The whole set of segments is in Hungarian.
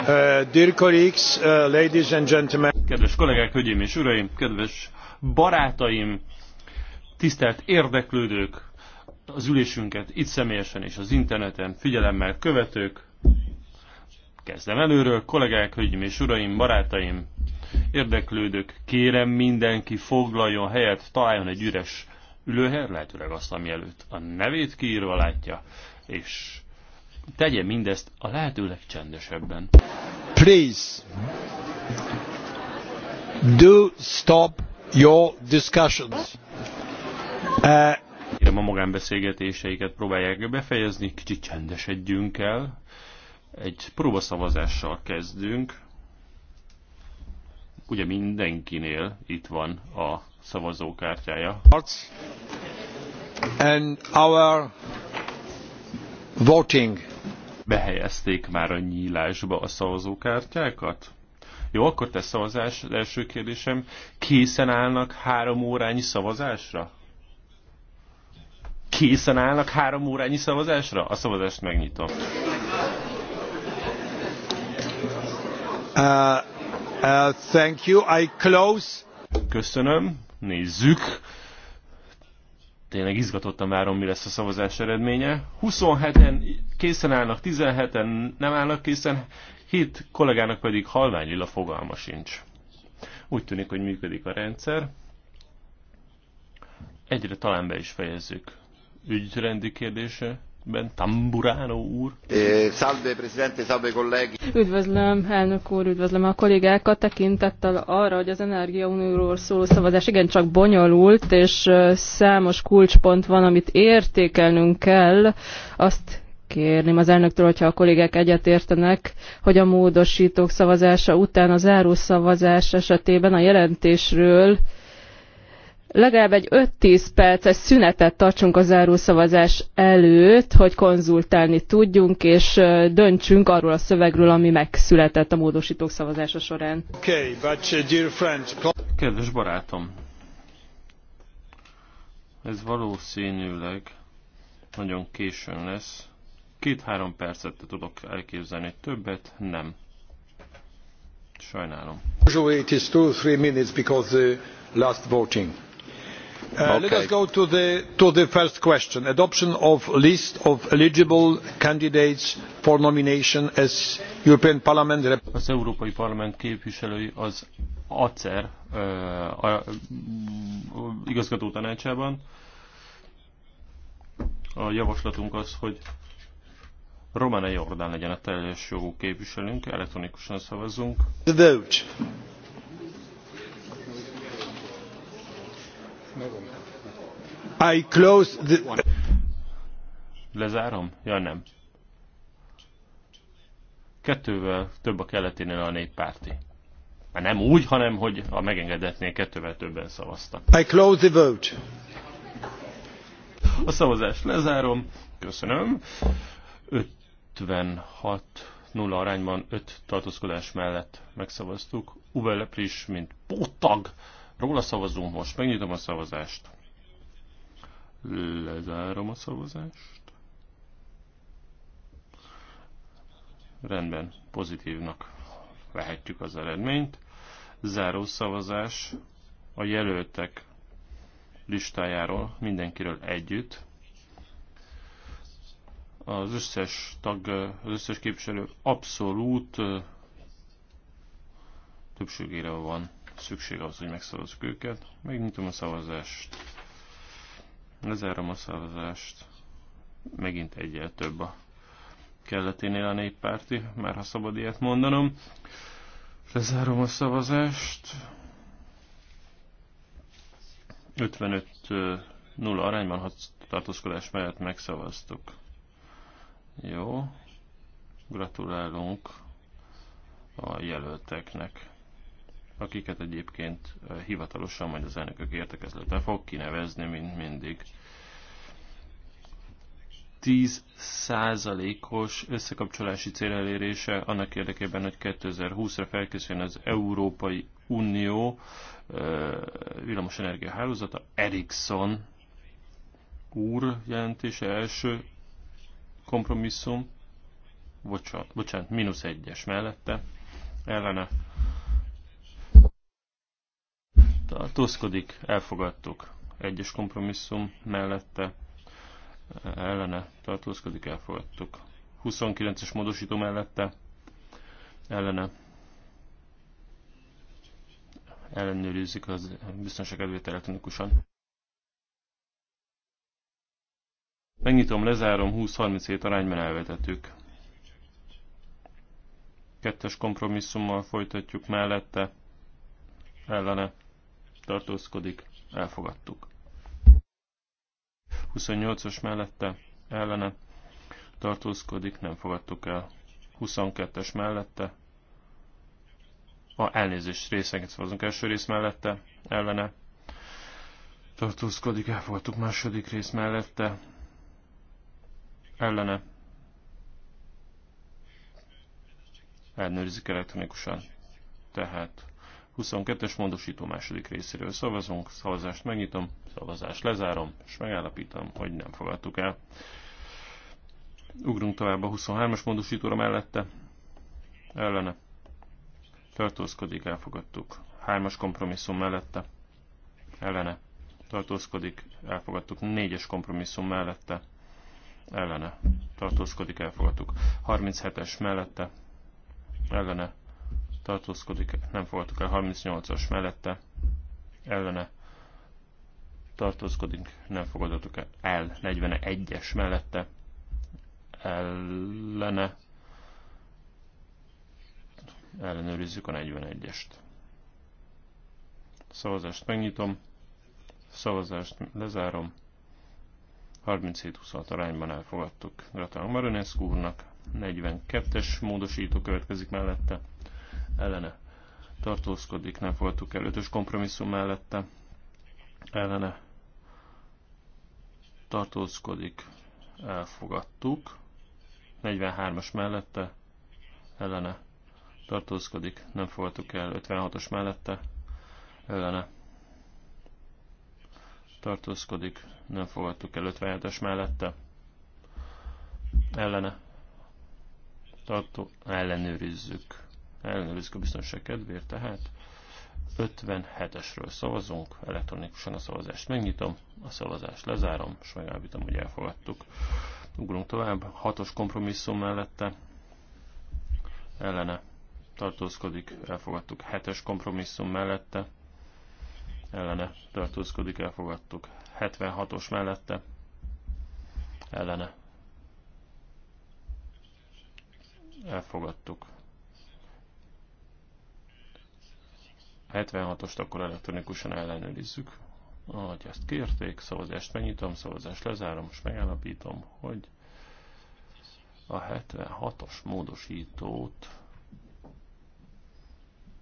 Uh, uh, kedves kollégák, hölgyeim és uraim, kedves barátaim, tisztelt érdeklődők, az ülésünket itt személyesen és az interneten figyelemmel követők. Kezdem előről, kollégák, hölgyeim és uraim, barátaim, érdeklődők, kérem mindenki foglaljon helyet, találjon egy üres ülőhelyet, lehetőleg azt, ami előtt a nevét kiírva látja, és tegye mindezt a lehető legcsendesebben. Please, do stop your discussions. Uh, Kérem a magánbeszélgetéseiket próbálják befejezni, kicsit csendesedjünk el. Egy próbaszavazással kezdünk. Ugye mindenkinél itt van a szavazókártyája. And our voting Behelyezték már a nyílásba a szavazókártyákat? Jó, akkor te szavazás, az első kérdésem. Készen állnak három órányi szavazásra? Készen állnak három órányi szavazásra? A szavazást megnyitom. Uh, uh, thank you. I close. Köszönöm. Nézzük tényleg izgatottan várom, mi lesz a szavazás eredménye. 27-en készen állnak, 17-en nem állnak készen, 7 kollégának pedig halványlila fogalma sincs. Úgy tűnik, hogy működik a rendszer. Egyre talán be is fejezzük. Ügyrendi kérdése. Ben Tamburano úr. Eh, salve, presidente, salve, kollégi. Üdvözlöm, elnök úr, üdvözlöm a kollégákat. Tekintettel arra, hogy az Unióról szóló szavazás igencsak bonyolult, és számos kulcspont van, amit értékelnünk kell, azt kérném az elnöktől, hogyha a kollégák egyetértenek, hogy a módosítók szavazása után a záró szavazás esetében a jelentésről legalább egy 5-10 perces szünetet tartsunk a zárószavazás előtt, hogy konzultálni tudjunk, és döntsünk arról a szövegről, ami megszületett a módosítók szavazása során. Okay, but, uh, dear friend... Kedves barátom, ez valószínűleg nagyon későn lesz. Két-három percet te tudok elképzelni, többet nem. Sajnálom. Usually it is two, three minutes because the uh, last voting. Uh, let us go to the, to the first question adoption of list of eligible candidates for nomination as european parliament az európai parlament képviselői az acer uh, a, uh, igazgató tanácsában a javaslatunk az hogy Romana Jordán legyen a teljes jogú képviselőnk elektronikusan szavazzunk the vote I close the... Lezárom? Ja, nem. Kettővel több a keleténél a néppárti. Már nem úgy, hanem hogy a megengedetnél kettővel többen szavaztak. I close the vote. A szavazást lezárom. Köszönöm. 56 0 arányban 5 tartózkodás mellett megszavaztuk. Uwe Lepris, mint pótag. Róla szavazunk most. Megnyitom a szavazást. Lezárom a szavazást. Rendben, pozitívnak vehetjük az eredményt. Záró szavazás a jelöltek listájáról mindenkiről együtt. Az összes tag, az összes képviselő abszolút többségére van szükség az, hogy megszavazzuk őket. Megnyitom a szavazást. Lezárom a szavazást. Megint egyel több a kelleténél a néppárti, már ha szabad ilyet mondanom. Lezárom a szavazást. 55-0 arányban hat tartózkodás mellett megszavaztuk. Jó. Gratulálunk a jelölteknek akiket egyébként hivatalosan majd az elnökök értekezlete fog kinevezni, mint mindig. 10 százalékos összekapcsolási cél elérése annak érdekében, hogy 2020-ra felkészüljön az Európai Unió villamosenergia hálózata. Ericsson úr jelentése első kompromisszum, bocsánat, bocsánat mínusz egyes mellette, ellene tartózkodik, elfogadtuk. Egyes kompromisszum mellette e, ellene tartózkodik, elfogadtuk. 29-es módosító mellette ellene ellenőrizzük az biztonság kedvéért elektronikusan. Megnyitom, lezárom, 20-37 arányban elvetettük. Kettes kompromisszummal folytatjuk mellette, ellene tartózkodik, elfogadtuk. 28-as mellette ellene tartózkodik, nem fogadtuk el. 22-es mellette, a elnézést részenként szavazunk első rész mellette, ellene tartózkodik, elfogadtuk második rész mellette, ellene ellenőrizik elektronikusan. Tehát 22-es módosító második részéről szavazunk, szavazást megnyitom, szavazást lezárom, és megállapítom, hogy nem fogadtuk el. Ugrunk tovább a 23-as módosítóra mellette. Ellene. Tartózkodik, elfogadtuk. 3-as kompromisszum mellette. Ellene. Tartózkodik, elfogadtuk. 4-es kompromisszum mellette. Ellene. Tartózkodik, elfogadtuk. 37-es mellette. Ellene tartózkodik, nem fogadtuk el 38-as mellette, ellene tartózkodik, nem fogadtuk el 41-es mellette, ellene ellenőrizzük a 41-est. Szavazást megnyitom, szavazást lezárom. 37-26 arányban elfogadtuk. Gratulálok, Maronescu úrnak. 42-es módosító következik mellette ellene tartózkodik, nem fogadtuk el. Ötös kompromisszum mellette ellene tartózkodik, elfogadtuk. 43-as mellette ellene tartózkodik, nem fogadtuk el. 56-os mellette ellene tartózkodik, nem fogadtuk el 57-es mellette. Ellene. Tartó, ellenőrizzük ellenőrizzük a biztonság kedvéért, tehát 57-esről szavazunk, elektronikusan a szavazást megnyitom, a szavazást lezárom, és megállapítom, hogy elfogadtuk. Ugrunk tovább, 6-os kompromisszum mellette, ellene tartózkodik, elfogadtuk. 7-es kompromisszum mellette, ellene tartózkodik, elfogadtuk. 76-os mellette, ellene elfogadtuk. 76-ost akkor elektronikusan ellenőrizzük. Ahogy ezt kérték, szavazást megnyitom, szavazást lezárom, és megállapítom, hogy a 76-os módosítót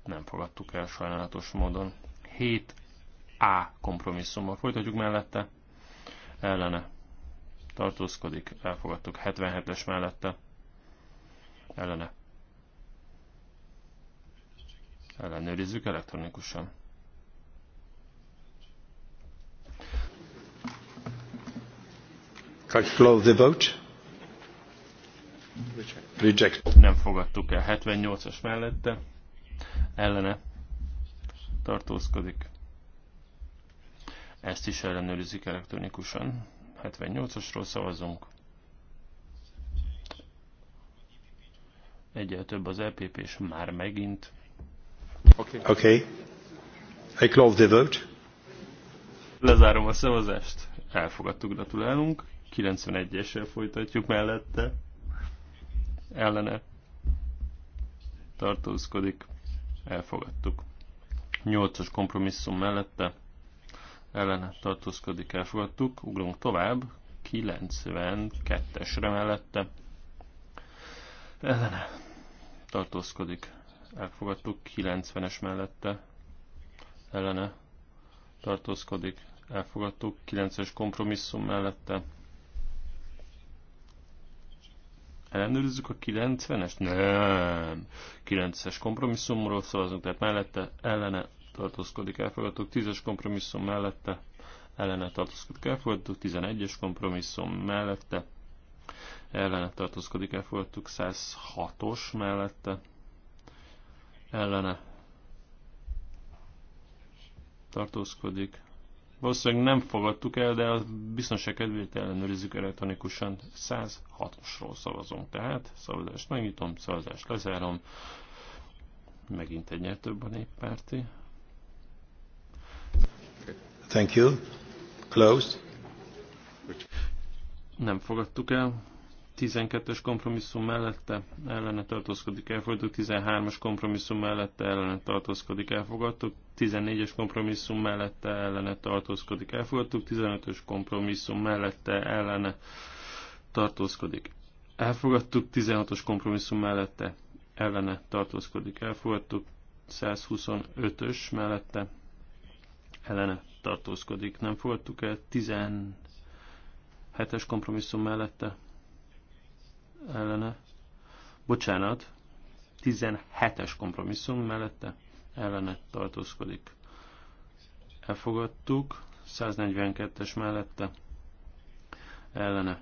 nem fogadtuk el sajnálatos módon. 7A kompromisszummal folytatjuk mellette, ellene tartózkodik, elfogadtuk 77-es mellette, ellene ellenőrizzük elektronikusan. Close the vote. Reject. Nem fogadtuk el. 78-as mellette. Ellene. Tartózkodik. Ezt is ellenőrizik elektronikusan. 78-asról szavazunk. Egyel több az EPP, és már megint Okay. okay. I close the vote. Lezárom a szavazást. Elfogadtuk, gratulálunk. 91-essel folytatjuk mellette. Ellene. Tartózkodik. Elfogadtuk. 8-as kompromisszum mellette. Ellene tartózkodik. Elfogadtuk. Ugrunk tovább. 92-esre mellette. Ellene tartózkodik elfogadtuk, 90-es mellette ellene tartózkodik, elfogadtuk, 9-es kompromisszum mellette. Ellenőrizzük a 90-est? Nem. 9-es kompromisszumról szavazunk, tehát mellette ellene tartózkodik, elfogadtuk, 10-es kompromisszum mellette ellene tartózkodik, elfogadtuk, 11-es kompromisszum mellette ellene tartózkodik, elfogadtuk, 106-os mellette ellene tartózkodik. Valószínűleg nem fogadtuk el, de a biztonság kedvéért ellenőrizzük elektronikusan. 106-osról szavazunk tehát. Szavazást megnyitom, szavazást lezárom. Megint egy több a néppárti. Thank you. Closed. Nem fogadtuk el. 12-es kompromisszum mellette ellene tartózkodik, elfogadtuk, 13-as kompromisszum mellette ellene tartózkodik, elfogadtuk, 14-es kompromisszum mellette ellene tartózkodik, elfogadtuk, 15-ös kompromisszum mellette ellene tartózkodik, elfogadtuk, 16-os kompromisszum mellette ellene tartózkodik, elfogadtuk, 125-ös mellette ellene tartózkodik, nem fogadtuk el, 17-es kompromisszum mellette ellene, bocsánat, 17-es kompromisszum mellette ellene tartózkodik. Elfogadtuk, 142-es mellette ellene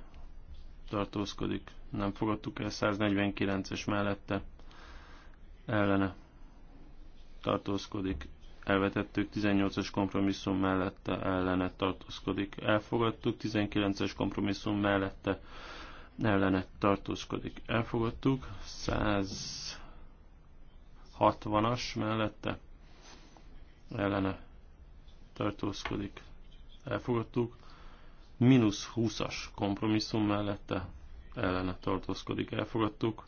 tartózkodik. Nem fogadtuk el 149-es mellette ellene tartózkodik. Elvetettük 18-as kompromisszum mellette ellene tartózkodik. Elfogadtuk 19-es kompromisszum mellette ellene tartózkodik. Elfogadtuk. 160-as mellette ellene tartózkodik. Elfogadtuk. Minusz 20-as kompromisszum mellette ellene tartózkodik. Elfogadtuk.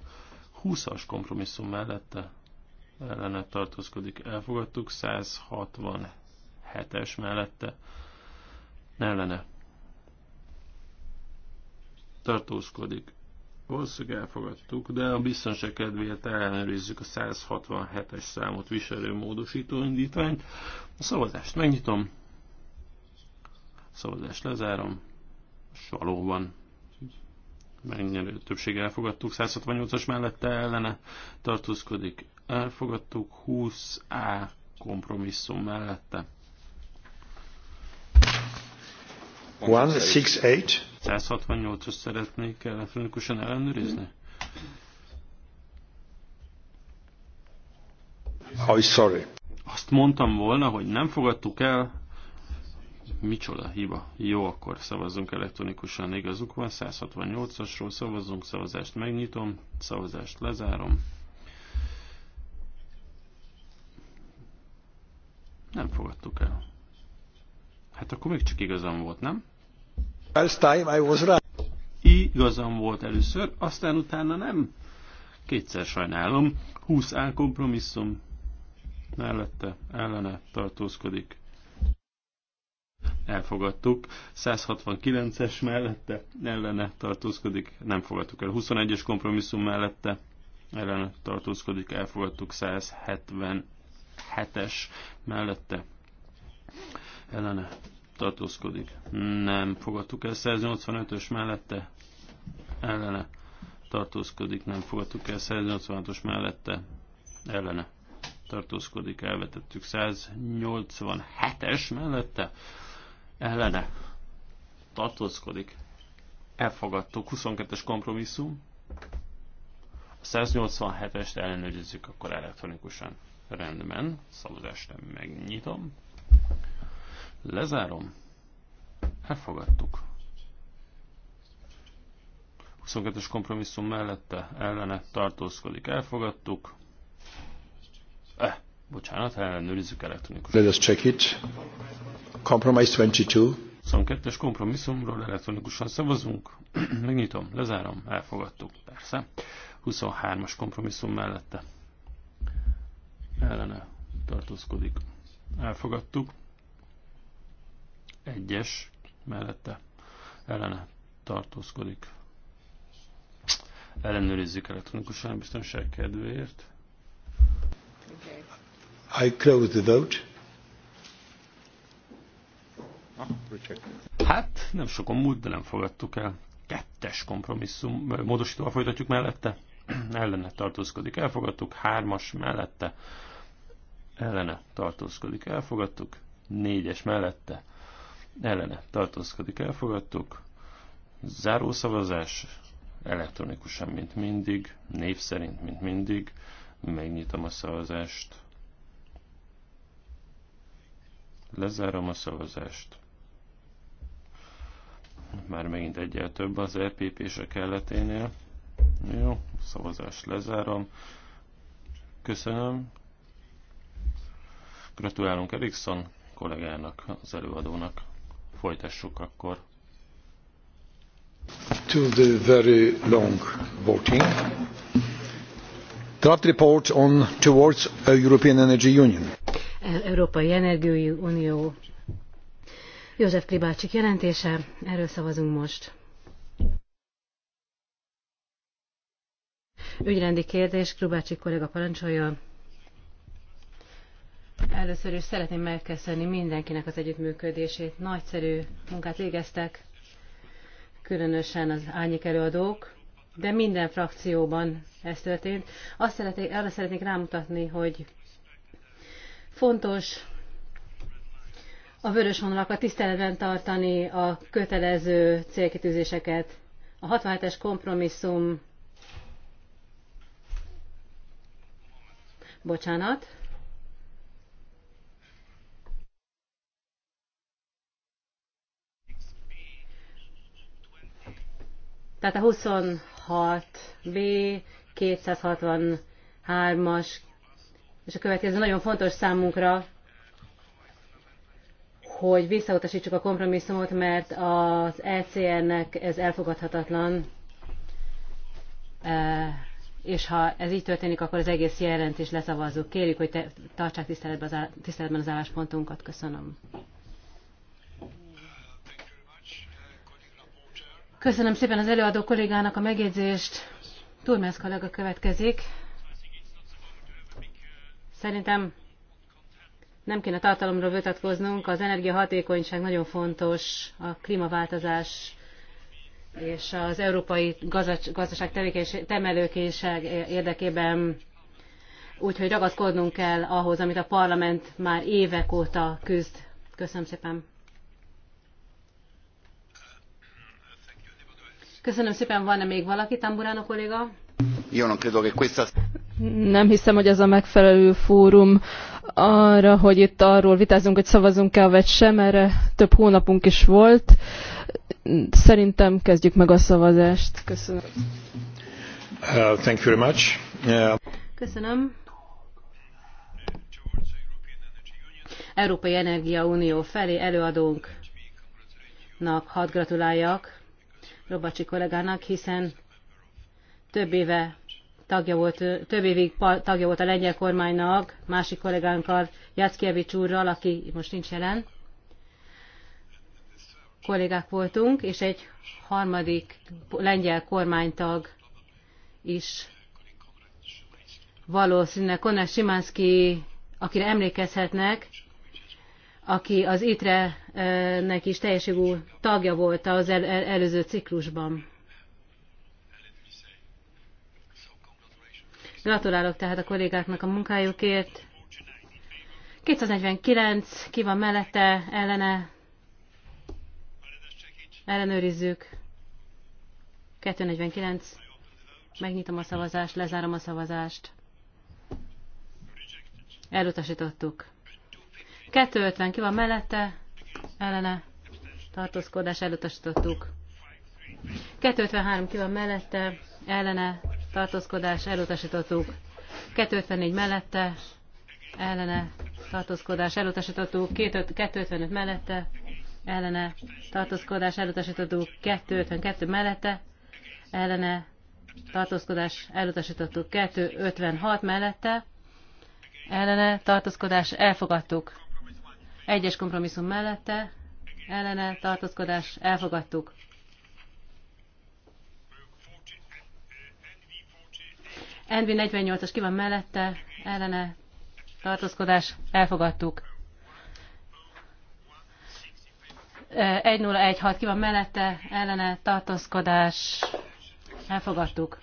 20-as kompromisszum mellette ellene tartózkodik. Elfogadtuk. 167-es mellette ellene tartózkodik. Valószínűleg elfogadtuk, de a biztonság kedvéért ellenőrizzük a 167-es számot viselő módosító indítványt. A szavazást megnyitom, a szavazást lezárom, és valóban megnyerő többség elfogadtuk, 168-as mellette ellene tartózkodik, elfogadtuk, 20A kompromisszum mellette 168. 168 szeretnék elektronikusan ellenőrizni? Oh, sorry. Azt mondtam volna, hogy nem fogadtuk el. Micsoda hiba. Jó, akkor szavazzunk elektronikusan. Igazuk van, 168-asról szavazzunk, szavazást megnyitom, szavazást lezárom. Nem fogadtuk el. Hát akkor még csak igazam volt, nem? First time I was right. Igazam volt először, aztán utána nem. Kétszer sajnálom. 20 áll kompromisszum mellette, ellene tartózkodik. Elfogadtuk. 169-es mellette, ellene tartózkodik. Nem fogadtuk el. 21-es kompromisszum mellette, ellene tartózkodik. Elfogadtuk. 177-es mellette ellene tartózkodik. Nem fogadtuk el 185-ös mellette ellene tartózkodik. Nem fogadtuk el 186-os mellette ellene tartózkodik. Elvetettük 187-es mellette ellene tartózkodik. Elfogadtuk 22-es kompromisszum. A 187-est ellenőrizzük akkor elektronikusan. Rendben, szavazást megnyitom. Lezárom. Elfogadtuk. 22-es kompromisszum mellette ellene tartózkodik. Elfogadtuk. Eh, bocsánat, ellenőrizzük elektronikus. Let us check it. Compromise 22. 22-es kompromisszumról elektronikusan szavazunk. Megnyitom, lezárom, elfogadtuk. Persze. 23-as kompromisszum mellette ellene tartózkodik. Elfogadtuk egyes mellette ellene tartózkodik. Ellenőrizzük elektronikusan biztonság kedvéért. I close the vote. Hát nem sokan múlt, de nem fogadtuk el. Kettes kompromisszum, módosítóval folytatjuk mellette. ellene tartózkodik, elfogadtuk. Hármas mellette ellene tartózkodik, elfogadtuk. Négyes mellette ellene tartózkodik, elfogadtuk. Zárószavazás elektronikusan, mint mindig, név szerint, mint mindig. Megnyitom a szavazást. Lezárom a szavazást. Már megint egyel több az EPP a kelleténél. Jó, szavazást lezárom. Köszönöm. Gratulálunk Erikson kollégának, az előadónak. Folytassuk akkor. To the very long voting. Draft report on towards a European Energy Union. Európai Energiai Unió. József Klibácsik jelentése, erről szavazunk most. Ügyrendi kérdés, Klibácsik kollega parancsolja. Először is szeretném megköszönni mindenkinek az együttműködését. Nagyszerű munkát végeztek, különösen az árnyék előadók, de minden frakcióban ez történt. Azt szeretnék, arra szeretnék rámutatni, hogy fontos a vörös vonalakat tiszteletben tartani, a kötelező célkitűzéseket. A 67-es kompromisszum bocsánat, Tehát a 26B, 263-as, és a következő nagyon fontos számunkra, hogy visszautasítsuk a kompromisszumot, mert az ECR-nek ez elfogadhatatlan, e, és ha ez így történik, akkor az egész jelentést leszavazzuk. Kérjük, hogy te, tartsák tiszteletben az, tiszteletben az álláspontunkat. Köszönöm. Köszönöm szépen az előadó kollégának a megjegyzést. Turmes kollega következik. Szerintem nem kéne tartalomról vitatkoznunk, az energiahatékonyság nagyon fontos, a klímaváltozás és az európai gazdaság termelőkénység érdekében úgyhogy ragaszkodnunk kell ahhoz, amit a parlament már évek óta küzd. Köszönöm szépen! Köszönöm szépen, van-e még valaki, Tamburano kolléga? Io credo questa... Nem hiszem, hogy ez a megfelelő fórum arra, hogy itt arról vitázunk, hogy szavazunk-e, vagy sem, erre több hónapunk is volt. Szerintem kezdjük meg a szavazást. Köszönöm. Uh, thank you very much. Yeah. Uh, Köszönöm. Európai Energia Unió felé előadónknak hadd gratuláljak Robacsi kollégának, hiszen több éve tagja volt, több évig tagja volt a lengyel kormánynak, másik kollégánkkal, Jackiewicz úrral, aki most nincs jelen. Kollégák voltunk, és egy harmadik lengyel kormánytag is valószínűleg Konrad Simánszki, akire emlékezhetnek, aki az ITRE-nek is teljeségú tagja volt az el, el, előző ciklusban. Gratulálok tehát a kollégáknak a munkájukért. 249, ki van mellette, ellene? Ellenőrizzük. 249. Megnyitom a szavazást, lezárom a szavazást. Elutasítottuk. 250 ki van mellette, ellene tartózkodás elutasítottuk. 253 ki van mellette, ellene tartózkodás elutasítottuk. 254 mellette, ellene tartózkodás elutasítottuk. 255 mellette, ellene tartózkodás elutasítottuk. 252 mellette, ellene tartózkodás elutasítottuk. 256 mellette, ellene tartózkodás elfogadtuk. Egyes kompromisszum mellette, ellene tartózkodás elfogadtuk. NV 48-as ki van mellette, ellene tartózkodás elfogadtuk. 1016 ki van mellette, ellene tartózkodás elfogadtuk.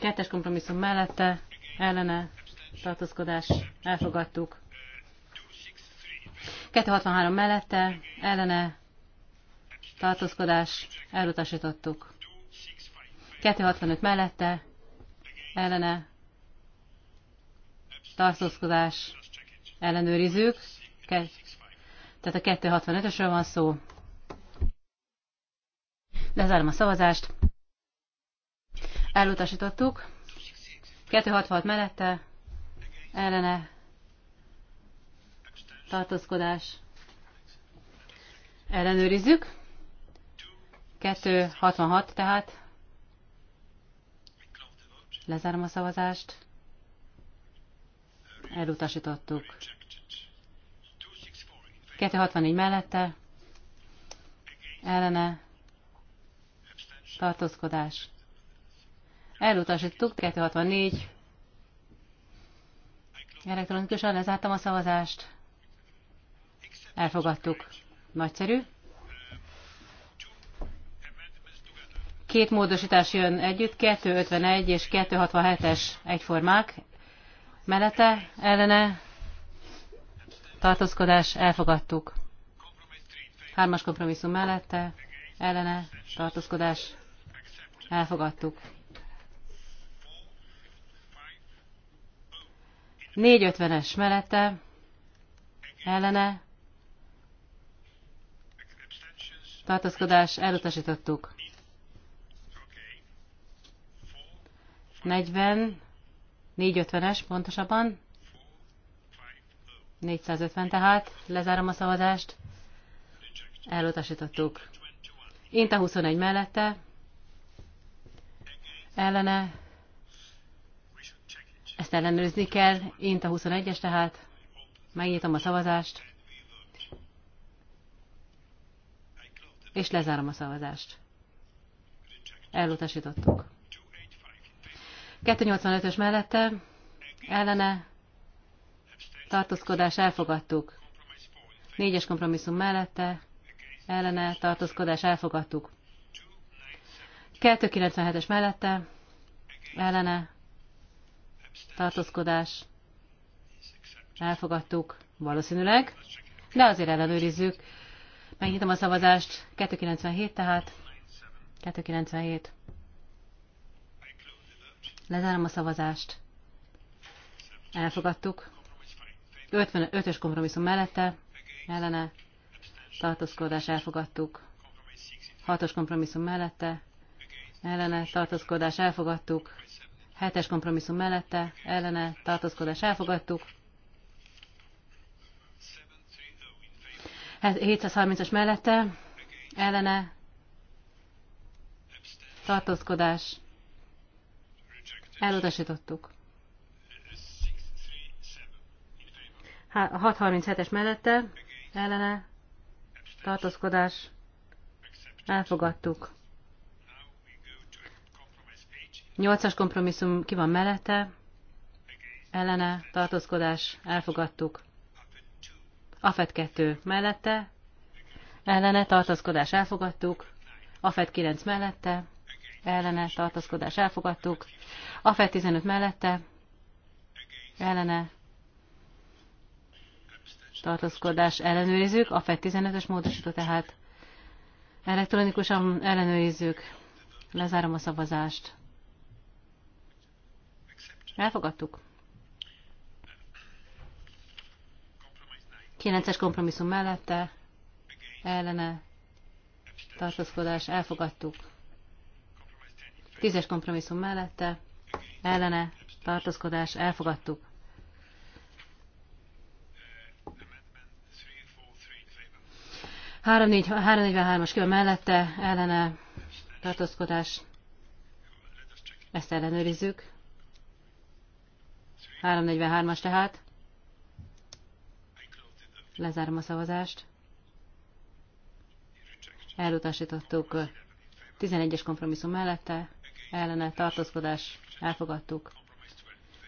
Kettes kompromisszum mellette, ellene tartózkodás elfogadtuk. 263 mellette, ellene, tartózkodás, elutasítottuk. 265 mellette, ellene, tartózkodás, ellenőrizzük. Tehát a 265-ösről van szó. Lezárom a szavazást. Elutasítottuk. 266 mellette, ellene, tartózkodás, ellenőrizzük. 266 tehát. Lezárom a szavazást. Elutasítottuk. 264 mellette. Ellene. Tartózkodás. Elutasítottuk. 264. Elektronikusan lezártam a szavazást. Elfogadtuk. Nagyszerű. Két módosítás jön együtt, 251 és 267-es egyformák. Mellette, ellene, tartózkodás, elfogadtuk. Hármas kompromisszum mellette, ellene, tartózkodás, elfogadtuk. 450-es mellette, ellene, tartózkodás elutasítottuk. 40, 450-es pontosabban, 450 tehát, lezárom a szavazást, elutasítottuk. a 21 mellette, ellene, ezt ellenőrizni kell, a 21-es tehát, megnyitom a szavazást, És lezárom a szavazást. Elutasítottuk. 285-ös mellette ellene tartózkodás elfogadtuk. 4-es kompromisszum mellette ellene tartózkodás elfogadtuk. 297-es mellette ellene tartózkodás elfogadtuk valószínűleg, de azért ellenőrizzük. Megnyitom a szavazást. 297 tehát. 297. Lezárom a szavazást. Elfogadtuk. 55-ös kompromisszum mellette, ellene, tartózkodás elfogadtuk. 6-os kompromisszum mellette, ellene, tartózkodás elfogadtuk. 7-es kompromisszum mellette, ellene, tartózkodás elfogadtuk. 730-as mellette ellene tartózkodás elutasítottuk. 637-es mellette ellene tartózkodás elfogadtuk. 8-as kompromisszum ki van mellette, ellene tartózkodás elfogadtuk. AFET 2 mellette, ellene tartózkodás elfogadtuk, AFET 9 mellette, ellene tartózkodás elfogadtuk, AFET 15 mellette, ellene tartózkodás ellenőrizzük, AFET 15-ös módosító tehát elektronikusan ellenőrizzük, lezárom a szavazást. Elfogadtuk. 9-es kompromisszum mellette ellene tartózkodás elfogadtuk. 10-es kompromisszum mellette ellene tartózkodás elfogadtuk. 343-as kül mellette ellene tartózkodás. Ezt ellenőrizzük. 343-as tehát. Lezárom a szavazást. Elutasítottuk 11-es kompromisszum mellette, ellene tartózkodás elfogadtuk.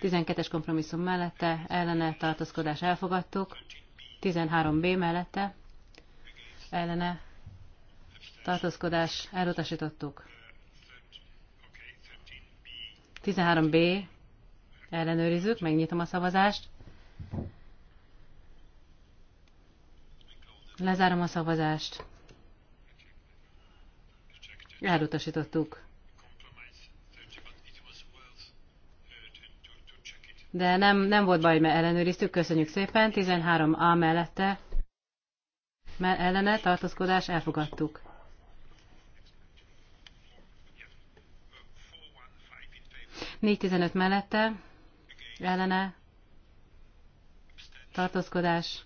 12-es kompromisszum mellette, ellene tartózkodás elfogadtuk. 13B mellette, ellene tartózkodás elutasítottuk. 13B ellenőrizzük, megnyitom a szavazást. Lezárom a szavazást. Elutasítottuk. De nem, nem volt baj, mert ellenőriztük. Köszönjük szépen. 13A mellette mert ellene tartózkodás elfogadtuk. Négy tizenöt mellette ellene tartózkodás,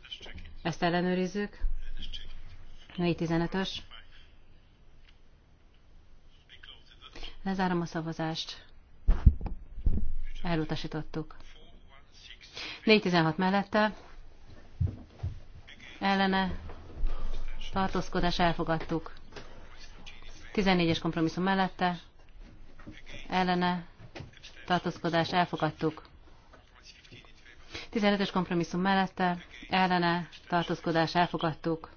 ezt ellenőrizzük. 15 ös Lezárom a szavazást. Elutasítottuk. 416 mellette. Ellene. Tartózkodás elfogadtuk. 14-es kompromisszum mellette. Ellene. Tartózkodás elfogadtuk. 15 es kompromisszum mellette. Ellene. Tartózkodás elfogadtuk.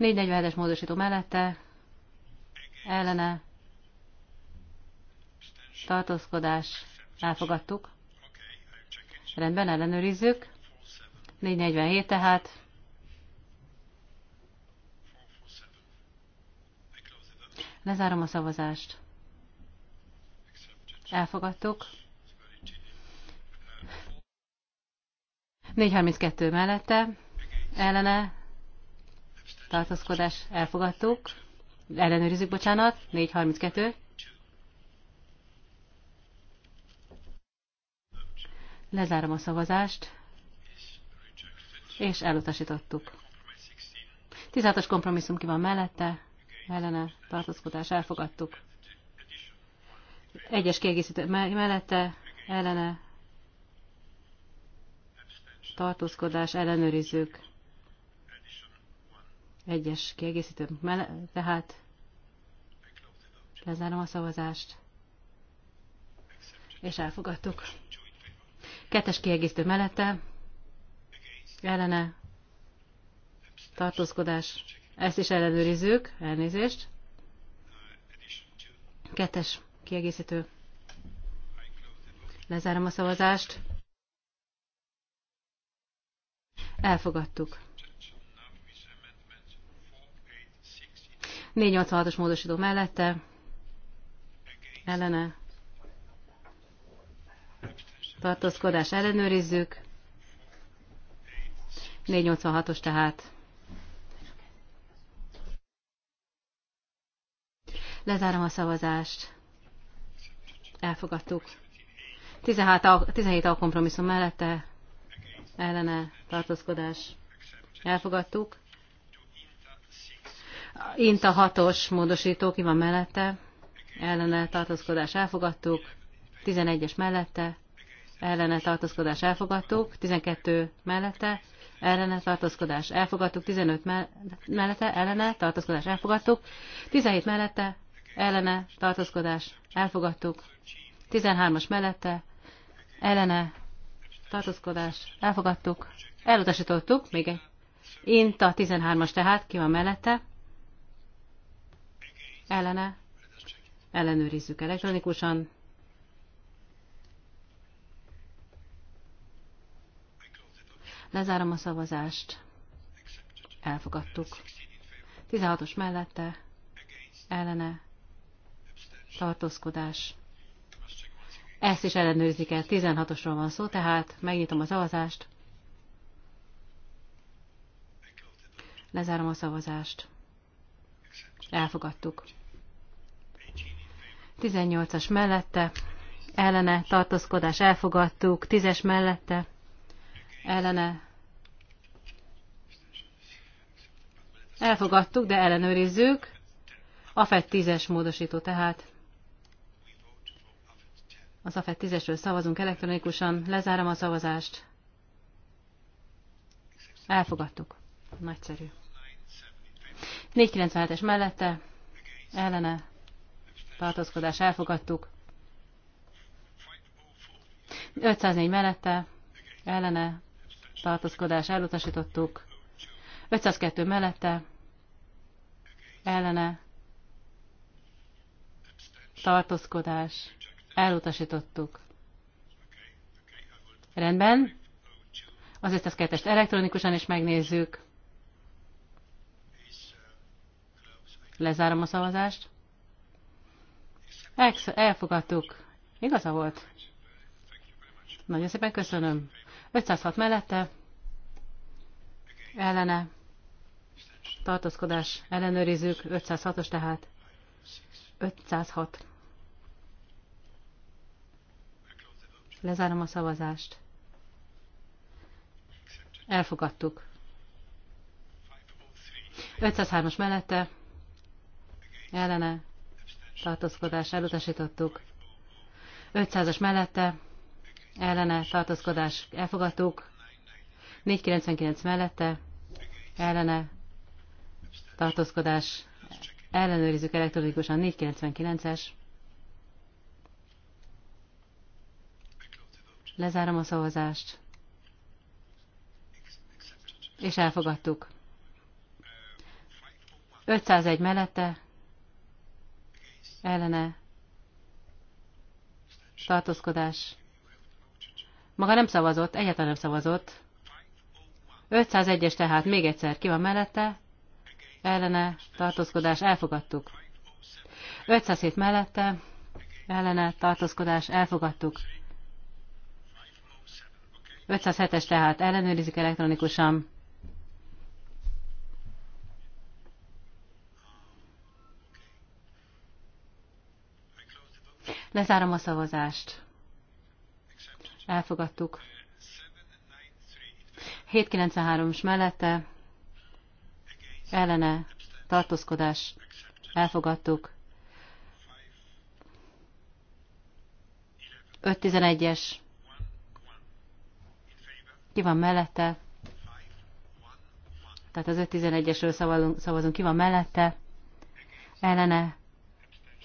447-es módosító mellette, ellene, tartózkodás, elfogadtuk. Rendben, ellenőrizzük. 447 tehát. Lezárom a szavazást. Elfogadtuk. 432 mellette, ellene, tartózkodás elfogadtuk, ellenőrizzük, bocsánat, 432. Lezárom a szavazást, és elutasítottuk. 16-os kompromisszum ki van mellette, ellene tartózkodás elfogadtuk. Egyes kiegészítő mellette, ellene tartózkodás ellenőrizzük egyes kiegészítő mellett, tehát lezárom a szavazást, és elfogadtuk. Kettes kiegészítő mellette, ellene, tartózkodás, ezt is ellenőrizzük, elnézést. Kettes kiegészítő. Lezárom a szavazást. Elfogadtuk. 486-os módosító mellette, ellene, tartózkodás ellenőrizzük, 486-os tehát. Lezárom a szavazást. Elfogadtuk. 16, 17 alkompromisszum mellette ellene tartózkodás. Elfogadtuk a hatos módosító, ki van mellette? Ellene tartózkodás elfogadtuk. 11-es mellette. Ellene tartózkodás elfogadtuk. 12 mellette. Ellene tartózkodás elfogadtuk. 15 mellette. Ellene tartózkodás elfogadtuk. 17 mellette. Ellene tartózkodás elfogadtuk. 13-as mellette. Ellene tartózkodás elfogadtuk. Elutasítottuk. Még egy. Inta 13-as tehát. Ki van mellette? ellene, ellenőrizzük elektronikusan. Lezárom a szavazást. Elfogadtuk. 16-os mellette, ellene, tartózkodás. Ezt is ellenőrzik el. 16-osról van szó, tehát megnyitom a szavazást. Lezárom a szavazást. Elfogadtuk. 18-as mellette, ellene tartózkodás elfogadtuk, 10-es mellette, ellene elfogadtuk, de ellenőrizzük. AFET 10-es módosító tehát. Az AFET 10-esről szavazunk elektronikusan, lezárom a szavazást. Elfogadtuk. Nagyszerű. 497-es mellette, ellene tartózkodás elfogadtuk. 504 mellette, ellene, tartózkodás elutasítottuk. 502 mellette, ellene, tartózkodás elutasítottuk. Rendben. Az 502-est elektronikusan is megnézzük. Lezárom a szavazást. Elfogadtuk. Igaza volt? Nagyon szépen köszönöm. 506 mellette. Ellene. Tartózkodás. Ellenőrizzük. 506-os tehát. 506. Lezárom a szavazást. Elfogadtuk. 503-as mellette. Ellene tartózkodás elutasítottuk. 500-as mellette ellene tartózkodás elfogadtuk. 499 mellette ellene tartózkodás ellenőrizzük elektronikusan 499-es. Lezárom a szavazást. És elfogadtuk. 501 mellette ellene tartózkodás. Maga nem szavazott, egyáltalán nem szavazott. 501-es tehát, még egyszer, ki van mellette? Ellene, tartózkodás, elfogadtuk. 507 mellette, ellene, tartózkodás, elfogadtuk. 507-es tehát ellenőrizik elektronikusan. Lezárom a szavazást. Elfogadtuk. 793-os mellette ellene tartózkodás elfogadtuk. 511-es ki van mellette, tehát az 511-esről szavazunk, ki van mellette, ellene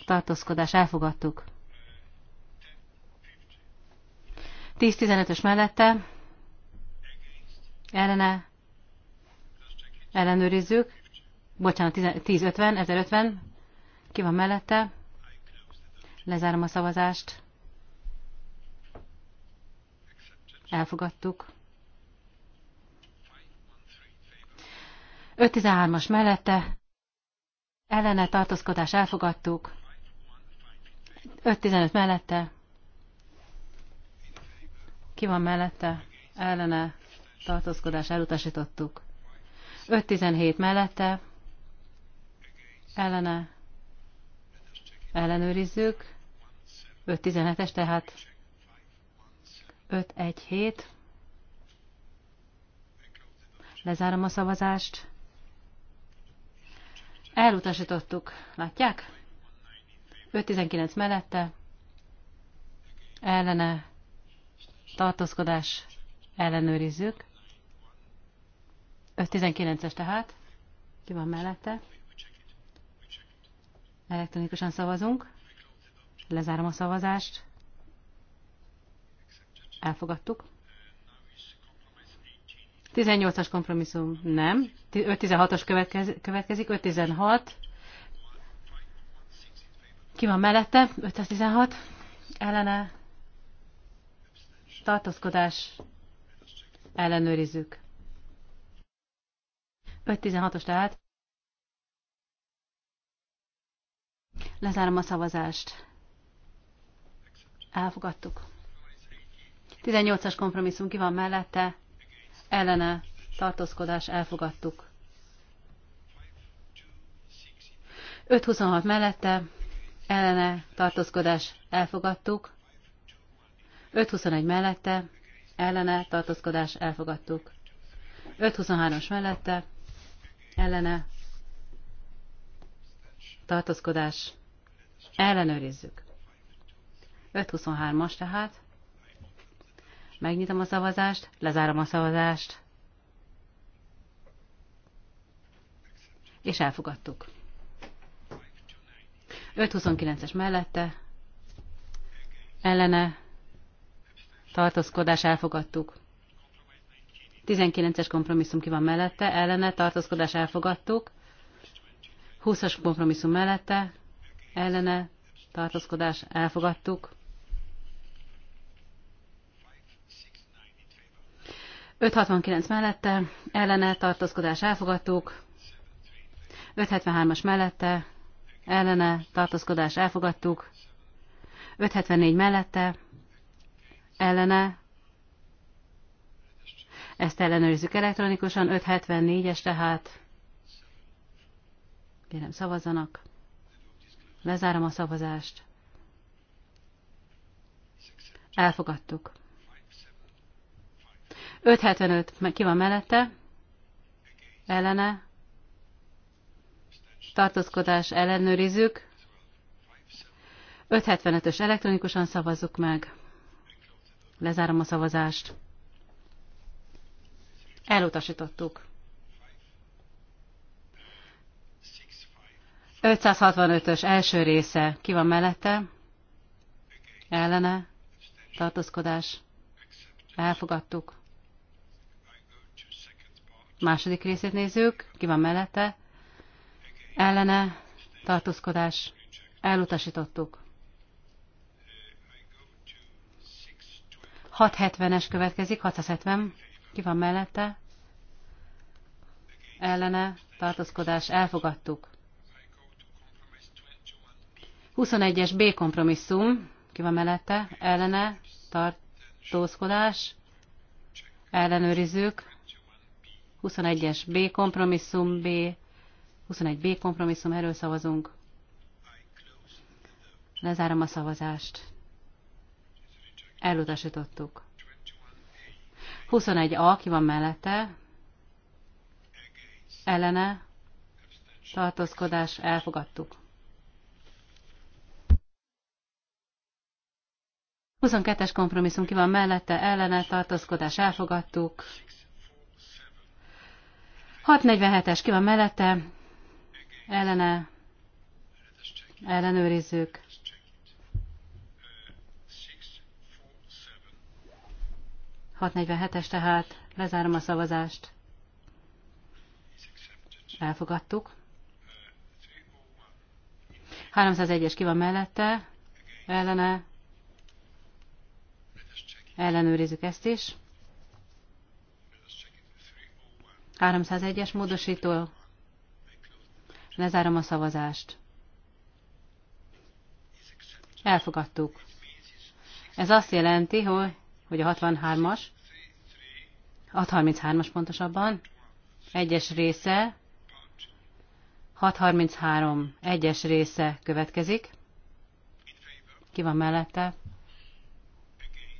tartózkodás elfogadtuk. 10-15-ös mellette ellene ellenőrizzük. Bocsánat, 1050, 1050. Ki van mellette? Lezárom a szavazást. Elfogadtuk. 13 as mellette ellene tartózkodás elfogadtuk. 5-15 mellette ki van mellette? Ellene tartózkodás elutasítottuk. 5.17 mellette ellene ellenőrizzük. 5.17-es tehát 5.1.7. Lezárom a szavazást. Elutasítottuk. Látják? 5.19 mellette ellene tartózkodás ellenőrizzük. 519-es tehát. Ki van mellette? Elektronikusan szavazunk. Lezárom a szavazást. Elfogadtuk. 18-as kompromisszum nem. 516-os következik, 516. Ki van mellette? 516. Ellene tartózkodás ellenőrizzük. 5-16-os tehát. Lezárom a szavazást. Elfogadtuk. 18-as kompromisszum ki van mellette, ellene tartózkodás elfogadtuk. 526 mellette, ellene tartózkodás elfogadtuk. 5-21 mellette, ellene, tartózkodás, elfogadtuk. 5-23-as mellette, ellene, tartózkodás, ellenőrizzük. 5-23-as tehát. Megnyitom a szavazást, lezárom a szavazást, és elfogadtuk. 5-29-es mellette, ellene, tartózkodás elfogadtuk. 19-es kompromisszum ki van mellette, ellene tartózkodás elfogadtuk. 20-as kompromisszum mellette, ellene tartózkodás elfogadtuk. 569 mellette, ellene tartózkodás elfogadtuk. 573-as mellette, ellene tartózkodás elfogadtuk. 574 mellette, ellene. Ezt ellenőrizzük elektronikusan, 574-es tehát. Kérem, szavazzanak. Lezárom a szavazást. Elfogadtuk. 575, ki van mellette? Ellene? Tartózkodás ellenőrizzük. 575-ös elektronikusan szavazzuk meg. Lezárom a szavazást. Elutasítottuk. 565-ös első része. Ki van mellette? Ellene? Tartózkodás? Elfogadtuk. Második részét nézzük. Ki van mellette? Ellene? Tartózkodás? Elutasítottuk. 670-es következik, 670. Ki van mellette? Ellene, tartózkodás, elfogadtuk. 21-es B kompromisszum. Ki van mellette? Ellene, tartózkodás, ellenőrizzük. 21-es B kompromisszum, B, 21B kompromisszum, erről szavazunk. Lezárom a szavazást. Elutasítottuk. 21A, ki van mellette? Ellene? Tartózkodás, elfogadtuk. 22-es kompromisszum ki van mellette, ellene, tartózkodás, elfogadtuk. 647-es ki van mellette, ellene, ellenőrizzük. 647-es tehát, lezárom a szavazást. Elfogadtuk. 301-es ki van mellette, ellene, ellenőrizzük ezt is. 301-es módosító, lezárom a szavazást. Elfogadtuk. Ez azt jelenti, hogy hogy a 63-as, a 33-as pontosabban, egyes része, 633 egyes része következik. Ki van mellette?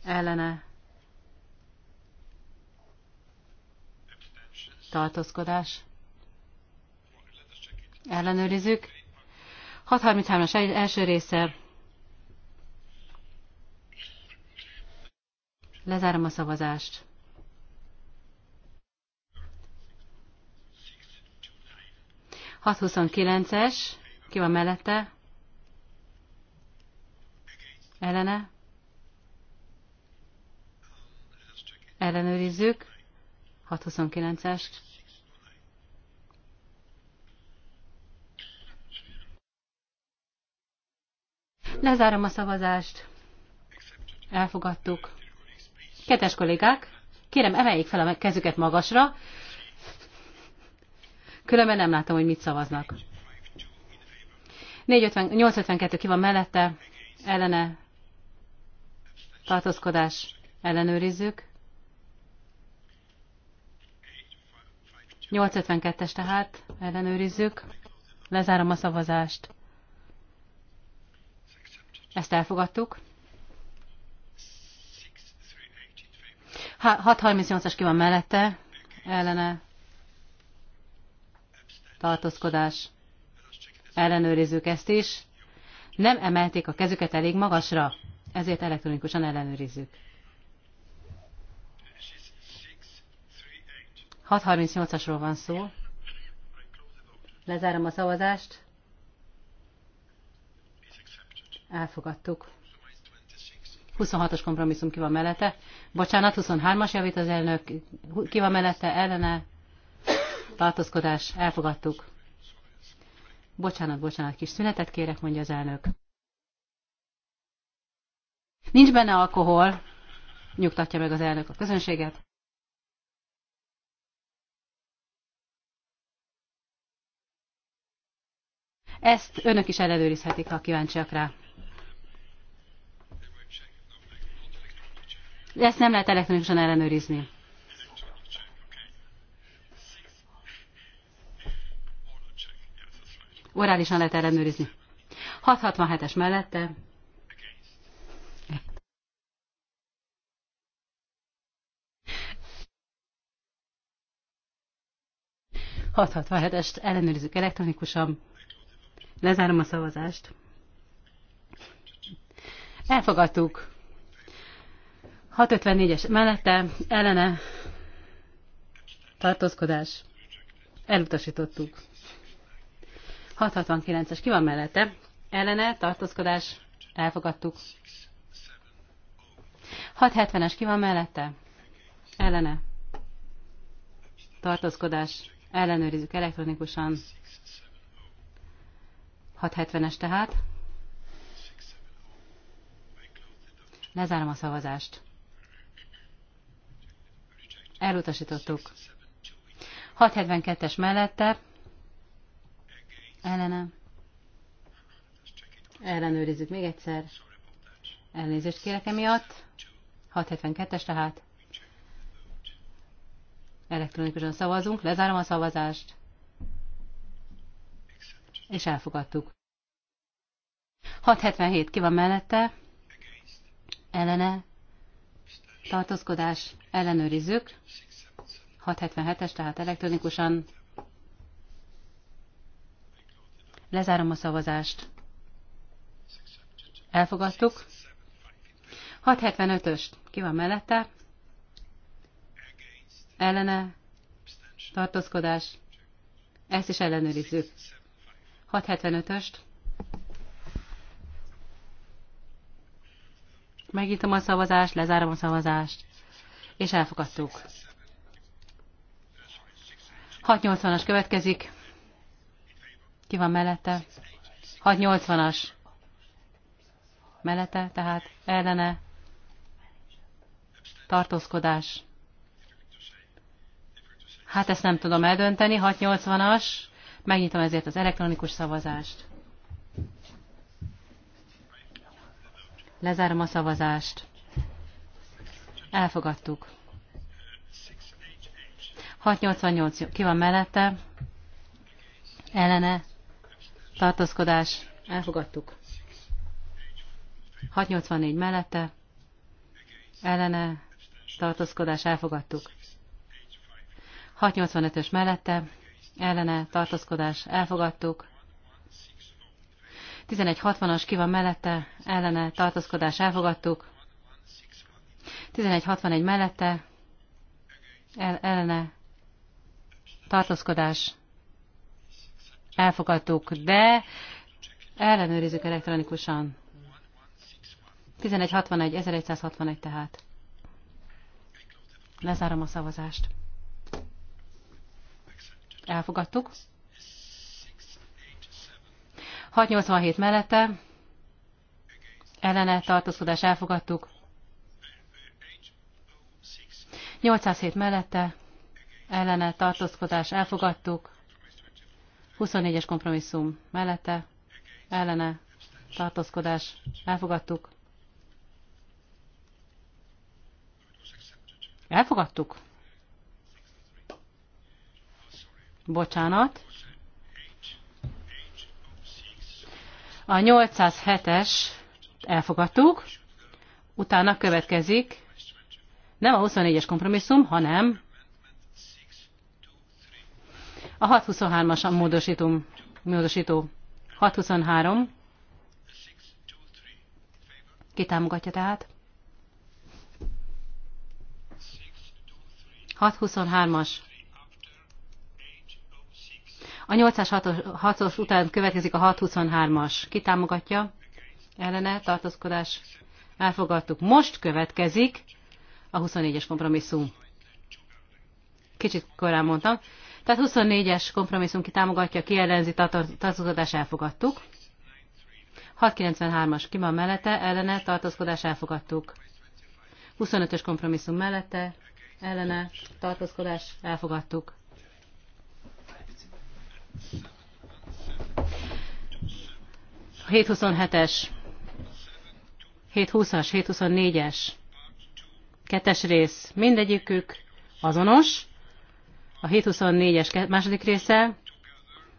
Ellene. Tartózkodás. Ellenőrizzük. 633-as első része Lezárom a szavazást. Hat es ki van mellette? Ellene? Ellenőrizzük. 629-est. Lezárom a szavazást. Elfogadtuk. Kedves kollégák, kérem emeljék fel a kezüket magasra, különben nem látom, hogy mit szavaznak. 450, 852 ki van mellette, ellene tartózkodás, ellenőrizzük. 852-es tehát, ellenőrizzük. Lezárom a szavazást. Ezt elfogadtuk. 638-as ki van mellette, ellene tartózkodás. Ellenőrizzük ezt is. Nem emelték a kezüket elég magasra, ezért elektronikusan ellenőrizzük. 638-asról van szó. Lezárom a szavazást. Elfogadtuk. 26-os kompromisszum ki van mellette. Bocsánat, 23-as javít az elnök. Ki van mellette? Ellene. Tartózkodás. Elfogadtuk. Bocsánat, bocsánat, kis szünetet kérek, mondja az elnök. Nincs benne alkohol, nyugtatja meg az elnök a közönséget. Ezt önök is ellenőrizhetik, ha kíváncsiak rá. ezt nem lehet elektronikusan ellenőrizni. Orálisan lehet ellenőrizni. 667-es mellette. est ellenőrizzük elektronikusan. Lezárom a szavazást. Elfogadtuk. 654-es mellette ellene tartózkodás. Elutasítottuk. 669-es ki van mellette? Ellene tartózkodás. Elfogadtuk. 670-es ki van mellette? Ellene. Tartózkodás. Ellenőrizzük elektronikusan. 670-es tehát. Lezárom a szavazást. Elutasítottuk. 672-es mellette. Ellene. Ellenőrizzük még egyszer. Elnézést kérek emiatt. 672-es tehát. Elektronikusan szavazunk, lezárom a szavazást. És elfogadtuk. 677 ki van mellette? Ellene tartózkodás, ellenőrizzük. 677-es, tehát elektronikusan. Lezárom a szavazást. Elfogadtuk. 675 öst Ki van mellette? Ellene. Tartózkodás. Ezt is ellenőrizzük. 675-öst. Megnyitom a szavazást, lezárom a szavazást, és elfogadtuk. 680-as következik. Ki van mellette? 680-as. Mellette, tehát ellene. Tartózkodás. Hát ezt nem tudom eldönteni, 680-as. Megnyitom ezért az elektronikus szavazást. Lezárom a szavazást. Elfogadtuk. 688. Ki van mellette? Ellene. Tartózkodás. Elfogadtuk. 684 mellette. Ellene. Tartózkodás. Elfogadtuk. 685-ös mellette. Ellene. Tartózkodás. Elfogadtuk. 1160-as ki van mellette, ellene tartózkodás elfogadtuk. 1161 mellette, el, ellene tartózkodás elfogadtuk, de ellenőrizzük elektronikusan. 1161, 1161 tehát. Lezárom a szavazást. Elfogadtuk. 687 mellette ellene tartózkodás elfogadtuk. 807 mellette ellene tartózkodás elfogadtuk. 24-es kompromisszum mellette ellene tartózkodás elfogadtuk. Elfogadtuk. Bocsánat. A 807-es elfogadtuk, utána következik nem a 24-es kompromisszum, hanem a 623-as a módosító, módosító 623. Ki támogatja tehát? 623-as a 86 os után következik a 623-as. Ki támogatja? Ellene tartózkodás. Elfogadtuk. Most következik a 24-es kompromisszum. Kicsit korán mondtam. Tehát 24-es kompromisszum ki támogatja, ki ellenzi, tartózkodás elfogadtuk. 693-as ki van mellette, ellene, tartózkodás elfogadtuk. 25-ös kompromisszum mellette, ellene, tartózkodás elfogadtuk. 727-es, 720-as, 724-es, kettes rész, mindegyikük azonos, a 724-es második része,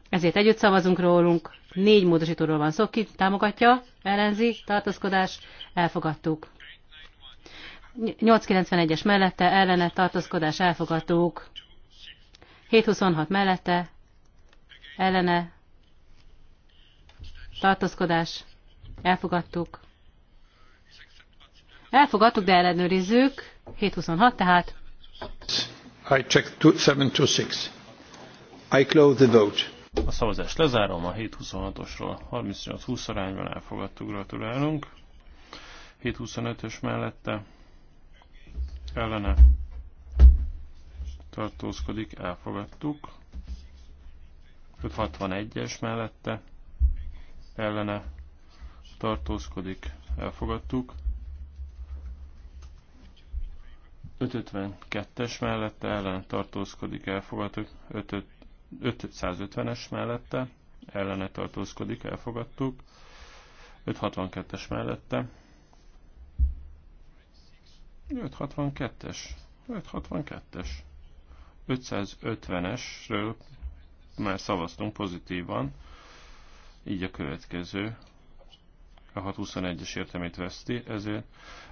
ezért együtt szavazunk rólunk, négy módosítóról van szó, ki támogatja, ellenzi, tartózkodás, elfogadtuk. 891-es mellette, ellene, tartózkodás, elfogadtuk. 726 mellette, ellene tartózkodás elfogadtuk. Elfogadtuk, de ellenőrizzük. 726 tehát. I check 726. I close the vote. A szavazást lezárom a 726-osról. 38-20 arányban elfogadtuk, gratulálunk. 725-ös mellette ellene tartózkodik, elfogadtuk. 561-es mellette ellene tartózkodik, elfogadtuk. 552-es mellette ellene tartózkodik, elfogadtuk. 550-es mellette ellene tartózkodik, elfogadtuk. 562-es mellette. 562-es. 562-es. 550 esről már szavaztunk pozitívan, így a következő a 621-es értelmét veszti, ezért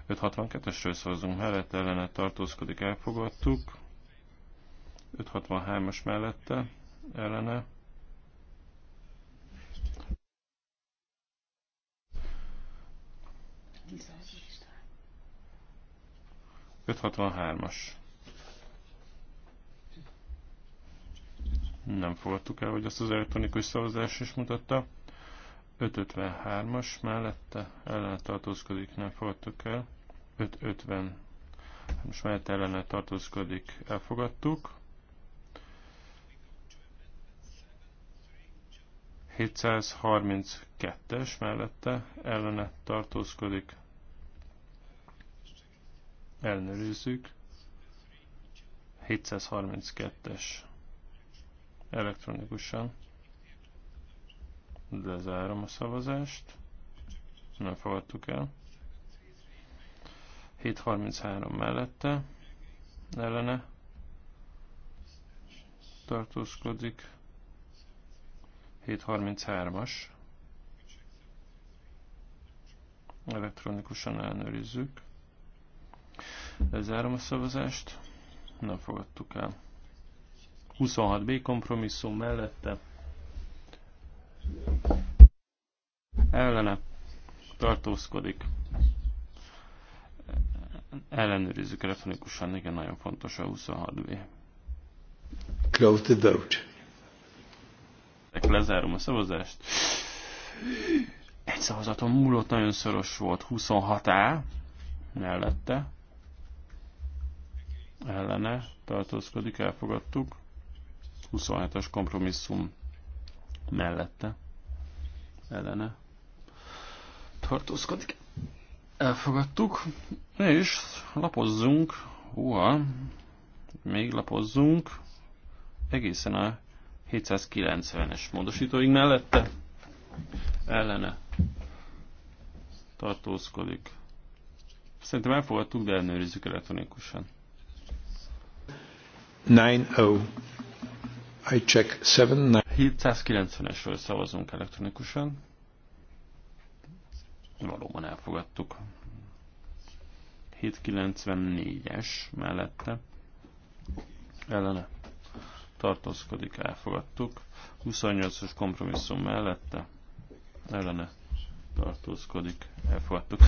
562-esről szavazunk mellett, ellenet tartózkodik, elfogadtuk. 563-as mellette, ellene. Öt hatvan as nem fogadtuk el, hogy azt az elektronikus szavazás is mutatta. 553-as mellette ellene tartózkodik, nem fogadtuk el. 550 most mellette ellene tartózkodik, elfogadtuk. 732-es mellette ellene tartózkodik. Ellenőrizzük. 732-es elektronikusan. Lezárom a szavazást. Nem fogadtuk el. 7.33 mellette ellene tartózkodik. 7.33-as. Elektronikusan ellenőrizzük. Lezárom a szavazást. Nem fogadtuk el. 26b kompromisszum mellette ellene tartózkodik. Ellenőrizzük elektronikusan, igen, nagyon fontos a 26b. Close the vote. Lezárom a szavazást. Egy szavazaton múlott, nagyon szoros volt. 26A mellette. Ellene tartózkodik, elfogadtuk. 27 es kompromisszum mellette ellene tartózkodik. Elfogadtuk, és lapozzunk, húha, még lapozzunk, egészen a 790-es módosítóig mellette ellene tartózkodik. Szerintem elfogadtuk, de ellenőrizzük elektronikusan. 9-0. I check 790-esről szavazunk elektronikusan. Valóban elfogadtuk. 794-es mellette ellene tartózkodik, elfogadtuk. 28-os kompromisszum mellette ellene tartózkodik, elfogadtuk.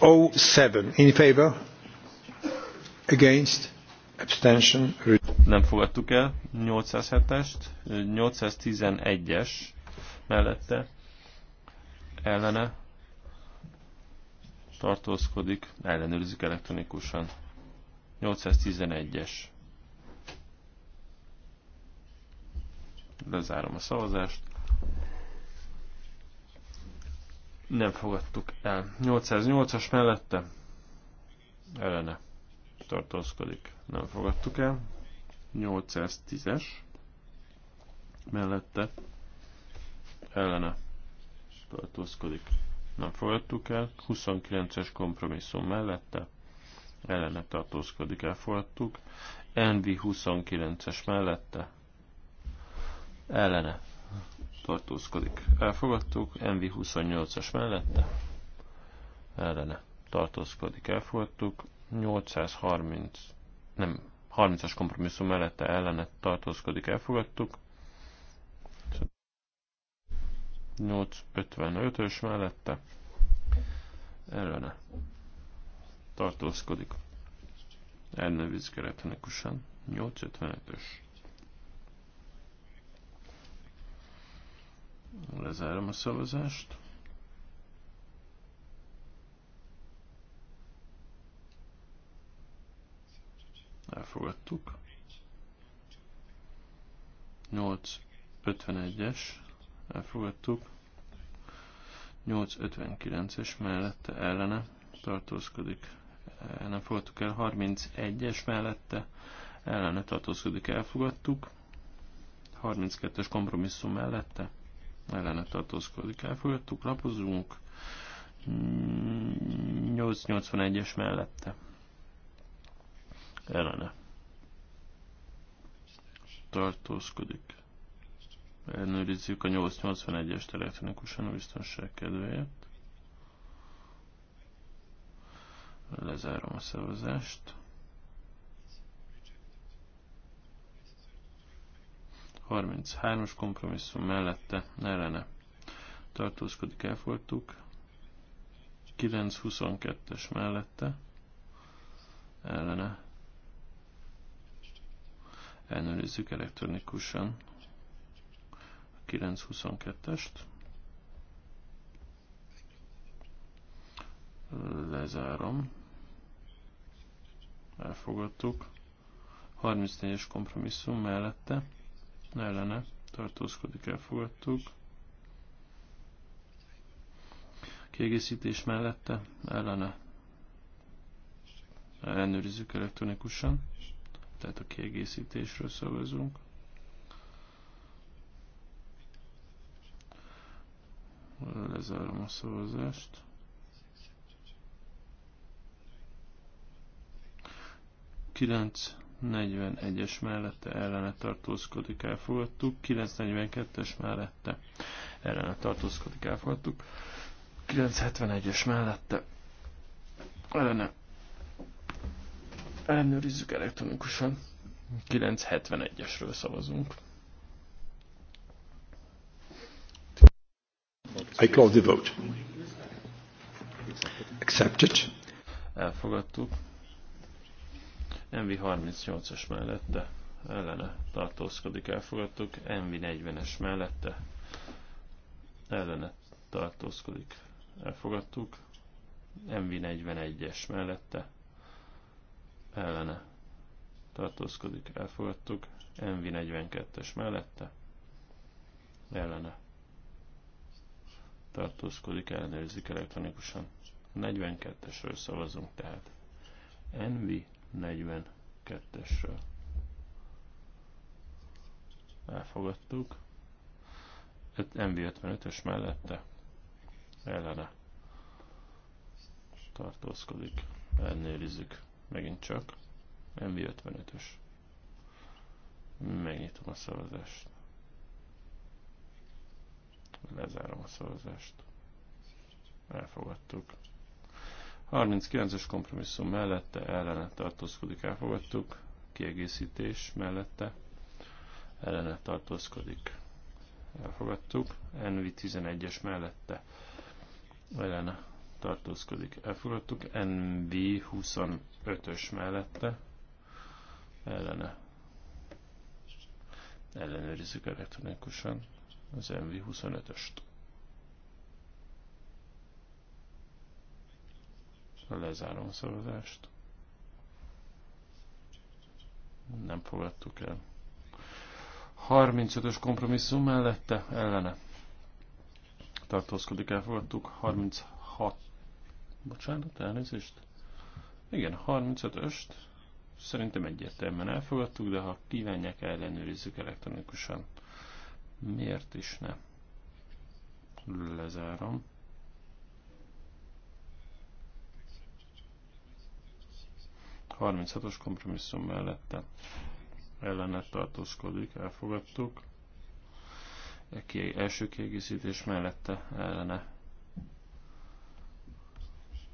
807 in favor against Abstention. Nem fogadtuk el 807-est, 811-es mellette ellene tartózkodik, ellenőrzik elektronikusan. 811-es. Lezárom a szavazást. Nem fogadtuk el. 808-as mellette ellene tartózkodik. Nem fogadtuk el. 810-es mellette ellene tartózkodik. Nem fogadtuk el. 29-es kompromisszum mellette ellene tartózkodik. Elfogadtuk. NV 29-es mellette ellene tartózkodik. Elfogadtuk. NV 28-as mellette ellene tartózkodik. Elfogadtuk. 830, nem, 30-as kompromisszum mellette ellenet tartózkodik, elfogadtuk. 855-ös mellette ellene tartózkodik. Elneviz keretenekusan 855-ös. Lezárom a szavazást. elfogadtuk. 851-es, elfogadtuk. 859-es mellette ellene tartózkodik, eh, nem fogadtuk el. 31-es mellette ellene tartózkodik, elfogadtuk. 32-es kompromisszum mellette ellene tartózkodik, elfogadtuk. Lapozunk. 881-es mellette ellene tartózkodik. Ellenőrizzük a 881 es elektronikusan a biztonság kedvéért. Lezárom a szavazást. 33-as kompromisszum mellette ellene tartózkodik, elfogadtuk. 922-es mellette ellene ellenőrizzük elektronikusan a 922-est. Lezárom. Elfogadtuk. 34-es kompromisszum mellette, ellene tartózkodik, elfogadtuk. Kiegészítés mellette, ellene ellenőrizzük elektronikusan tehát a kiegészítésről szavazunk. Lezárom a szavazást. Kilenc 41 es mellette ellene tartózkodik, elfogadtuk. 942-es mellette ellene tartózkodik, elfogadtuk. 971-es mellette ellene Ellenőrizzük elektronikusan. 971-esről szavazunk. I close the vote. Accepted. Elfogadtuk. Envi 38 as mellette ellene tartózkodik, elfogadtuk. Envi 40 es mellette ellene tartózkodik, elfogadtuk. Envi 41 es mellette ellene tartózkodik, elfogadtuk, MV42-es mellette, ellene tartózkodik, ellenőrzik elektronikusan. 42-esről szavazunk tehát. NV 42-esről. Elfogadtuk. NV 55-ös mellette, ellene tartózkodik, ellenőrizzük megint csak, MV55-ös. Megnyitom a szavazást. Lezárom a szavazást. Elfogadtuk. 39-es kompromisszum mellette, ellene tartózkodik, elfogadtuk. Kiegészítés mellette, ellene tartózkodik, elfogadtuk. NV11-es mellette, ellene tartózkodik. Elfogadtuk NV 25-ös mellette ellene. Ellenőrizzük elektronikusan az NV 25-öst. Lezárom a szavazást. Nem fogadtuk el. 35-ös kompromisszum mellette ellene tartózkodik, elfogadtuk. 36 Bocsánat, elnézést. Igen, 35-öst szerintem egyértelműen elfogadtuk, de ha kívánják, ellenőrizzük elektronikusan. Miért is ne? Lezárom. os kompromisszum mellette ellenet tartózkodik, elfogadtuk. Első kiegészítés mellette ellene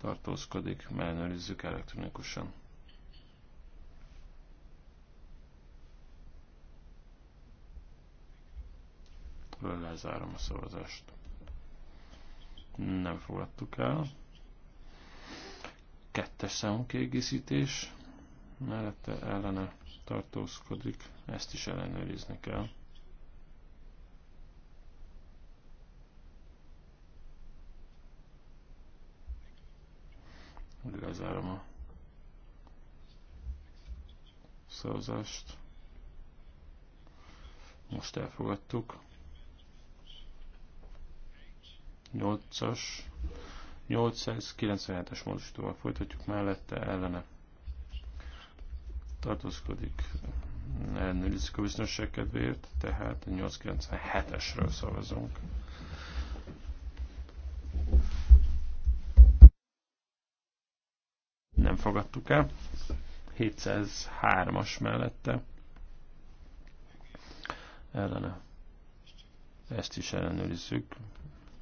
tartózkodik, ellenőrizzük elektronikusan. Lezárom a szavazást. Nem fogadtuk el. Kettes számú kiegészítés. Mellette ellene tartózkodik. Ezt is ellenőrizni kell. Lezárom a szavazást. Most elfogadtuk. 8-as, 897-es módosítóval folytatjuk mellette, ellene tartózkodik ellenőrizik a biztonság kedvéért, tehát 897-esről szavazunk. nem fogadtuk el. 703-as mellette ellene. Ezt is ellenőrizzük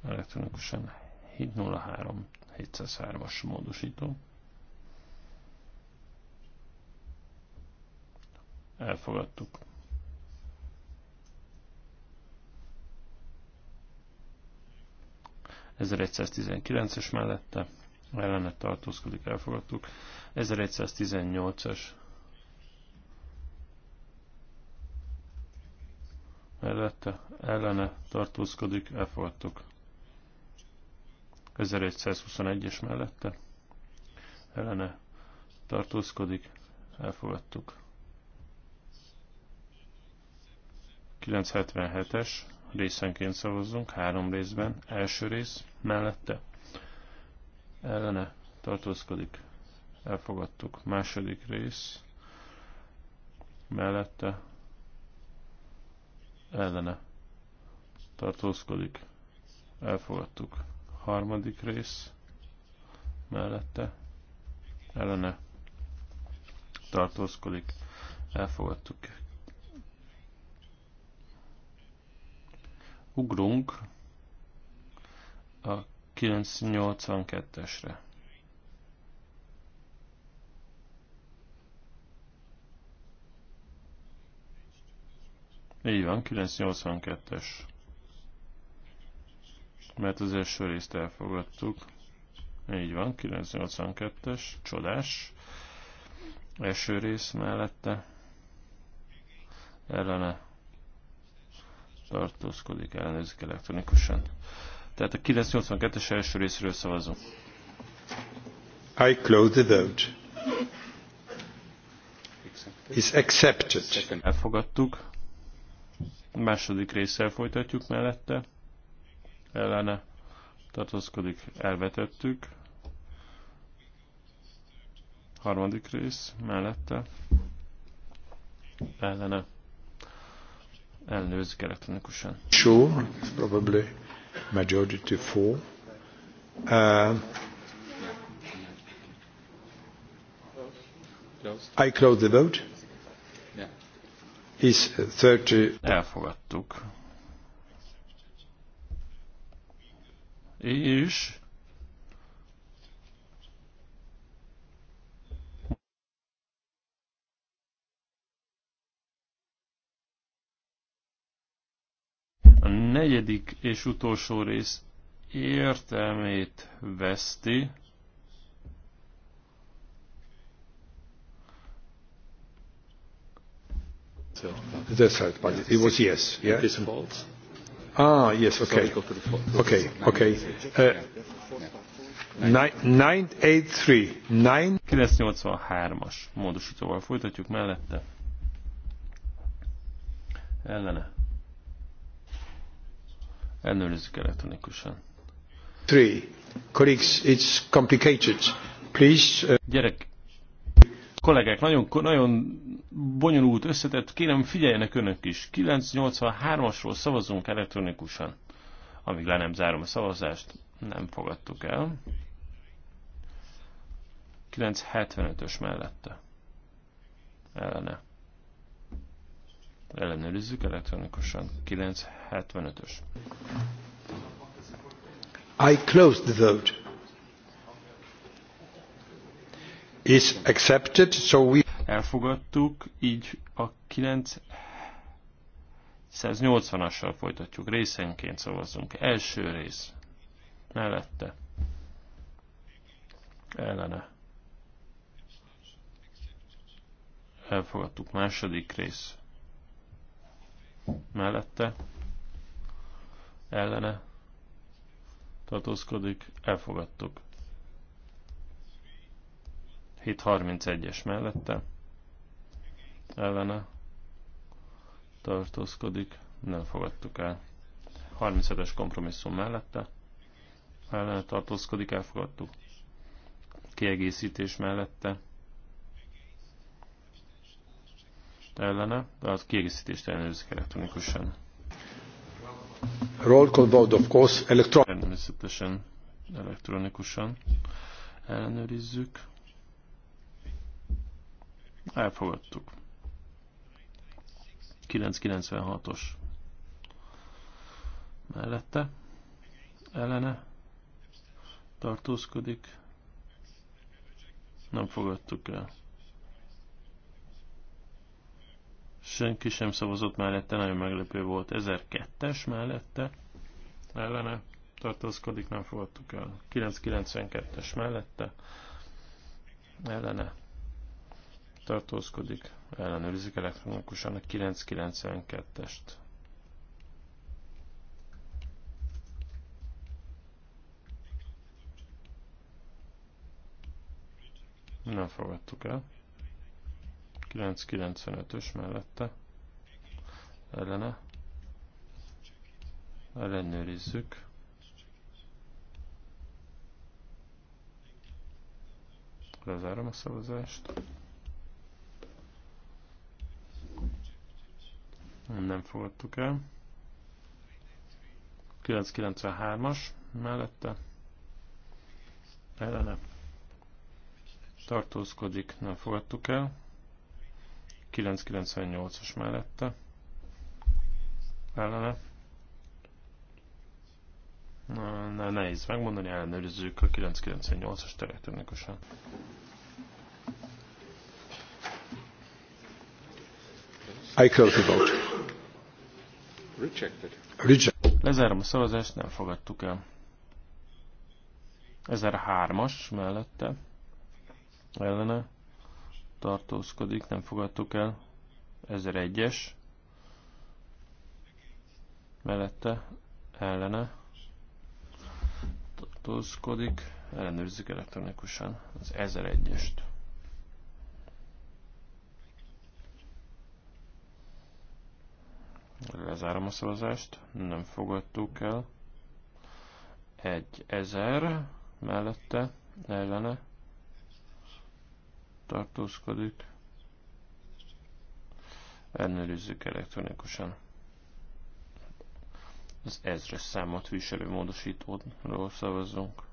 elektronikusan. 703 703-as módosító. Elfogadtuk. Ezzel 119-es mellette ellene tartózkodik, elfogadtuk. 1118-as mellette ellene tartózkodik, elfogadtuk. 1121-es mellette ellene tartózkodik, elfogadtuk. 977-es részenként szavazzunk, három részben, első rész mellette ellene tartózkodik, elfogadtuk. Második rész mellette ellene tartózkodik, elfogadtuk. Harmadik rész mellette ellene tartózkodik, elfogadtuk. Ugrunk a 982-esre. Így van, 982-es. Mert az első részt elfogadtuk. Így van, 982-es, csodás. Első rész mellette. Ellene tartózkodik, elnézik elektronikusan. Tehát a 982-es első részről szavazunk. I close the vote. Is accepted. Elfogadtuk. A második résszel folytatjuk mellette. Ellene tartozkodik, elvetettük. Harmadik rész mellette. Ellene ellenőrzik elektronikusan. Sure, probably majority for. Uh, I close the vote. Is 30... Elfogadtuk. És A negyedik és utolsó rész értelmét veszti, Deshalb, but it was yes. Yeah. Ah, yes, okay. Okay, okay. Uh, 983-as módosítóval folytatjuk mellette. Ellene. Ellenőrizzük elektronikusan. Three. Colleagues, it's complicated. Please. Uh... Gyerek, kollégák, nagyon, nagyon bonyolult összetett, kérem figyeljenek önök is. 983-asról szavazunk elektronikusan. Amíg le nem zárom a szavazást, nem fogadtuk el. 975-ös mellette. Ellene ellenőrizzük elektronikusan. 975-ös. I close the vote. Is accepted, so we... Elfogadtuk, így a 980-assal folytatjuk. Részenként szavazzunk. Első rész. Mellette. Ellene. elfogadtuk. Második rész mellette ellene tartózkodik, elfogadtuk. 731-es mellette ellene tartózkodik, nem fogadtuk el. 37-es kompromisszum mellette ellene tartózkodik, elfogadtuk. Kiegészítés mellette ellene, de az kiegészítést ellenőrzik elektronikusan. Roll call vote, of course, electron... Természetesen elektronikusan ellenőrizzük. Elfogadtuk. 996-os mellette, ellene tartózkodik. Nem fogadtuk el. Senki sem szavazott mellette, nagyon meglepő volt. 1002-es mellette ellene tartózkodik, nem fogadtuk el. 992-es mellette ellene tartózkodik, ellenőrizik elektronikusan a 992-est. Nem fogadtuk el. 995-ös mellette ellene ellenőrizzük. Lezárom a szavazást. Nem fogadtuk el. 993-as mellette ellene tartózkodik, nem fogadtuk el. 998 os mellette ellene. Na, ne, nehéz megmondani, ellenőrizzük a 998-as elektronikusan. I close the vote. Rejected. Rejected. Lezárom a szavazást, nem fogadtuk el. 1003-as mellette ellene tartózkodik, nem fogadtuk el. 1001-es mellette, ellene tartózkodik, ellenőrzik elektronikusan az 1001-est. Lezárom a szavazást, nem fogadtuk el. Egy ezer. mellette, ellene tartózkodik. Ellenőrizzük elektronikusan. Az ezres számot viselő módosítóról szavazzunk.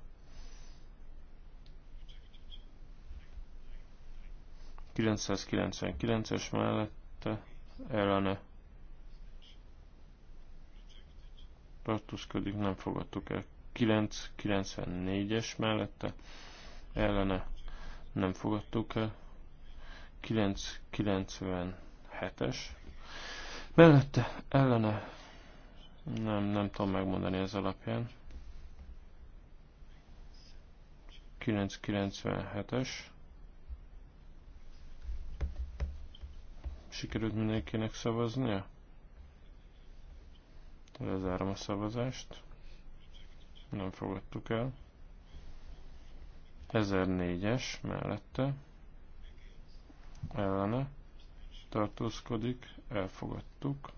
es mellette ellene tartózkodik, nem fogadtuk el. 994-es mellette ellene nem fogadtuk el. 997-es. Mellette, ellene, nem, nem tudom megmondani ez alapján. 997-es. Sikerült mindenkinek szavaznia? Lezárom a szavazást. Nem fogadtuk el. 1004-es mellette ellene tartózkodik, elfogadtuk.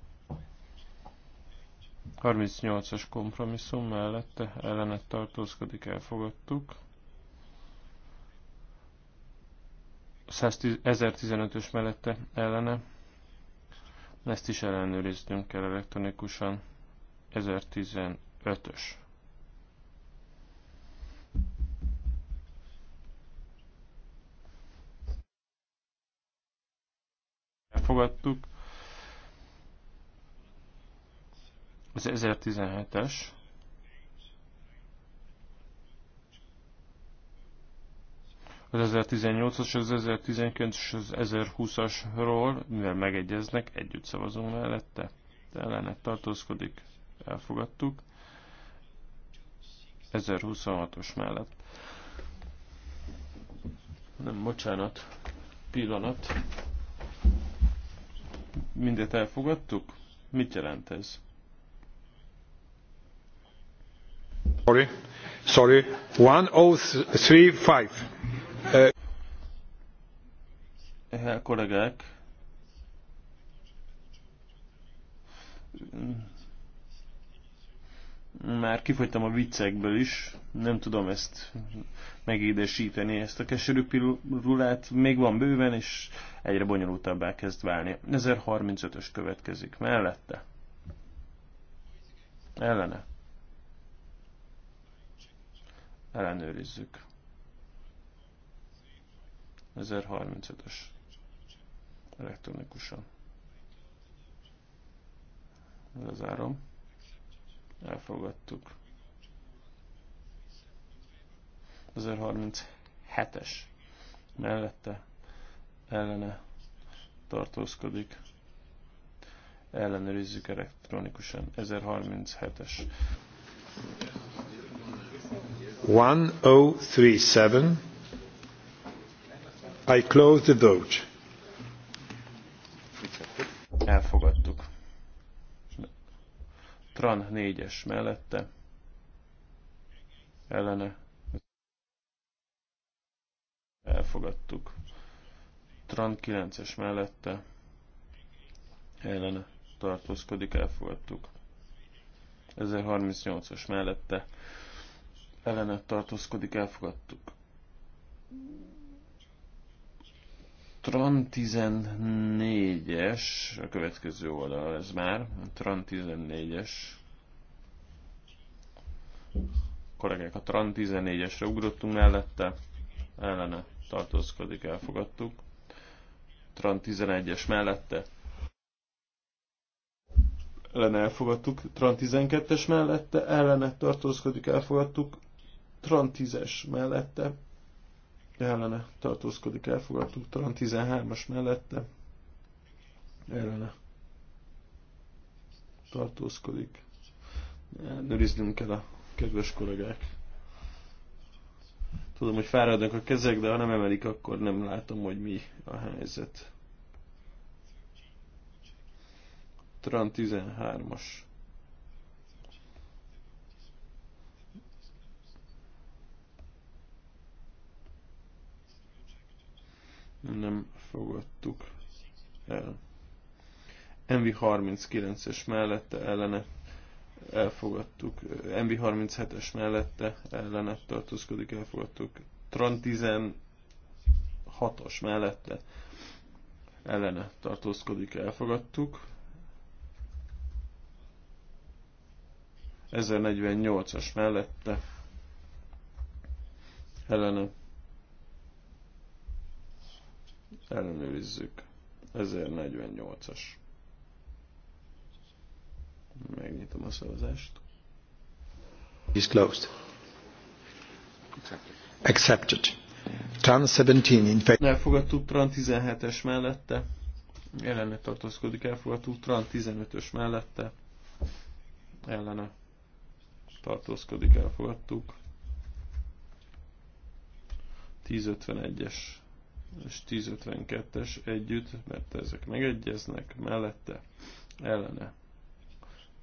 38-as kompromisszum mellette ellene tartózkodik, elfogadtuk. 1015-ös mellette ellene. Ezt is ellenőriznünk kell elektronikusan. 1015-ös. elfogadtuk. Az 1017-es. Az 1018 as az 1019 es az 1020-asról, mivel megegyeznek, együtt szavazunk mellette. De ellene tartózkodik. Elfogadtuk. 1026-os mellett. Nem, bocsánat. Pillanat. Mindet elfogadtuk? Mit jelent ez? Sorry, sorry, 1035. Uh... Eh, kollégák, már kifogytam a viccekből is, nem tudom ezt megédesíteni, ezt a keserű pirulát még van bőven, és egyre bonyolultabbá kezd válni. 1035-ös következik, mellette. Ellene. Ellenőrizzük. 1035-ös. Elektronikusan. Lezárom. Elfogadtuk. 1037-es mellette ellene tartózkodik. Ellenőrizzük elektronikusan. 1037-es. 1037. I close the vote. Elfogadtuk. Tran 4-es mellette ellene elfogadtuk. Tran 9-es mellette ellene tartózkodik, elfogadtuk. 1038-as mellette ellene tartózkodik, elfogadtuk. Tron 14-es, a következő oldal ez már, Tron 14-es. Kollégák, a Tron 14-esre ugrottunk mellette, ellene tartózkodik, elfogadtuk. Tron 11-es mellette, ellene elfogadtuk. Tron 12-es mellette, ellene tartózkodik, elfogadtuk. Tron 10-es mellette, ellene tartózkodik, elfogadtuk, talán 13-as mellette ellene tartózkodik. nőriznünk kell a kedves kollégák. Tudom, hogy fáradnak a kezek, de ha nem emelik, akkor nem látom, hogy mi a helyzet. Tran 13-as. nem fogadtuk el. MV39-es mellette ellene elfogadtuk, MV37-es mellette ellene tartózkodik, elfogadtuk, Tron 16-os mellette ellene tartózkodik, elfogadtuk, 1048-as mellette ellene Ellenőrizzük. 1048-as. Megnyitom a szavazást. Is closed. Accepted. Tran 17 in favor. Elfogadtuk Tran 17-es mellette. Ellene tartózkodik. Elfogadtuk Tran 15-ös mellette. Ellene tartózkodik. Elfogadtuk. 1051-es és 10.52-es együtt, mert ezek megegyeznek, mellette, ellene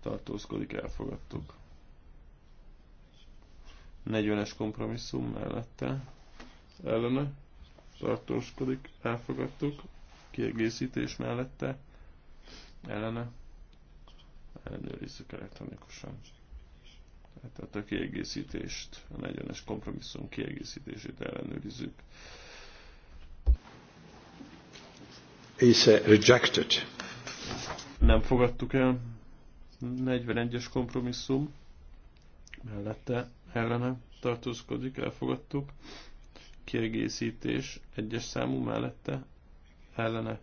tartózkodik, elfogadtuk. 40-es kompromisszum mellette, ellene tartózkodik, elfogadtuk, kiegészítés mellette, ellene, ellenőrizzük elektronikusan. Tehát a kiegészítést, a 40-es kompromisszum kiegészítését ellenőrizzük. is uh, rejected. Nem fogadtuk el. 41-es kompromisszum. Mellette ellene tartózkodik, elfogadtuk. Kiegészítés egyes számú mellette ellene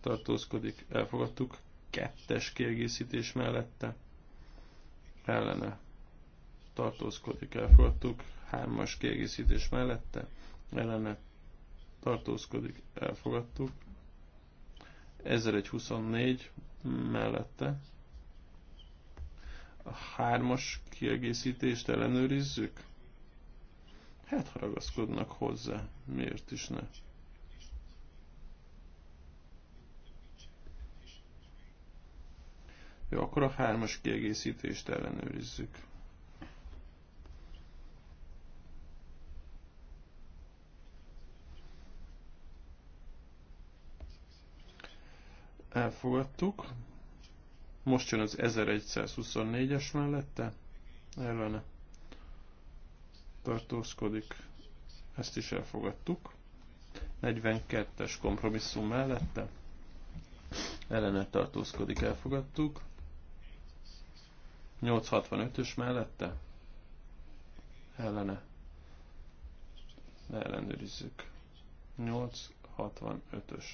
tartózkodik, elfogadtuk. Kettes kiegészítés mellette ellene tartózkodik, elfogadtuk. Hármas kiegészítés mellette ellene tartózkodik, elfogadtuk. 1024 mellette a hármas kiegészítést ellenőrizzük? Hát, ha ragaszkodnak hozzá, miért is ne? Jó, akkor a hármas kiegészítést ellenőrizzük. elfogadtuk. Most jön az 1124-es mellette, ellene tartózkodik, ezt is elfogadtuk. 42-es kompromisszum mellette, ellene tartózkodik, elfogadtuk. 865-ös mellette, ellene ellenőrizzük. 865-ös.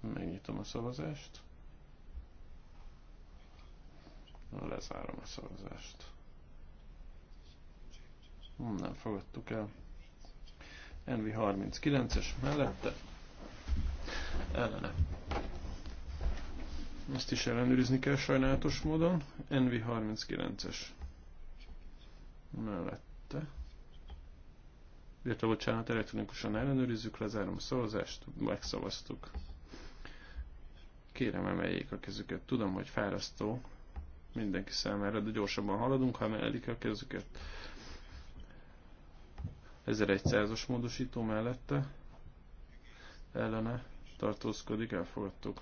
Megnyitom a szavazást. Lezárom a szavazást. Nem fogadtuk el. NV39-es mellette. Ellene. Ezt is ellenőrizni kell sajnálatos módon. NV39-es mellette. Illetve bocsánat, elektronikusan ellenőrizzük, lezárom a szavazást, megszavaztuk. Kérem, emeljék a kezüket. Tudom, hogy fárasztó mindenki számára, de gyorsabban haladunk, ha emelik a kezüket. 1100-os módosító mellette ellene tartózkodik, elfogadtuk.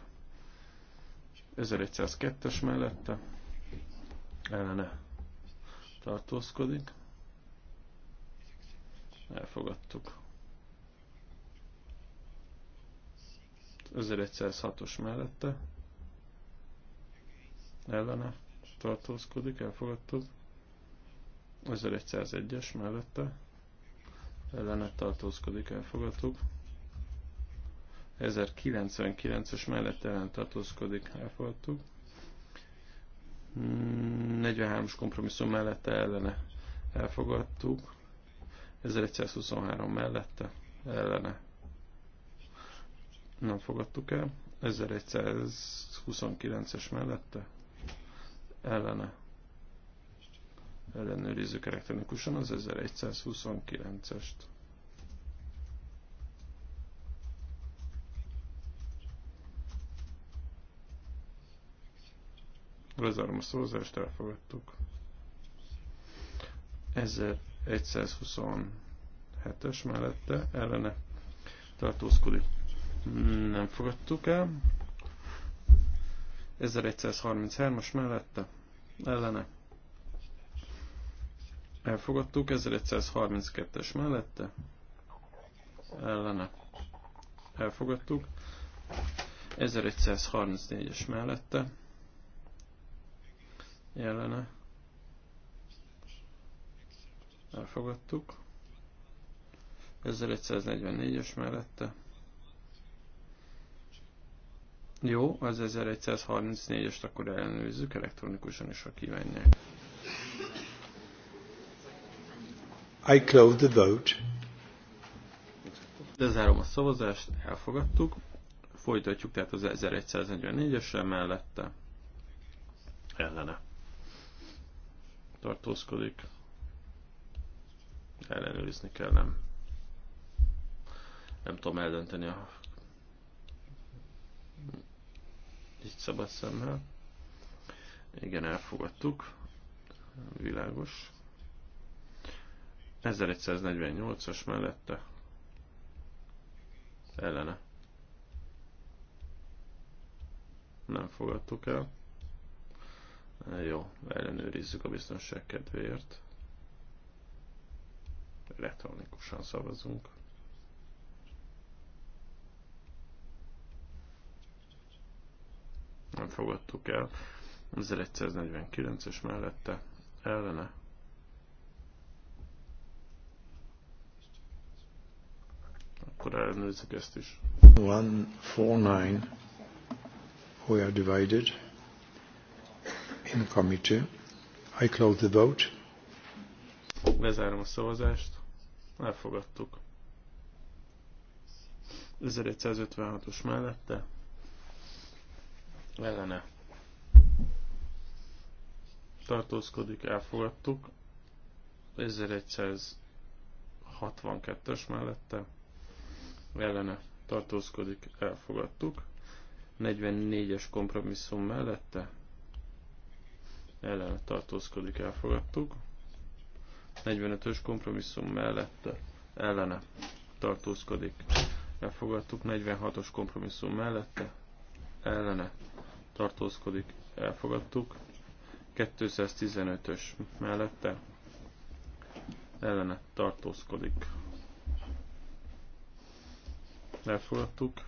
1102-es mellette ellene tartózkodik, elfogadtuk. 1106-os mellette ellene tartózkodik, elfogadtad. 1101-es mellette ellene tartózkodik, elfogadtuk. 1099-es mellette ellen tartózkodik, elfogadtuk. 43 os kompromisszum mellette ellene elfogadtuk. 1123 mellette ellene nem fogadtuk el. 1129-es mellette ellene ellenőrizzük elektronikusan az 1129-est. Lezárom a szózást, elfogadtuk. 1127-es mellette ellene tartózkodik nem fogadtuk el. 1133-as mellette, ellene. Elfogadtuk, 1132-es mellette, ellene. Elfogadtuk, 1134-es mellette, ellene. Elfogadtuk, 1144-es mellette, jó, az 1134-est akkor ellenőrizzük elektronikusan is, ha kívánják. I close the vote. Lezárom a szavazást, elfogadtuk. Folytatjuk tehát az 1144 esre mellette. Ellene. Tartózkodik. Ellenőrizni kell, nem. Nem tudom eldönteni a így szabad szemmel. Igen, elfogadtuk. Világos. 1148-as mellette. Ellene. Nem fogadtuk el. Jó, ellenőrizzük a biztonság kedvéért. Elektronikusan szavazunk. nem fogadtuk el. 1149-es mellette ellene. Akkor ellenőrizzük ezt is. 149 we are divided in committee. I close the vote. Lezárom a szavazást. Elfogadtuk. 1156-os mellette ellene tartózkodik, elfogadtuk. 1162-es mellette ellene tartózkodik, elfogadtuk. 44-es kompromisszum mellette ellene tartózkodik, elfogadtuk. 45-ös kompromisszum mellette ellene tartózkodik, elfogadtuk. 46-os kompromisszum mellette ellene tartózkodik, elfogadtuk. 215-ös mellette ellene tartózkodik. Elfogadtuk.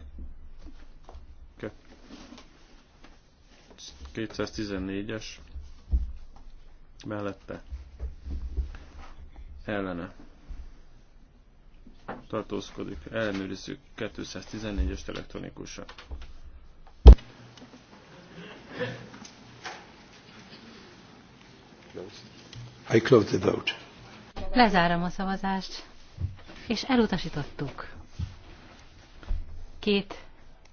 214-es mellette ellene tartózkodik. Ellenőrizzük 214-est elektronikusan. I close the vote. Lezárom a szavazást, és elutasítottuk. Két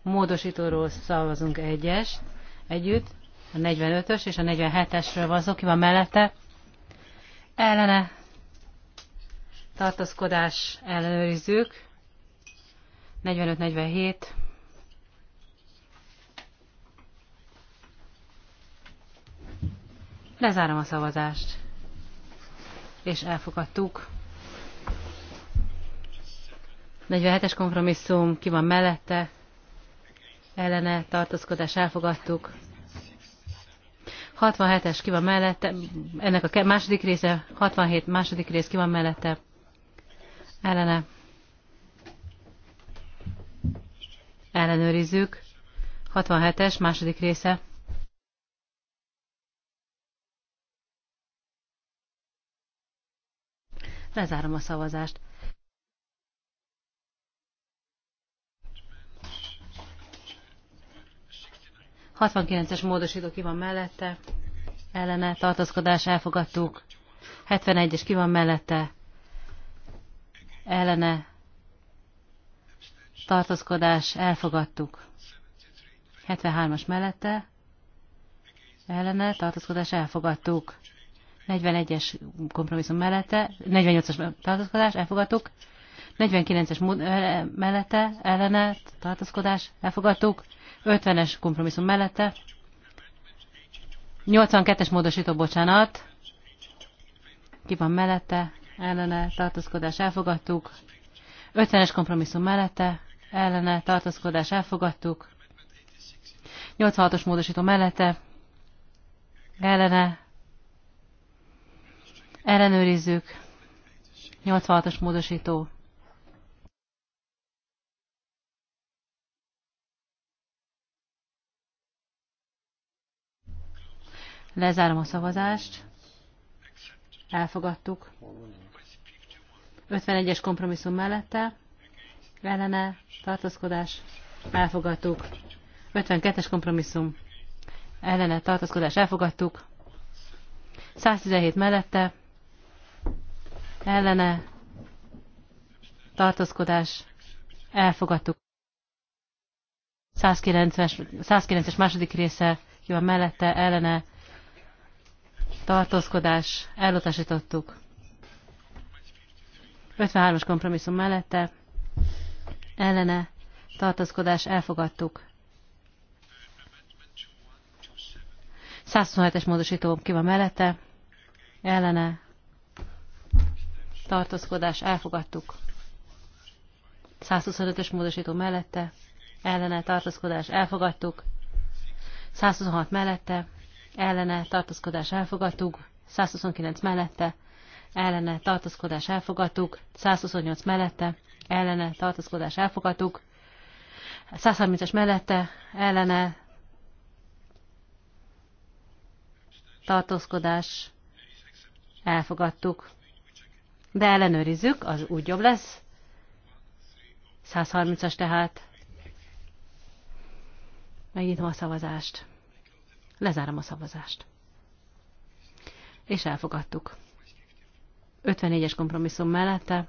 módosítóról szavazunk egyes, együtt, a 45-ös és a 47-esről van szó, ki van mellette. Ellene tartózkodás ellenőrizzük. 45-47. Lezárom a szavazást. És elfogadtuk. 47-es kompromisszum, ki van mellette, ellene, tartózkodás, elfogadtuk. 67-es ki van mellette, ennek a második része, 67 második rész ki van mellette, ellene. Ellenőrizzük. 67-es második része. Lezárom a szavazást. es módosító ki van mellette, ellene tartózkodás elfogadtuk. 71-es ki van mellette, ellene tartózkodás elfogadtuk. 73-as mellette, ellene tartózkodás elfogadtuk. 41-es kompromisszum mellette, 48-as tartózkodás, elfogadtuk. 49-es eh, mellette, ellene, tartózkodás, elfogadtuk. 50-es kompromisszum mellette. 82-es módosító, bocsánat. Ki van mellette, ellene, tartózkodás, elfogadtuk. 50-es kompromisszum mellette, ellene, tartózkodás, elfogadtuk. 86-os módosító mellette, ellene, Ellenőrizzük. 86-as módosító. Lezárom a szavazást. Elfogadtuk. 51-es kompromisszum mellette. Ellene. Tartózkodás. Elfogadtuk. 52-es kompromisszum. Ellene. Tartózkodás. Elfogadtuk. 117 mellette ellene tartózkodás elfogadtuk. 109-es, második része jön mellette, ellene tartózkodás elutasítottuk. 53-as kompromisszum mellette, ellene tartózkodás elfogadtuk. 127-es módosító ki van mellette, ellene tartózkodás elfogadtuk. 125-ös módosító mellette, ellene tartózkodás elfogadtuk. 126 mellette, ellene tartózkodás elfogadtuk. 129 mellette, ellene tartózkodás elfogadtuk. 128 mellette, ellene tartózkodás elfogadtuk. 130-es mellette, ellene tartózkodás elfogadtuk de ellenőrizzük, az úgy jobb lesz. 130-as tehát. Megnyitom a szavazást. Lezárom a szavazást. És elfogadtuk. 54-es kompromisszum mellette.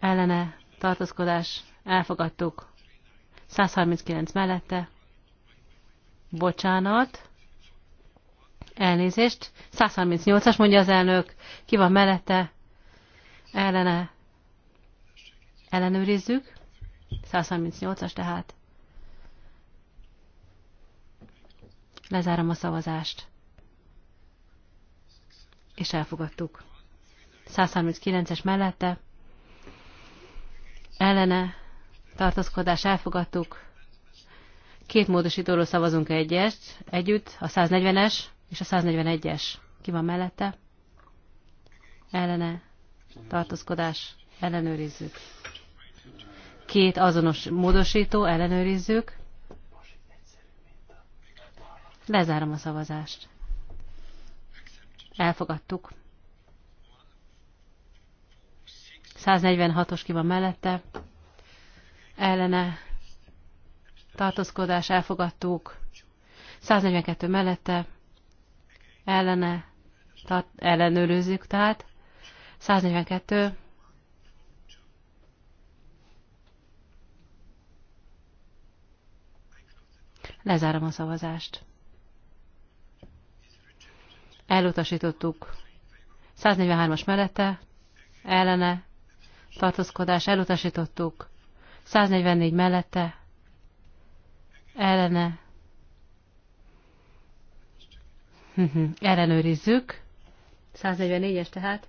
Ellene tartózkodás. Elfogadtuk. 139 mellette. Bocsánat. Elnézést. 138-as mondja az elnök. Ki van mellette? ellene ellenőrizzük. 138-as tehát. Lezárom a szavazást. És elfogadtuk. 139-es mellette ellene tartózkodás elfogadtuk. Két módosítóról szavazunk egyest, együtt, a 140-es és a 141-es. Ki van mellette? Ellene tartózkodás, ellenőrizzük. Két azonos módosító, ellenőrizzük. Lezárom a szavazást. Elfogadtuk. 146-os ki van mellette. Ellene tartózkodás elfogadtuk. 142 mellette. Ellene tart, ellenőrizzük tehát. 142. Lezárom a szavazást. Elutasítottuk. 143-as mellette, ellene, tartózkodás, elutasítottuk. 144 mellette, ellene, ellenőrizzük. 144-es tehát.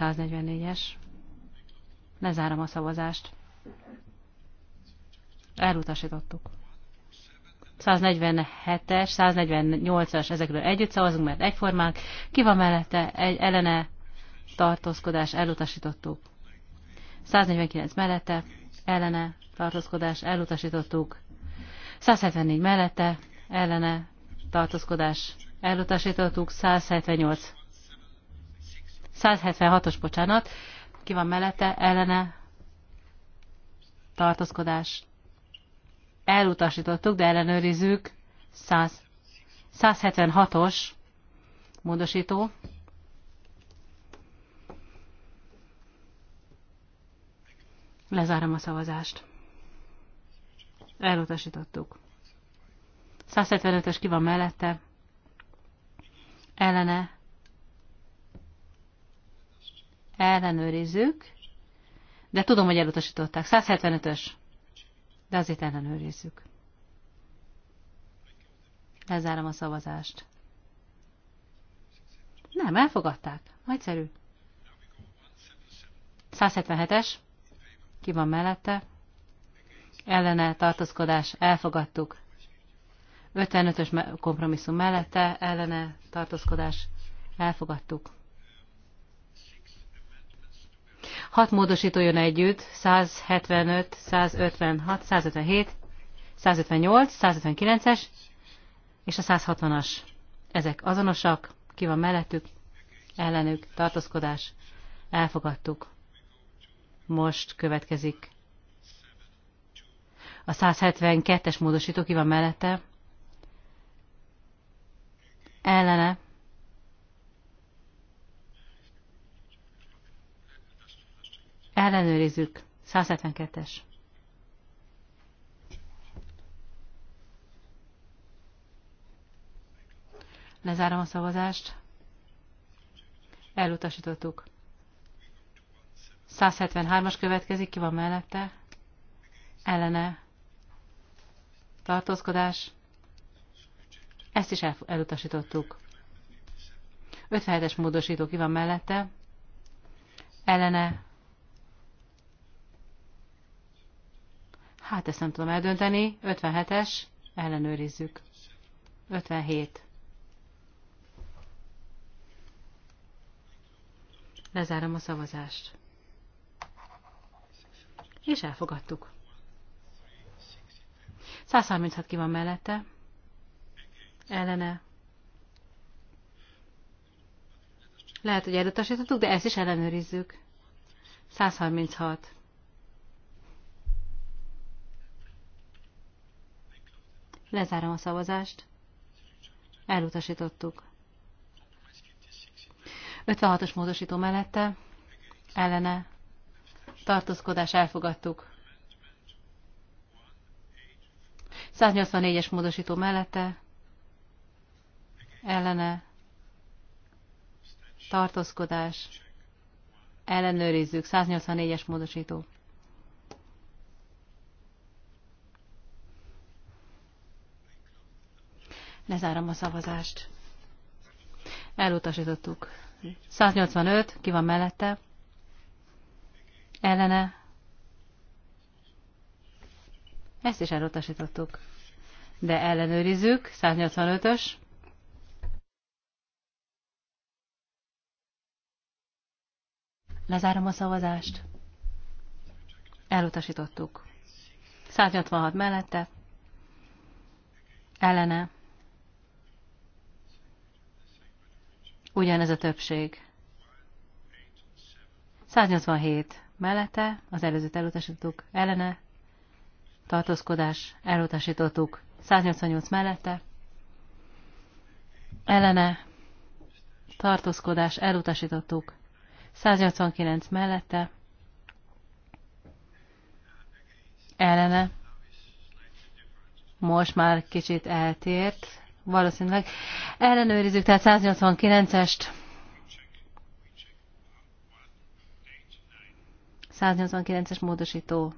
144-es. Lezárom a szavazást. Elutasítottuk. 147-es, 148-as, ezekről együtt szavazunk, mert egyformák. Ki van mellette? Egy ellene tartózkodás elutasítottuk. 149 mellette, ellene tartózkodás elutasítottuk. 174 mellette, ellene tartózkodás elutasítottuk. 178 176-os, bocsánat, ki van mellette, ellene, tartózkodás. Elutasítottuk, de ellenőrizzük, 100, 176-os módosító. Lezárom a szavazást. Elutasítottuk. 175-ös ki van mellette. Ellene ellenőrizzük, de tudom, hogy elutasították. 175-ös, de azért ellenőrizzük. Lezárom a szavazást. Nem, elfogadták. Nagyszerű. 177-es. Ki van mellette? Ellene tartózkodás. Elfogadtuk. 55-ös kompromisszum mellette. Ellene tartózkodás. Elfogadtuk. Hat módosító jön együtt, 175, 156, 157, 158, 159-es és a 160-as. Ezek azonosak, ki van mellettük, ellenük, tartózkodás, elfogadtuk. Most következik a 172-es módosító, ki van mellette, ellene, Ellenőrizzük. 172-es. Lezárom a szavazást. Elutasítottuk. 173-as következik, ki van mellette? Ellene. Tartózkodás. Ezt is elutasítottuk. 57-es módosító ki van mellette? Ellene. Hát ezt nem tudom eldönteni. 57-es, ellenőrizzük. 57. Lezárom a szavazást. És elfogadtuk. 136 ki van mellette. Ellene. Lehet, hogy elutasítottuk, de ezt is ellenőrizzük. 136. Lezárom a szavazást. Elutasítottuk. 56-os módosító mellette, ellene, tartózkodás elfogadtuk. 184-es módosító mellette, ellene, tartózkodás, ellenőrizzük, 184-es módosító. Lezárom a szavazást. Elutasítottuk. 185, ki van mellette? Ellene? Ezt is elutasítottuk. De ellenőrizzük, 185-ös. Lezárom a szavazást. Elutasítottuk. 186 mellette. Ellene. Ugyanez a többség. 187 mellette, az előzőt elutasítottuk, ellene, tartózkodás, elutasítottuk. 188 mellette, ellene, tartózkodás, elutasítottuk. 189 mellette, ellene, most már kicsit eltért, valószínűleg. Ellenőrizzük, tehát 189-est. 189-es módosító.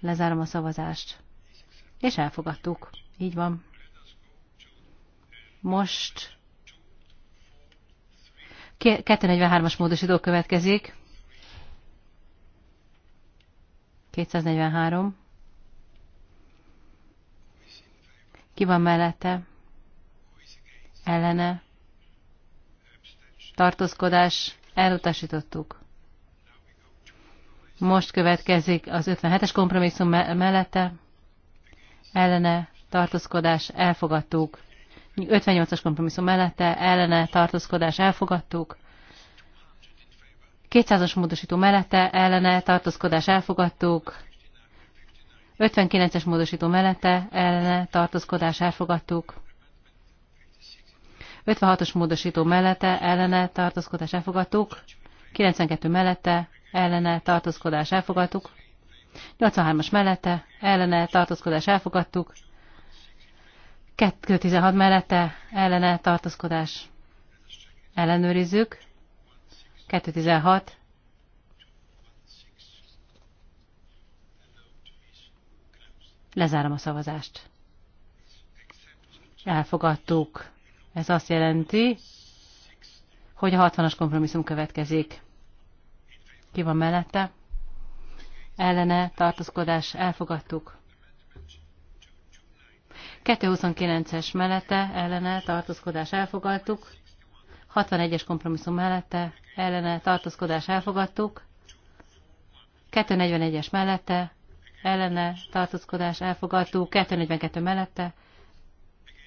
Lezárom a szavazást. És elfogadtuk. Így van. Most 243-as módosító következik. 243. Ki van mellette? ellene tartózkodás elutasítottuk. Most következik az 57-es kompromisszum mellette, ellene tartózkodás elfogadtuk. 58-as kompromisszum mellette, ellene tartózkodás elfogadtuk. 200-as módosító mellette, ellene tartózkodás elfogadtuk. 59-es módosító mellette, ellene tartózkodás elfogadtuk. 56-os módosító mellette ellene tartózkodás elfogadtuk, 92 mellette ellene tartózkodás elfogadtuk, 83-as mellette ellene tartózkodás elfogadtuk, 216 mellette ellene tartózkodás ellenőrizzük, 216 Lezárom a szavazást. Elfogadtuk. Ez azt jelenti, hogy a 60-as kompromisszum következik. Ki van mellette? Ellene tartózkodás elfogadtuk. 229-es mellette ellene tartózkodás elfogadtuk. 61-es kompromisszum mellette ellene tartózkodás elfogadtuk. 241-es mellette ellene tartózkodás elfogadtuk. 242 mellette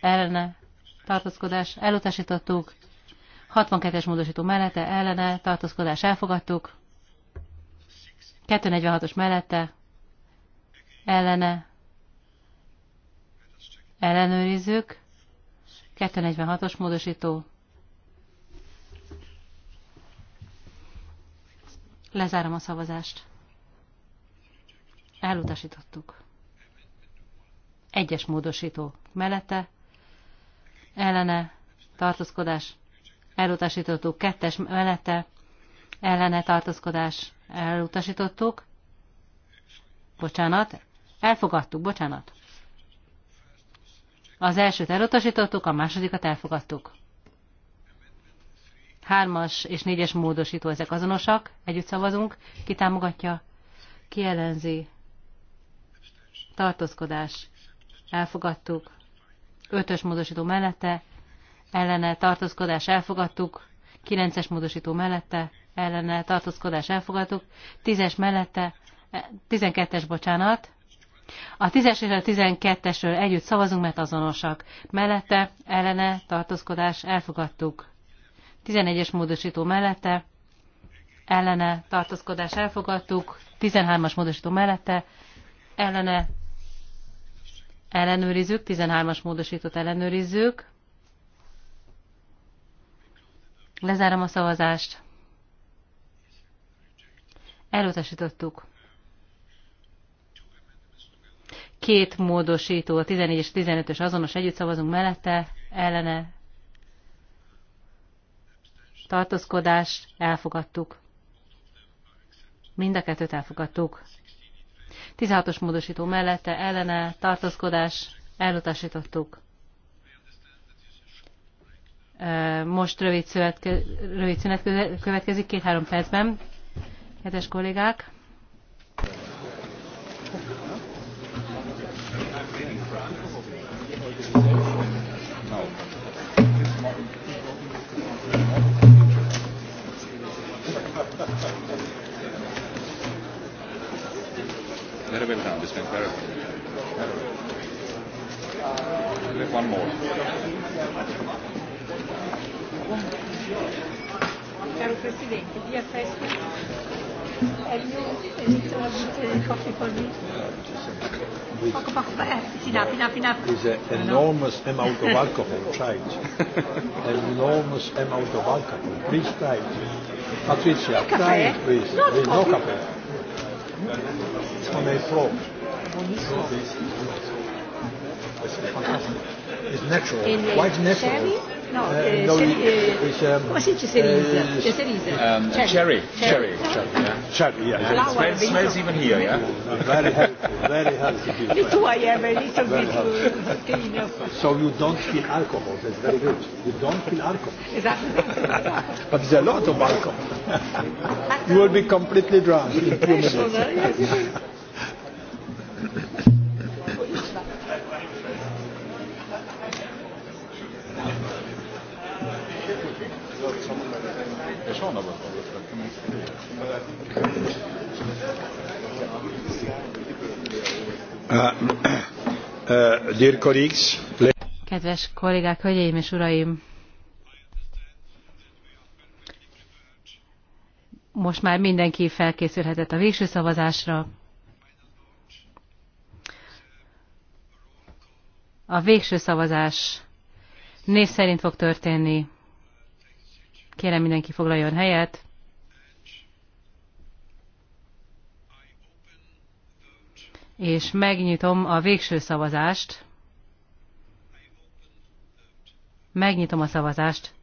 ellene tartózkodás elutasítottuk, 62-es módosító mellette ellene tartózkodás elfogadtuk, 246-os mellette ellene ellenőrizzük, 246-os módosító Lezárom a szavazást. Elutasítottuk. Egyes módosító mellette, ellene tartózkodás elutasítottuk, kettes mellette ellene tartózkodás elutasítottuk, bocsánat, elfogadtuk, bocsánat. Az elsőt elutasítottuk, a másodikat elfogadtuk. Hármas és négyes módosító, ezek azonosak, együtt szavazunk, ki támogatja, ki ellenzi, tartózkodás, elfogadtuk, Ötös módosító mellette ellene tartózkodás elfogadtuk. Kilences módosító mellette ellene tartózkodás elfogadtuk. Tízes mellette, eh, tizenkettes bocsánat. A 10-es és a 12-esről együtt szavazunk, mert azonosak. Mellette, ellene, tartózkodás, elfogadtuk. 11-es módosító mellette, ellene, tartózkodás, elfogadtuk. 13-as módosító mellette, ellene, Ellenőrizők, 13-as módosított ellenőrizzük. Lezárom a szavazást. Elutasítottuk. Két módosító, a 14 és 15-ös azonos együtt szavazunk mellette, ellene Tartózkodást elfogadtuk. Mind a kettőt elfogadtuk. 16-os módosító mellette ellene tartózkodás elutasítottuk. Most rövid, szövetke, rövid szünet következik, két-három percben. Kedves kollégák! Very well done. This went very well. Very one more. Caro Presidente, dia festa. Have you any coffee for me? Poco, poco, eh, enough, enough, enough. There's an enormous amount of alcohol, try it. an enormous amount of alcohol. Please try it. Patricia, try it, please. no coffee may flow. It's natural. Uh, Quite natural. No, uh, no uh, it's, uh, um, What si dice cerise? C'è Um, cherry. Cherry. Cherry, yeah. Cherry, yeah. yeah. Flower, smells, smells even here, yeah? very healthy. Very healthy. That's why I have a little bit clean up. So you don't feel alcohol. That's very good. You don't feel alcohol. Exactly. but there's a lot of alcohol. you will be completely drunk in two minutes. Uh, Kedves kollégák, hölgyeim és uraim! Most már mindenki felkészülhetett a végső szavazásra. A végső szavazás név szerint fog történni. Kérem mindenki foglaljon helyet. és megnyitom a végső szavazást. Megnyitom a szavazást.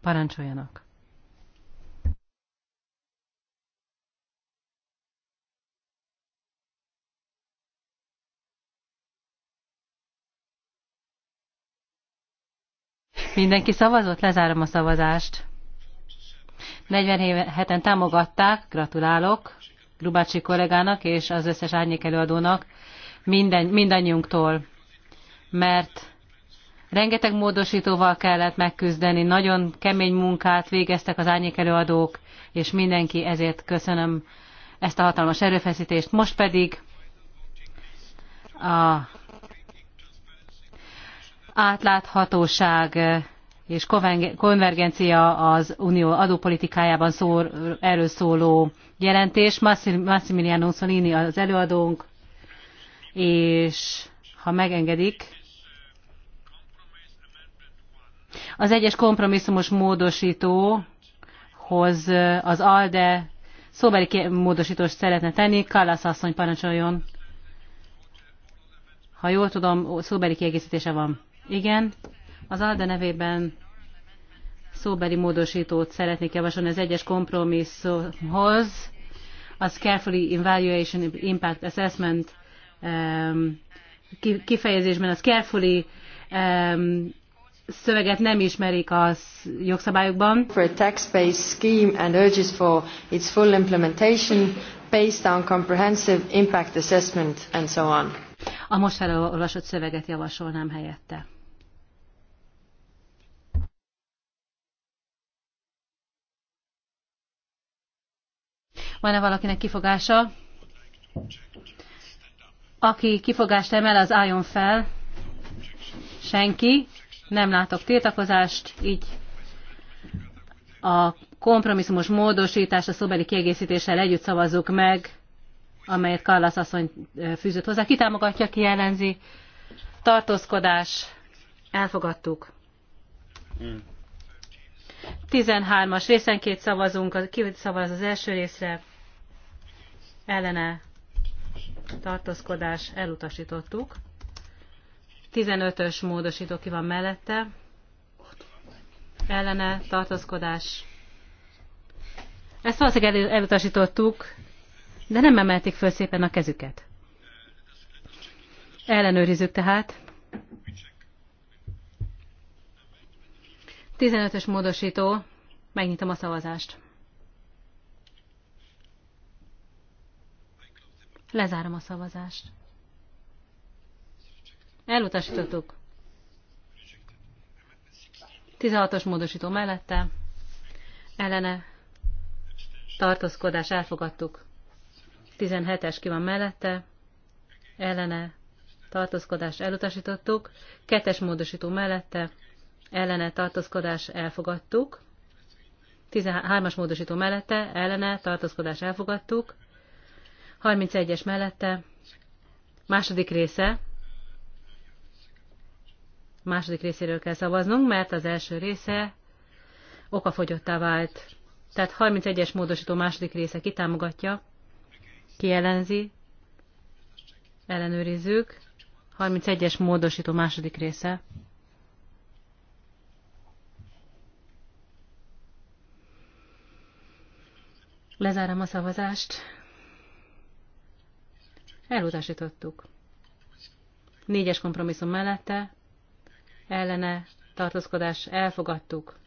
Parancsoljanak. Mindenki szavazott? Lezárom a szavazást. 47-en támogatták, gratulálok. Rubácsi kollégának és az összes árnyék előadónak, minden, mindannyiunktól, mert rengeteg módosítóval kellett megküzdeni, nagyon kemény munkát végeztek az árnyék előadók, és mindenki ezért köszönöm ezt a hatalmas erőfeszítést. Most pedig a átláthatóság és konvergencia az unió adópolitikájában szól, erről szóló jelentés. Massimiliano Solini az előadónk, és ha megengedik, az egyes kompromisszumos módosítóhoz eh, az ALDE szóbeli módosítóst szeretne tenni. Kallász asszony parancsoljon. Ha jól tudom, szóbeli kiegészítése van. Igen. Az ALDE nevében szóbeli módosítót szeretnék javasolni az egyes kompromisszumhoz, az Carefully Evaluation Impact Assessment um, kifejezésben az carefully um, szöveget nem ismerik a jogszabályokban. For a tax-based scheme and urges for its full implementation based on comprehensive impact assessment and so on. A most felolvasott szöveget javasolnám helyette. Van-e valakinek kifogása? Aki kifogást emel, az álljon fel. Senki. Nem látok tiltakozást, így a kompromisszumos módosítás a szóbeli kiegészítéssel együtt szavazzuk meg, amelyet Karlasz asszony fűzött hozzá. Ki támogatja, ki ellenzi? Tartózkodás. Elfogadtuk. 13-as hmm. két szavazunk, ki szavaz az első részre, ellene tartózkodás elutasítottuk. 15-ös módosító ki van mellette, ellene tartózkodás. Ezt valószínűleg elutasítottuk, de nem emelték föl szépen a kezüket. Ellenőrizzük tehát. 15-ös módosító, megnyitom a szavazást. Lezárom a szavazást. Elutasítottuk. 16-os módosító mellette, ellene tartózkodás elfogadtuk. 17-es ki van mellette, ellene tartózkodás elutasítottuk. Kettes módosító mellette, ellene tartózkodás elfogadtuk. 13-as módosító mellette, ellene tartózkodás elfogadtuk. 31-es mellette, második része, második részéről kell szavaznunk, mert az első része okafogyottá vált. Tehát 31-es módosító második része kitámogatja, kielenzi, ellenőrizzük. 31-es módosító második része. Lezárom a szavazást. Elutasítottuk. Négyes kompromisszum mellette, ellene, tartózkodás, elfogadtuk.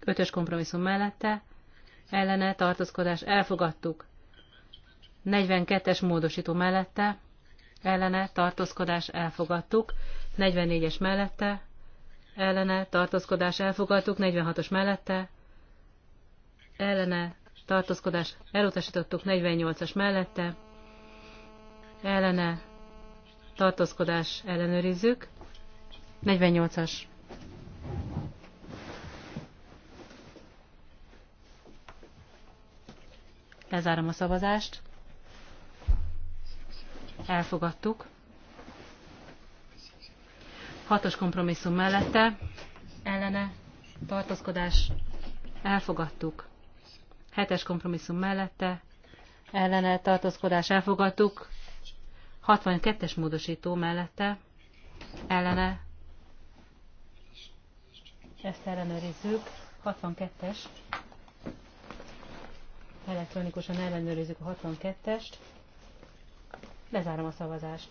Ötös kompromisszum mellette, ellene, tartózkodás, elfogadtuk. 42-es módosító mellette, ellene, tartózkodás, elfogadtuk. 44-es mellette, ellene, tartózkodás, elfogadtuk. 46-os mellette, ellene, tartózkodás, elutasítottuk. 48-as mellette, ellene tartózkodás ellenőrizzük. 48-as. Lezárom a szavazást. Elfogadtuk. Hatos kompromisszum mellette ellene tartózkodás elfogadtuk. Hetes kompromisszum mellette ellene tartózkodás elfogadtuk. 62-es módosító mellette ellene ezt ellenőrizzük. 62-es. Elektronikusan ellenőrizzük a 62-est. Lezárom a szavazást.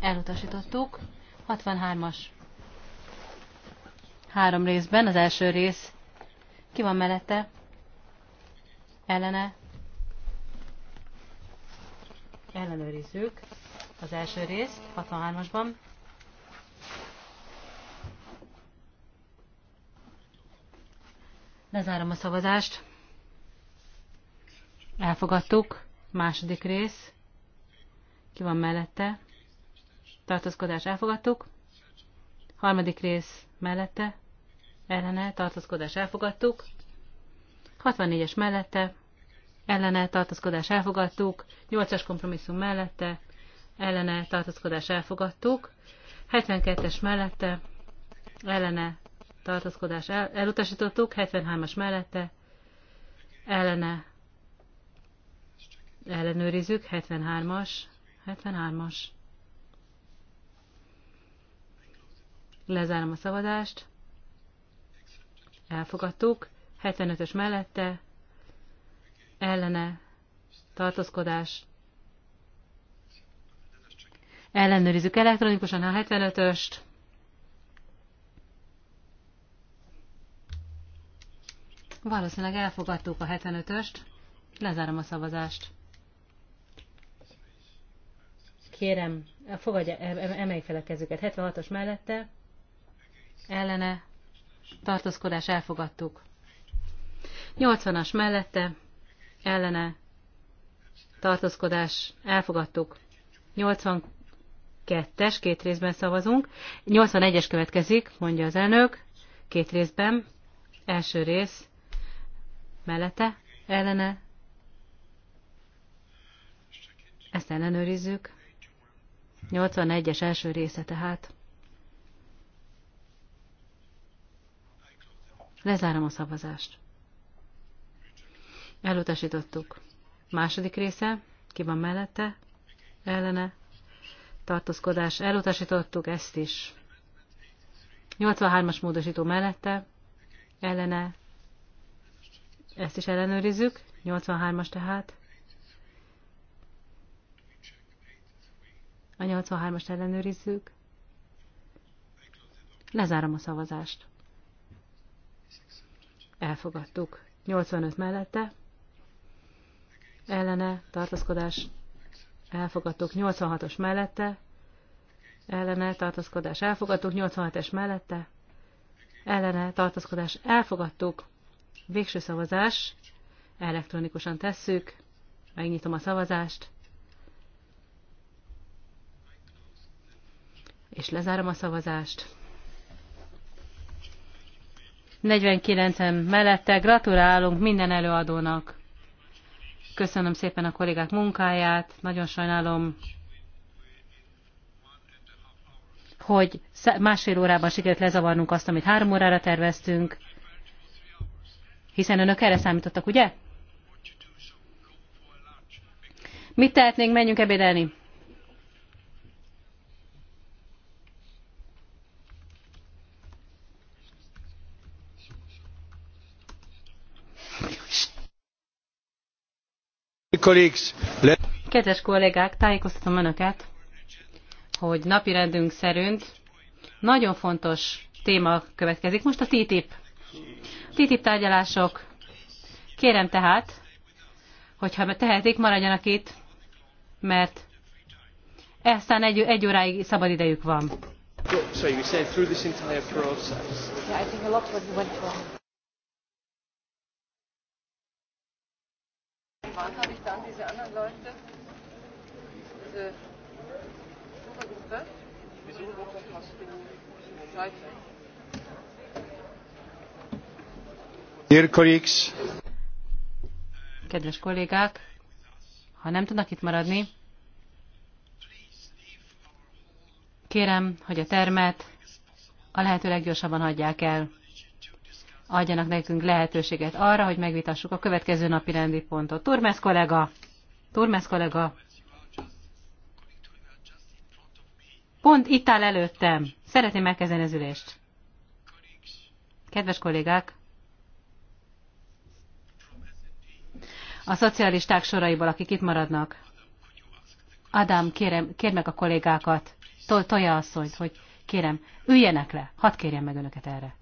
Elutasítottuk. 63-as. Három részben, az első rész. Ki van mellette? Ellene? ellenőrizzük az első részt 63-asban. Lezárom a szavazást. Elfogadtuk. Második rész. Ki van mellette? Tartózkodás elfogadtuk. Harmadik rész mellette. Ellene tartózkodás elfogadtuk. 64-es mellette ellene tartózkodás elfogadtuk, 8-as kompromisszum mellette ellene tartózkodás elfogadtuk, 72-es mellette ellene tartózkodás el, elutasítottuk, 73-as mellette ellene ellenőrizzük, 73-as, 73-as. Lezárom a szavazást. Elfogadtuk. 75-ös mellette ellene tartózkodás. Ellenőrizzük elektronikusan a 75-öst. Valószínűleg elfogadtuk a 75-öst. Lezárom a szavazást. Kérem, fogadja, emelj fel a kezüket. 76-os mellette, ellene, tartózkodás elfogadtuk. 80-as mellette, ellene tartózkodás elfogadtuk. 82-es, két részben szavazunk. 81-es következik, mondja az elnök, két részben. Első rész mellette, ellene. Ezt ellenőrizzük. 81-es első része tehát. Lezárom a szavazást. Elutasítottuk. Második része, ki van mellette, ellene, tartózkodás, elutasítottuk ezt is. 83-as módosító mellette, ellene, ezt is ellenőrizzük, 83-as tehát. A 83-ast ellenőrizzük. Lezárom a szavazást. Elfogadtuk. 85 mellette, ellene tartózkodás elfogadtuk 86-os mellette, ellene tartózkodás elfogadtuk 87-es mellette, ellene tartózkodás elfogadtuk, végső szavazás, elektronikusan tesszük, megnyitom a szavazást, és lezárom a szavazást. 49-en mellette gratulálunk minden előadónak! Köszönöm szépen a kollégák munkáját, nagyon sajnálom, hogy másfél órában sikerült lezavarnunk azt, amit három órára terveztünk, hiszen önök erre számítottak, ugye? Mit tehetnénk, menjünk ebédelni? Kedves kollégák, tájékoztatom Önöket, hogy napirendünk szerint nagyon fontos téma következik. Most a TTIP. TTIP tárgyalások. Kérem tehát, hogyha tehetik, maradjanak itt, mert aztán egy, egy óráig szabad idejük van. Sorry, said through this entire process. Yeah, I think a lot went wrong. wann habe ich dann diese anderen Leute? Diese Suchergruppe? Die Suchergruppe Dear colleagues. Kedves kollégák, ha nem tudnak itt maradni, kérem, hogy a termet a lehető leggyorsabban hagyják el adjanak nekünk lehetőséget arra, hogy megvitassuk a következő napi rendi pontot. Turmes kollega! Turmes kollega! Pont itt áll előttem. Szeretném megkezdeni az ülést. Kedves kollégák! A szocialisták soraiból, akik itt maradnak. Adam, kérem, kérd meg a kollégákat, to, asszonyt, hogy kérem, üljenek le, hadd kérjem meg önöket erre.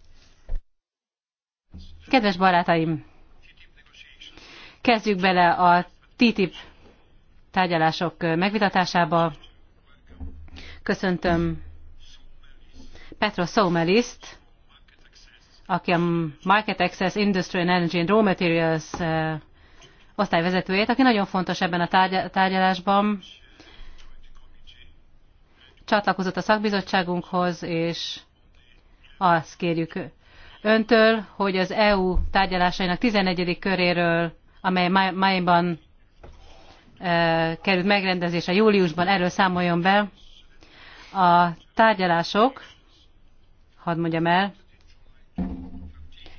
Kedves barátaim, kezdjük bele a TTIP tárgyalások megvitatásába. Köszöntöm Petro Soumeliszt, aki a Market Access Industry and Energy and Raw Materials eh, osztályvezetőjét, aki nagyon fontos ebben a tárgyalásban. Csatlakozott a szakbizottságunkhoz, és azt kérjük öntől, hogy az EU tárgyalásainak 11. köréről, amely májban e, került megrendezésre júliusban, erről számoljon be. A tárgyalások, hadd mondjam el,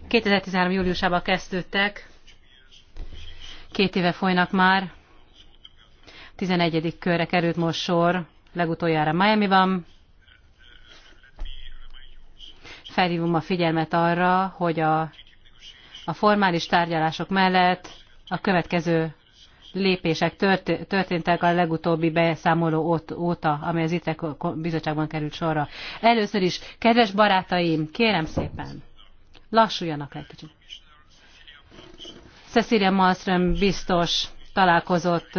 2013. júliusában kezdődtek, két éve folynak már, 11. körre került most sor, legutoljára Miami-ban, felhívom a figyelmet arra, hogy a, a formális tárgyalások mellett a következő lépések történtek a legutóbbi beszámoló óta, amely az ITRE bizottságban került sorra. Először is, kedves barátaim, kérem szépen, lassuljanak egy kicsit. Cecilia Malmström biztos találkozott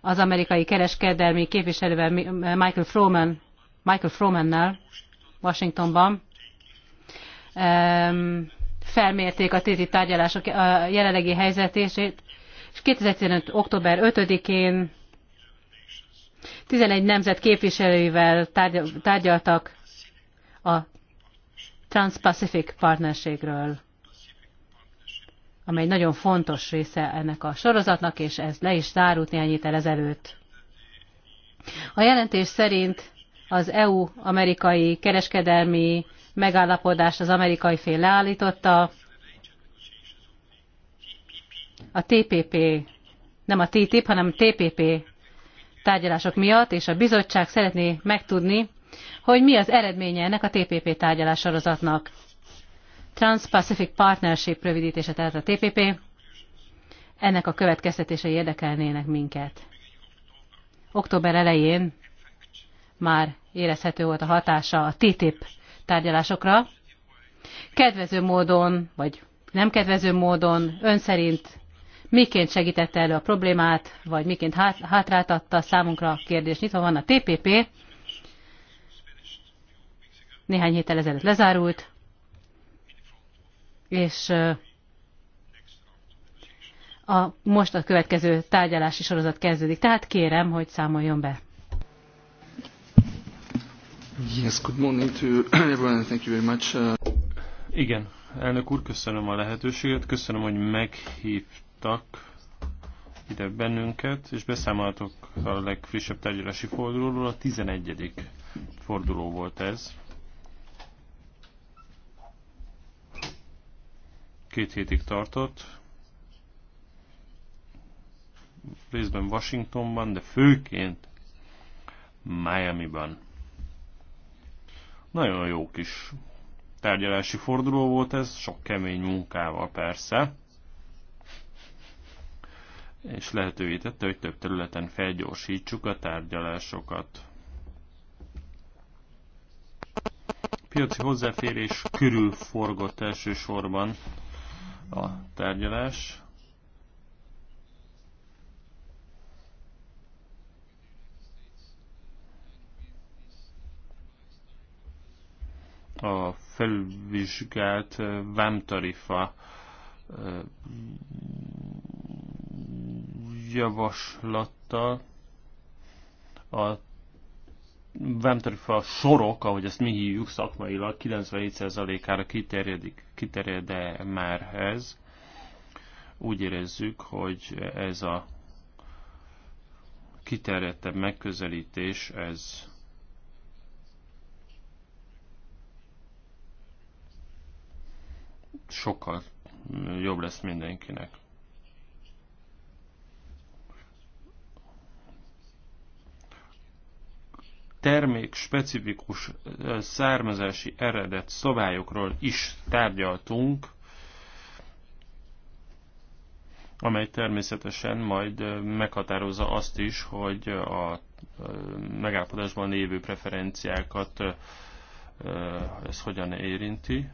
az amerikai kereskedelmi képviselővel Michael Froman, Michael Washingtonban felmérték a TTIP tárgyalások jelenlegi helyzetését, és 2015. október 5-én 11 nemzet képviselőivel tárgyaltak a Trans-Pacific Partnerségről, amely nagyon fontos része ennek a sorozatnak, és ez le is zárult néhány ezelőtt. A jelentés szerint az EU-amerikai kereskedelmi megállapodást az amerikai fél leállította. A TPP, nem a TTIP, hanem a TPP tárgyalások miatt, és a bizottság szeretné megtudni, hogy mi az eredménye ennek a TPP tárgyalás sorozatnak. Trans-Pacific Partnership rövidítése, tehát a TPP. Ennek a következtetései érdekelnének minket. Október elején már érezhető volt a hatása a TTIP tárgyalásokra. Kedvező módon, vagy nem kedvező módon, ön szerint miként segítette elő a problémát, vagy miként hát, hátráltatta számunkra a kérdés. Nyitva van a TPP, néhány héttel ezelőtt lezárult, és a, most a következő tárgyalási sorozat kezdődik. Tehát kérem, hogy számoljon be. Yes, good morning to everyone, thank you very much. Uh. Igen, elnök úr, köszönöm a lehetőséget, köszönöm, hogy meghívtak ide bennünket, és beszámoltok a legfrissebb tárgyalási fordulóról, a 11. forduló volt ez. Két hétig tartott, részben Washingtonban, de főként Miami-ban. Nagyon jó kis tárgyalási forduló volt ez, sok kemény munkával persze, és lehetővé tette, hogy több területen felgyorsítsuk a tárgyalásokat. Piaci hozzáférés körül forgott elsősorban a tárgyalás. a felvizsgált vámtarifa javaslattal a vámtarifa sorok, ahogy ezt mi hívjuk szakmailag, 97%-ára kiterjedik, kiterjed már ez. Úgy érezzük, hogy ez a kiterjedtebb megközelítés, ez sokkal mm, jobb lesz mindenkinek. termék specifikus származási eredet szabályokról is tárgyaltunk, amely természetesen majd meghatározza azt is, hogy a megállapodásban lévő preferenciákat ez hogyan érinti.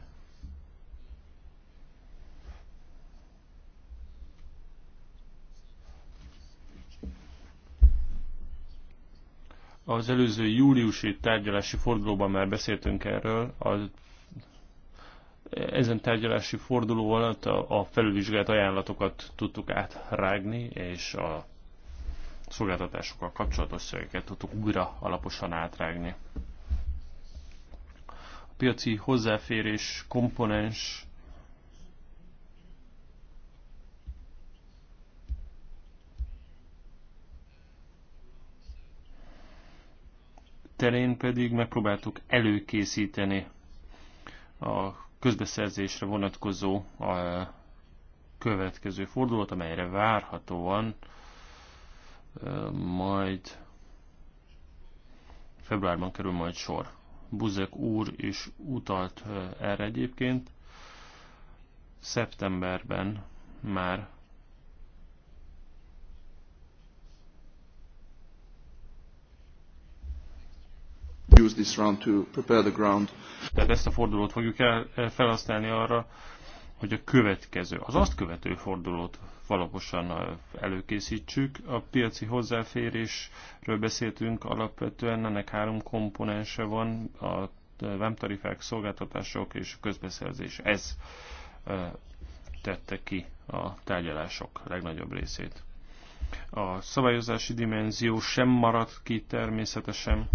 Az előző júliusi tárgyalási fordulóban már beszéltünk erről, Az ezen tárgyalási forduló alatt a, a felülvizsgált ajánlatokat tudtuk átrágni, és a szolgáltatásokkal kapcsolatos szövegeket tudtuk újra alaposan átrágni. A piaci hozzáférés komponens terén pedig megpróbáltuk előkészíteni a közbeszerzésre vonatkozó a következő fordulót, amelyre várhatóan majd februárban kerül majd sor. Buzek úr is utalt erre egyébként. Szeptemberben már Use this round to prepare the ground. Tehát ezt a fordulót fogjuk el, eh, felhasználni arra, hogy a következő, az azt követő fordulót valaposan eh, előkészítsük. A piaci hozzáférésről beszéltünk alapvetően, ennek három komponense van, a eh, vámtarifák, szolgáltatások és a közbeszerzés. Ez tette ki a tárgyalások legnagyobb részét. A szabályozási dimenzió sem maradt ki természetesen,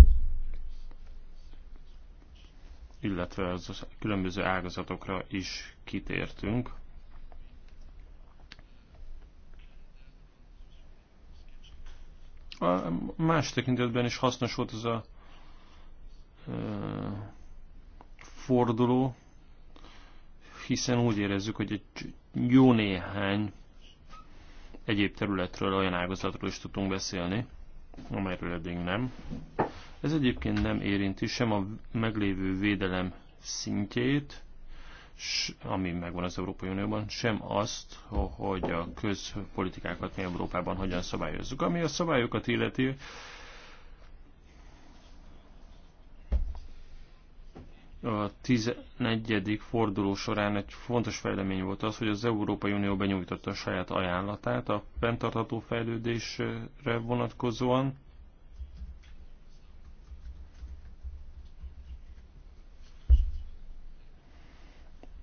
illetve az különböző ágazatokra is kitértünk. A más tekintetben is hasznos volt ez a e, forduló, hiszen úgy érezzük, hogy egy jó néhány egyéb területről, olyan ágazatról is tudtunk beszélni, amelyről eddig nem. Ez egyébként nem érinti sem a meglévő védelem szintjét, ami megvan az Európai Unióban, sem azt, hogy a közpolitikákat mi Európában hogyan szabályozzuk. Ami a szabályokat illeti, a 14. forduló során egy fontos fejlemény volt az, hogy az Európai Unió benyújtotta a saját ajánlatát a fenntartható fejlődésre vonatkozóan,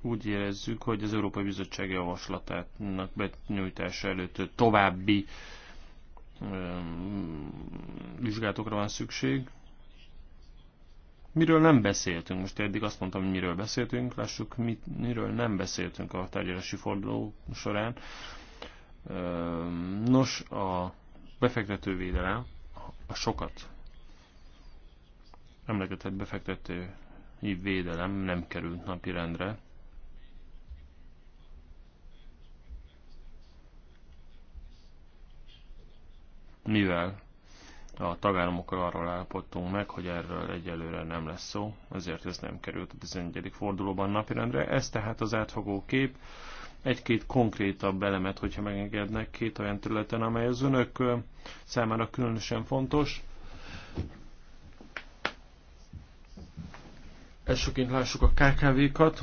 úgy érezzük, hogy az Európai Bizottság javaslatának benyújtása előtt további vizsgálatokra van szükség. Miről nem beszéltünk? Most eddig azt mondtam, hogy miről beszéltünk, lássuk, mit, miről nem beszéltünk a tárgyalási forduló során. Nos, a befektetővédelem, a sokat emlegetett befektetői védelem nem került napirendre. mivel a tagállamokkal arról állapodtunk meg, hogy erről egyelőre nem lesz szó, ezért ez nem került a 11. fordulóban napirendre. Ez tehát az átfogó kép. Egy-két konkrétabb elemet, hogyha megengednek, két olyan területen, amely az önök számára különösen fontos. Elsőként lássuk a KKV-kat.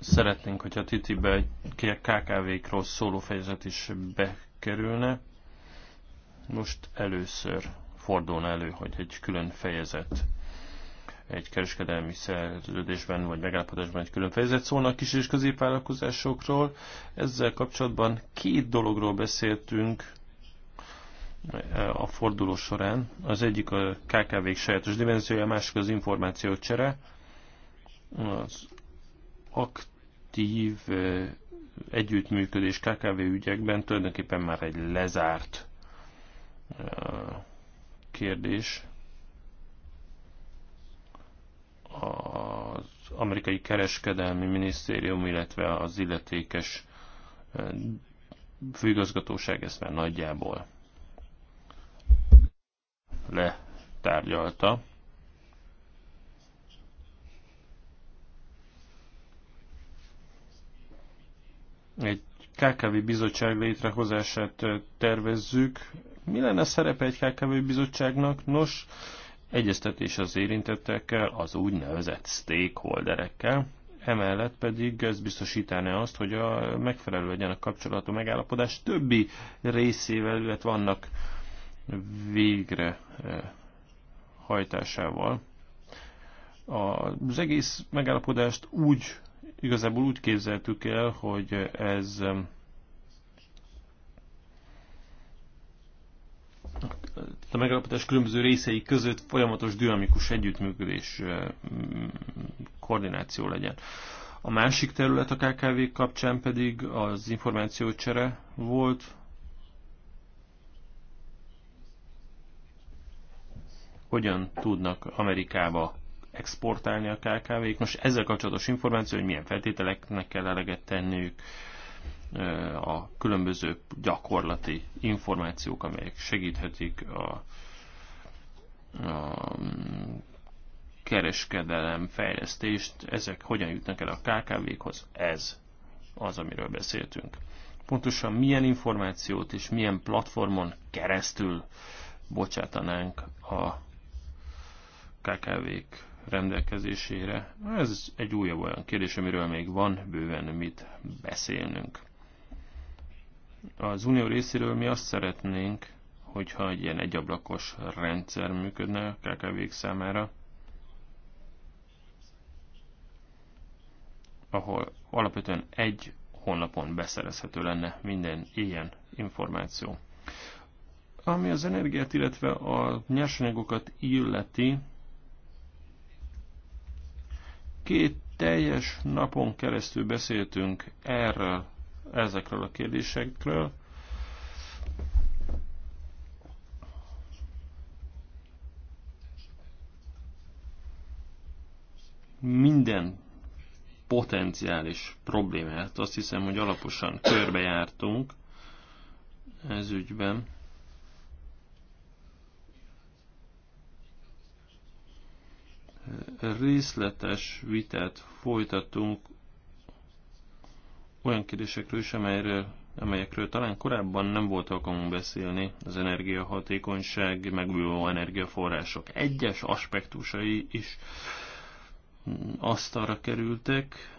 Szeretnénk, hogyha a TTIP-be egy KKV-król szóló fejezet is bekerülne. Most először fordulna elő, hogy egy külön fejezet egy kereskedelmi szerződésben vagy megállapodásban egy külön fejezet szólna a kis és középvállalkozásokról. Ezzel kapcsolatban két dologról beszéltünk eh, a forduló során. Az egyik a KKV-k sajátos dimenziója, a másik az információcsere. Az aktív együttműködés KKV ügyekben tulajdonképpen már egy lezárt kérdés. Az amerikai kereskedelmi minisztérium, illetve az illetékes főigazgatóság ezt már nagyjából letárgyalta. egy KKV bizottság létrehozását tervezzük. Mi lenne szerepe egy KKV bizottságnak? Nos, egyeztetés az érintettekkel, az úgynevezett stakeholderekkel, emellett pedig ez biztosítaná azt, hogy a megfelelő legyen a kapcsolatú megállapodás többi részével, illetve vannak végre hajtásával. Az egész megállapodást úgy Igazából úgy képzeltük el, hogy ez a megállapodás különböző részei között folyamatos dinamikus együttműködés koordináció legyen. A másik terület a KKV kapcsán pedig az információcsere volt, hogyan tudnak Amerikába exportálni a KKV-k. Most ezzel kapcsolatos információ, hogy milyen feltételeknek kell eleget tenniük, a különböző gyakorlati információk, amelyek segíthetik a, a kereskedelem fejlesztést, ezek hogyan jutnak el a KKV-khoz, ez az, amiről beszéltünk. Pontosan milyen információt és milyen platformon keresztül bocsátanánk a KKV-k rendelkezésére. Ez egy újabb olyan kérdés, amiről még van bőven mit beszélnünk. Az unió részéről mi azt szeretnénk, hogyha egy ilyen egyablakos rendszer működne a kkv számára, ahol alapvetően egy honlapon beszerezhető lenne minden ilyen információ. Ami az energiát, illetve a nyersanyagokat illeti, Két teljes napon keresztül beszéltünk erről, ezekről a kérdésekről. Minden potenciális problémát azt hiszem, hogy alaposan körbejártunk ez ügyben. részletes vitát folytatunk olyan kérdésekről is, amelyről, amelyekről talán korábban nem volt alkalmunk beszélni, az energiahatékonyság, megújuló energiaforrások egyes aspektusai is asztalra kerültek.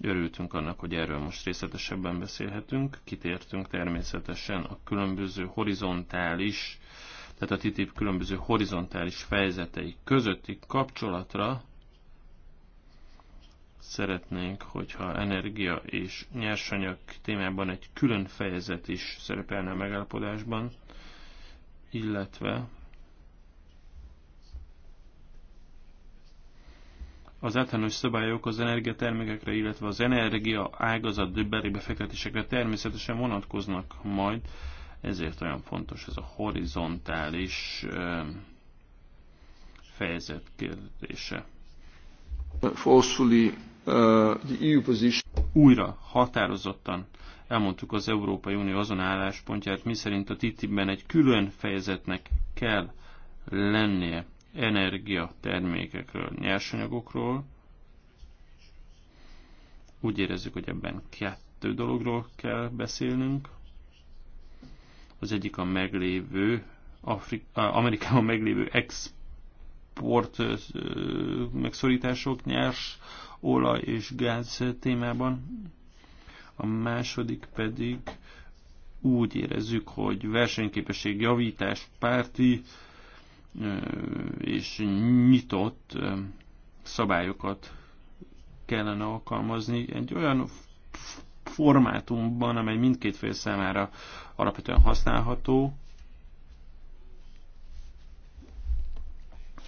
Örültünk annak, hogy erről most részletesebben beszélhetünk. Kitértünk természetesen a különböző horizontális uh, tehát a TTIP különböző horizontális fejezetei közötti kapcsolatra szeretnénk, hogyha energia és nyersanyag témában egy külön fejezet is szerepelne a megállapodásban, illetve az általános szabályok az energiatermékekre, illetve az energia ágazat döbberi befektetésekre természetesen vonatkoznak majd, ezért olyan fontos ez a horizontális fejezet kérdése. Forcefully, e Újra határozottan elmondtuk az Európai Unió azon álláspontját, miszerint a TTIP-ben egy külön fejezetnek kell lennie energiatermékekről, nyersanyagokról. Úgy érezzük, hogy ebben kettő dologról kell beszélnünk. Az egyik a meglévő, Afri- Amerikában meglévő export megszorítások nyers olaj és gáz témában. A második pedig úgy érezzük, hogy versenyképesség javítás párti és nyitott szabályokat kellene alkalmazni egy olyan formátumban, amely mindkét fél számára alapvetően használható,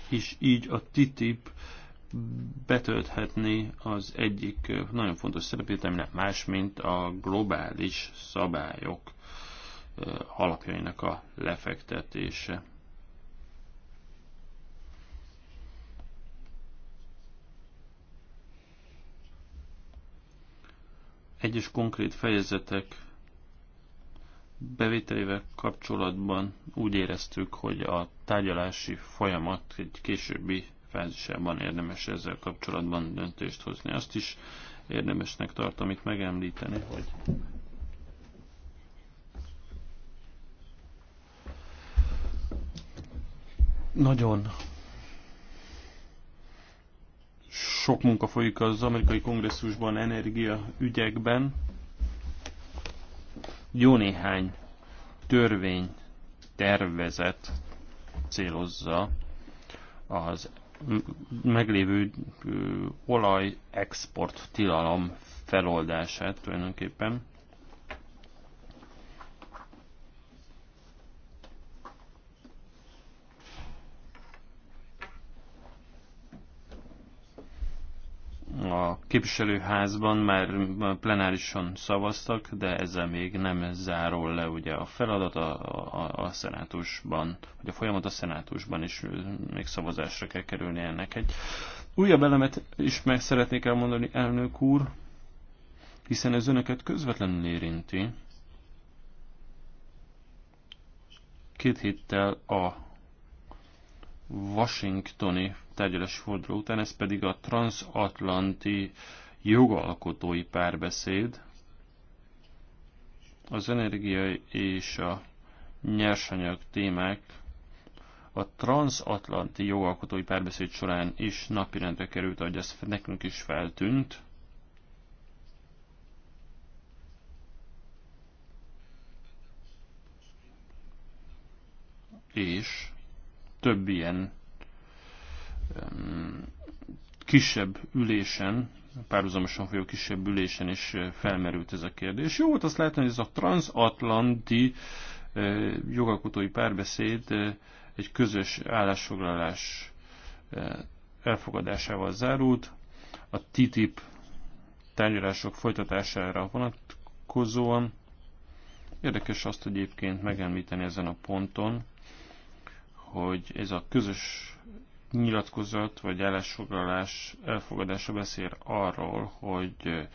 és így a TTIP betölthetni az egyik nagyon fontos szerepét, ami nem más, mint a globális szabályok alapjainak a lefektetése. Egyes konkrét fejezetek bevételével kapcsolatban úgy éreztük, hogy a tárgyalási folyamat egy későbbi fázisában érdemes ezzel kapcsolatban döntést hozni. Azt is érdemesnek tartom itt megemlíteni, hogy nagyon sok munka folyik az amerikai kongresszusban energia ügyekben, jó néhány törvény tervezet célozza az meglévő olaj export tilalom feloldását tulajdonképpen. képviselőházban már plenárison szavaztak, de ezzel még nem záról le ugye a feladat a, a, a szenátusban, vagy a folyamat a szenátusban is még szavazásra kell kerülni ennek egy. Újabb elemet is meg szeretnék elmondani, elnök úr, hiszen ez önöket közvetlenül érinti. Két héttel a washingtoni tárgyalás forduló után, ez pedig a transatlanti jogalkotói párbeszéd, az energia és a nyersanyag témák a transatlanti jogalkotói párbeszéd során is napirendre került, ahogy ez nekünk is feltűnt. És több ilyen kisebb ülésen, párhuzamosan folyó kisebb ülésen is felmerült ez a kérdés. Jó volt azt lehet, hogy ez a transatlanti jogalkotói párbeszéd egy közös állásfoglalás elfogadásával zárult. A TTIP tárgyalások folytatására vonatkozóan érdekes azt egyébként megemlíteni ezen a ponton, hogy ez a közös nyilatkozat vagy állásfoglalás elfogadása beszél arról, hogy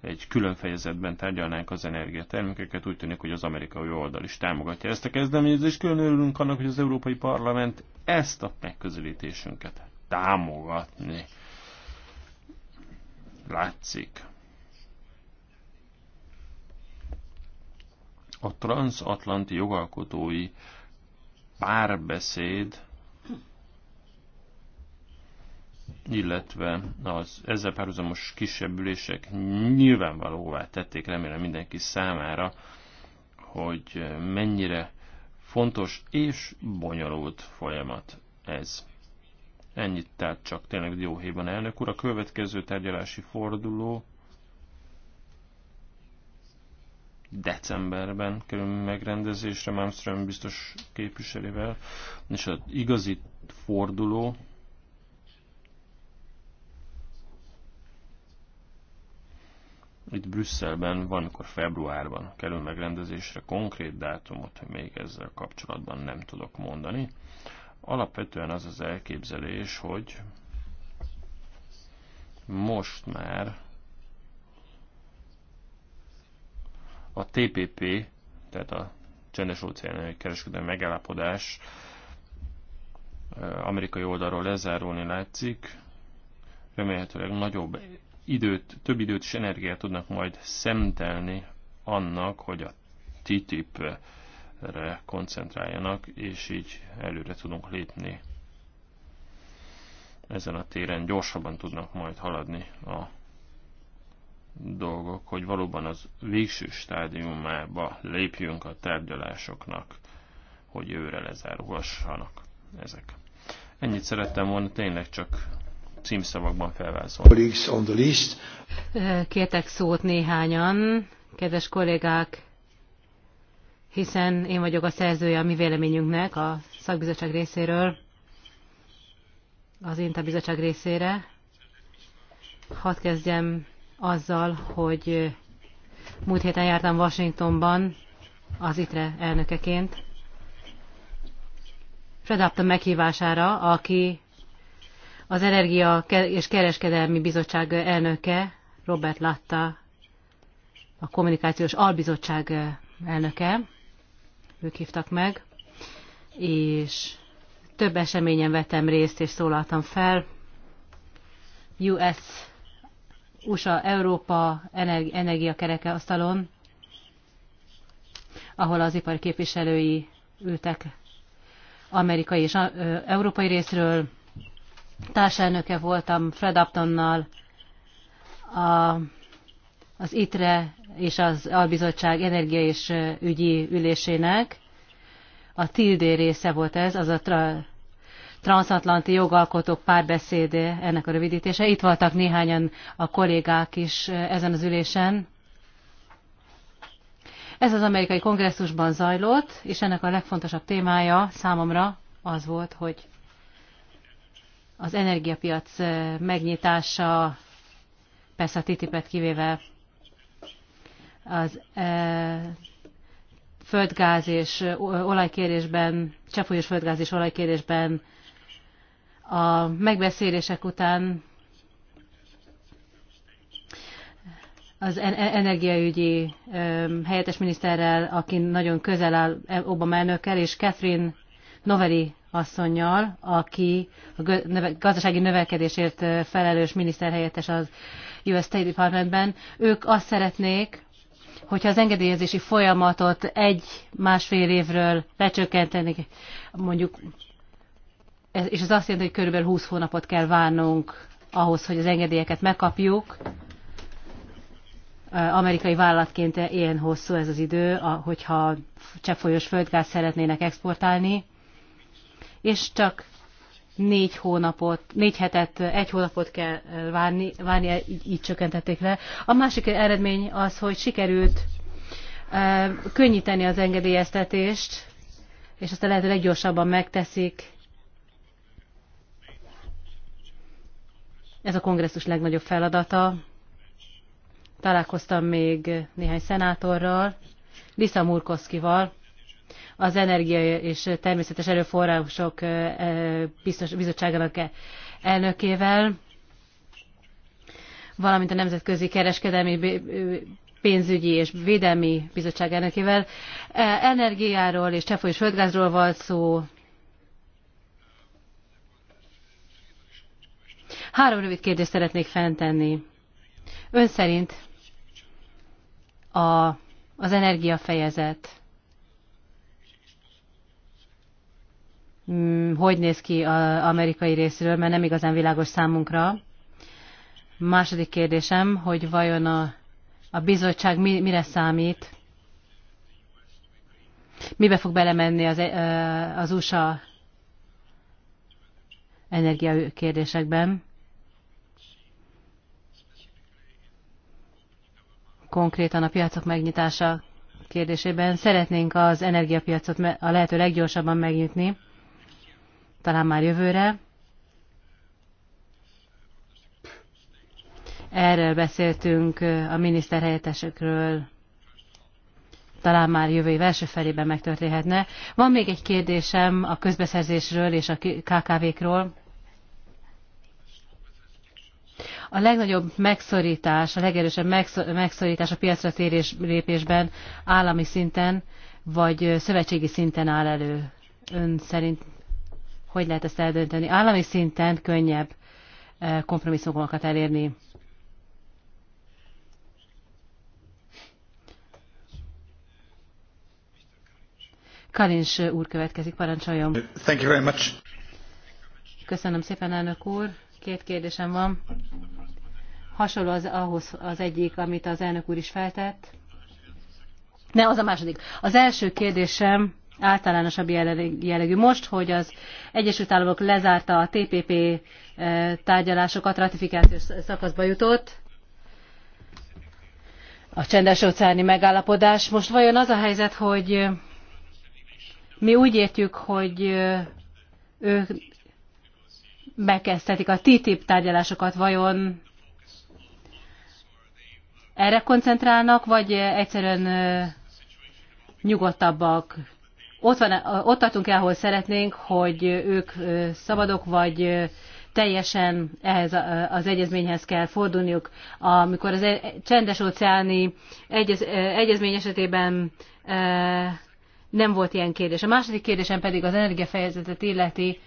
egy külön fejezetben tárgyalnánk az energiatermékeket, úgy tűnik, hogy az amerikai oldal is támogatja ezt a kezdeményezést. Külön örülünk annak, hogy az Európai Parlament ezt a megközelítésünket támogatni látszik. A transatlanti jogalkotói párbeszéd illetve az ezzel párhuzamos kisebb ülések nyilvánvalóvá tették, remélem mindenki számára, hogy mennyire fontos és bonyolult folyamat ez. Ennyit tehát csak tényleg dióhéjban elnök úr. A következő tárgyalási forduló decemberben kerül megrendezésre Malmström biztos képviselével, és az igazi forduló Itt Brüsszelben valamikor februárban kerül megrendezésre konkrét dátumot hogy még ezzel kapcsolatban nem tudok mondani. Alapvetően az az elképzelés, hogy most már a TPP, tehát a csendes óceáni kereskedelmi megállapodás eh, amerikai oldalról lezárulni látszik, remélhetőleg nagyobb időt, több időt és energiát tudnak majd szemtelni annak, hogy a TTIP-re koncentráljanak, és így előre tudunk lépni. Ezen a téren gyorsabban tudnak majd haladni a dolgok, hogy valóban az végső stádiumába lépjünk a tárgyalásoknak, hogy őre lezárulhassanak ezek. Ennyit szerettem volna, tényleg csak címszavakban felvázolt. Kértek szót néhányan, kedves kollégák, hiszen én vagyok a szerzője a mi véleményünknek a szakbizottság részéről, az interbizottság részére. Hadd kezdjem azzal, hogy múlt héten jártam Washingtonban az ITRE elnökeként, Fred Upton meghívására, aki az Energia és Kereskedelmi Bizottság elnöke, Robert Latta, a Kommunikációs Albizottság elnöke, ők hívtak meg, és több eseményen vettem részt és szólaltam fel. US, USA, Európa energi, Kereke asztalon, ahol az ipar képviselői ültek amerikai és európai részről, társelnöke voltam Fred Uptonnal a, az ITRE és az Albizottság energia és ügyi ülésének. A TILDÉ része volt ez, az a tra, transatlanti jogalkotók párbeszéde, ennek a rövidítése. Itt voltak néhányan a kollégák is ezen az ülésen. Ez az amerikai kongresszusban zajlott, és ennek a legfontosabb témája számomra az volt, hogy az energiapiac megnyitása, persze a TTIP-et kivéve az e, földgáz és olajkérésben, cseppfolyós földgáz és olajkérésben a megbeszélések után az energiaügyi helyettes miniszterrel, aki nagyon közel áll Obama elnökkel, és Catherine Noveli asszonyjal, aki a gazdasági növekedésért felelős miniszterhelyettes az US State Departmentben. Ők azt szeretnék, hogyha az engedélyezési folyamatot egy-másfél évről lecsökkentenik, mondjuk, és ez azt jelenti, hogy körülbelül 20 hónapot kell várnunk ahhoz, hogy az engedélyeket megkapjuk. Amerikai vállalatként ilyen hosszú ez az idő, hogyha cseppfolyós földgáz szeretnének exportálni és csak négy hónapot, négy hetet, egy hónapot kell várni, várni így, így csökkentették le. A másik eredmény az, hogy sikerült uh, könnyíteni az engedélyeztetést, és azt a lehető leggyorsabban megteszik. Ez a kongresszus legnagyobb feladata. Találkoztam még néhány szenátorral, Lisa Murkoszkival, az Energia és Természetes Erőforrások Bizottságának elnökével, valamint a Nemzetközi Kereskedelmi pénzügyi és védelmi bizottság elnökével. Energiáról és cseppfolyó és földgázról volt szó. Három rövid kérdést szeretnék fentenni. Ön szerint a, az energiafejezet Mm, hogy néz ki az amerikai részről, mert nem igazán világos számunkra. Második kérdésem, hogy vajon a, a bizottság mi, mire számít, mibe fog belemenni az, e, e, az USA kérdésekben? Konkrétan a piacok megnyitása kérdésében szeretnénk az energiapiacot a lehető leggyorsabban megnyitni talán már jövőre. Erről beszéltünk a miniszterhelyettesekről, talán már jövő év első felében megtörténhetne. Van még egy kérdésem a közbeszerzésről és a KKV-król. A legnagyobb megszorítás, a legerősebb megszorítás a piacra térés lépésben állami szinten vagy szövetségi szinten áll elő. Ön szerint hogy lehet ezt eldönteni. Állami szinten könnyebb eh, kompromisszumokat elérni. Kalincs úr következik, parancsoljon. Thank you very much. Köszönöm szépen, elnök úr. Két kérdésem van. Hasonló az ahhoz az egyik, amit az elnök úr is feltett. Ne, az a második. Az első kérdésem általánosabb jellegű. Most, hogy az Egyesült Államok lezárta a TPP eh, tárgyalásokat, ratifikációs szakaszba jutott, a csendes óceáni megállapodás. Most vajon az a helyzet, hogy eh, mi úgy értjük, hogy eh, ők megkezdhetik a TTIP tárgyalásokat, vajon erre koncentrálnak, vagy egyszerűen nyugodtabbak, ott, van, ott tartunk el, ahol szeretnénk, hogy ők szabadok, vagy teljesen ehhez az egyezményhez kell fordulniuk. Amikor az e-, csendes óceáni egyez, egyezmény esetében nem volt ilyen kérdés. A második kérdésem pedig az energiafejezetet illeti.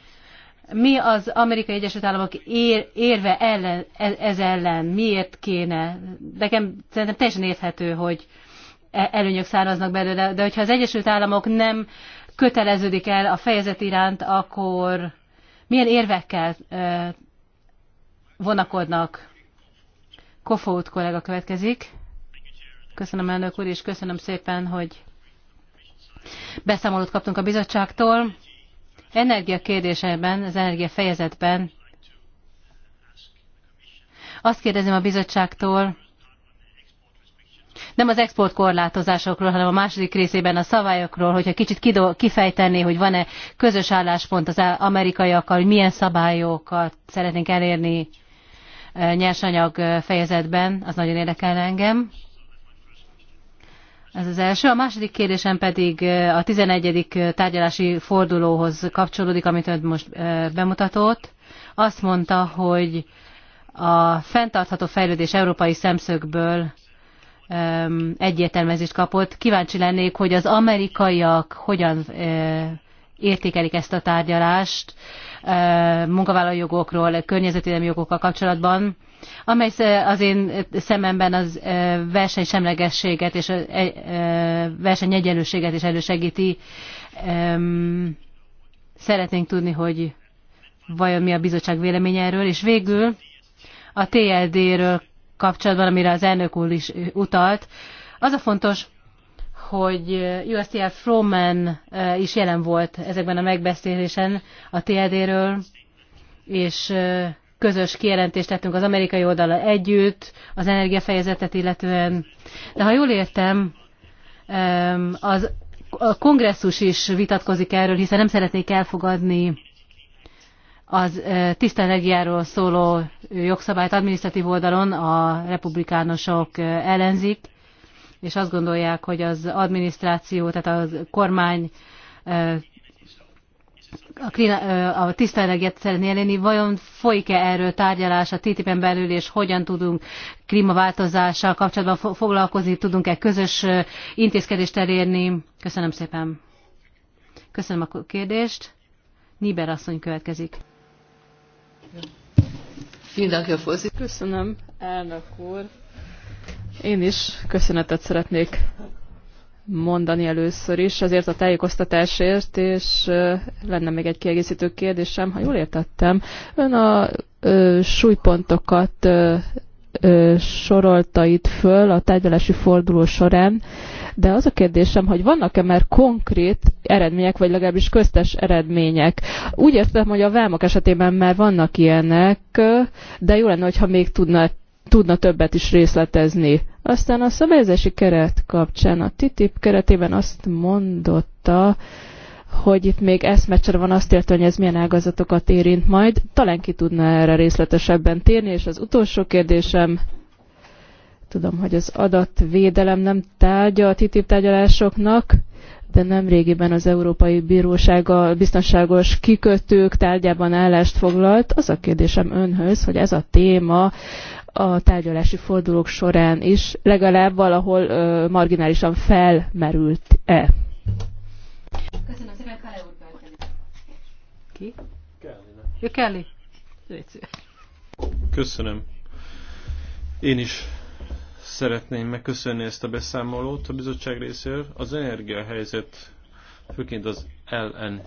Mi az Amerikai Egyesült Államok ér, érve ellen, e-, ez ellen? Miért kéne? Nekem szerintem teljesen érthető, hogy E, előnyök száraznak belőle, de hogyha az Egyesült Államok nem köteleződik el a fejezet iránt, akkor milyen érvekkel e, vonakodnak? Kofót kollega következik. Köszönöm elnök úr, és köszönöm szépen, hogy beszámolót kaptunk a bizottságtól. Energia kérdésében, az energia fejezetben azt kérdezem a bizottságtól, nem az exportkorlátozásokról, hanem a második részében a szabályokról, hogyha kicsit kidol, kifejtené, hogy van-e közös álláspont az amerikaiakkal, hogy milyen szabályokat szeretnénk elérni eh, nyersanyag eh, fejezetben, az nagyon érdekel engem. Ez az első. A második kérdésem pedig eh, a 11. tárgyalási fordulóhoz kapcsolódik, amit ön most bemutatott. Azt mondta, hogy a fenntartható fejlődés európai szemszögből egyértelmezést kapott. Kíváncsi lennék, hogy az amerikaiak hogyan eh, értékelik ezt a tárgyalást eh, munkavállalói jogokról, környezetvédelmi jogokkal kapcsolatban, amely az én szememben az eh, versenysemlegességet és versenyegyenlőséget is elősegíti. Szeretnénk tudni, hogy vajon mi a bizottság véleménye erről, és végül a TLD-ről kapcsolatban, amire az elnök úr is utalt. Az a fontos, hogy USTF Froman eh, is jelen volt ezekben a megbeszélésen a TLD-ről, és eh, közös kijelentést tettünk az amerikai oldalra együtt, az energiafejezetet illetően. De ha jól értem, az, a kongresszus is vitatkozik erről, hiszen nem szeretnék elfogadni az tiszta energiáról szóló jogszabályt adminisztratív oldalon a republikánusok ellenzik, és azt gondolják, hogy az adminisztráció, tehát a kormány a, klina, a tiszta energiát szeretné elérni, vajon folyik-e erről tárgyalás a TTIP-en belül, és hogyan tudunk klímaváltozással kapcsolatban foglalkozni, tudunk-e közös intézkedést elérni? Köszönöm szépen. Köszönöm a kérdést. Niber asszony következik. Köszönöm, elnök úr. Én is köszönetet szeretnék mondani először is, azért a tájékoztatásért, és lenne még egy kiegészítő kérdésem, ha jól értettem, ön a ö, súlypontokat ö, sorolta itt föl a tárgyalási forduló során, de az a kérdésem, hogy vannak-e már konkrét eredmények, vagy legalábbis köztes eredmények. Úgy értem, hogy a vámok esetében már vannak ilyenek, de jó lenne, hogyha még tudna, tudna többet is részletezni. Aztán a szabályozási keret kapcsán, a TTIP keretében azt mondotta, hogy itt még eszmecsere van azt illetve, hogy ez milyen ágazatokat érint majd. Talán ki tudna erre részletesebben térni, és az utolsó kérdésem, tudom, hogy az adatvédelem nem tárgya a TTIP tárgyalásoknak, de régiben az Európai Bíróság a biztonságos kikötők tárgyában állást foglalt. Az a kérdésem önhöz, hogy ez a téma a tárgyalási fordulók során is legalább valahol ö, marginálisan felmerült-e? Köszönöm szépen, Kale úr Ki? Kelly. Jó, Kelly. Köszönöm. Én is szeretném megköszönni ezt a beszámolót a bizottság részéről. Az energiahelyzet, főként az LNG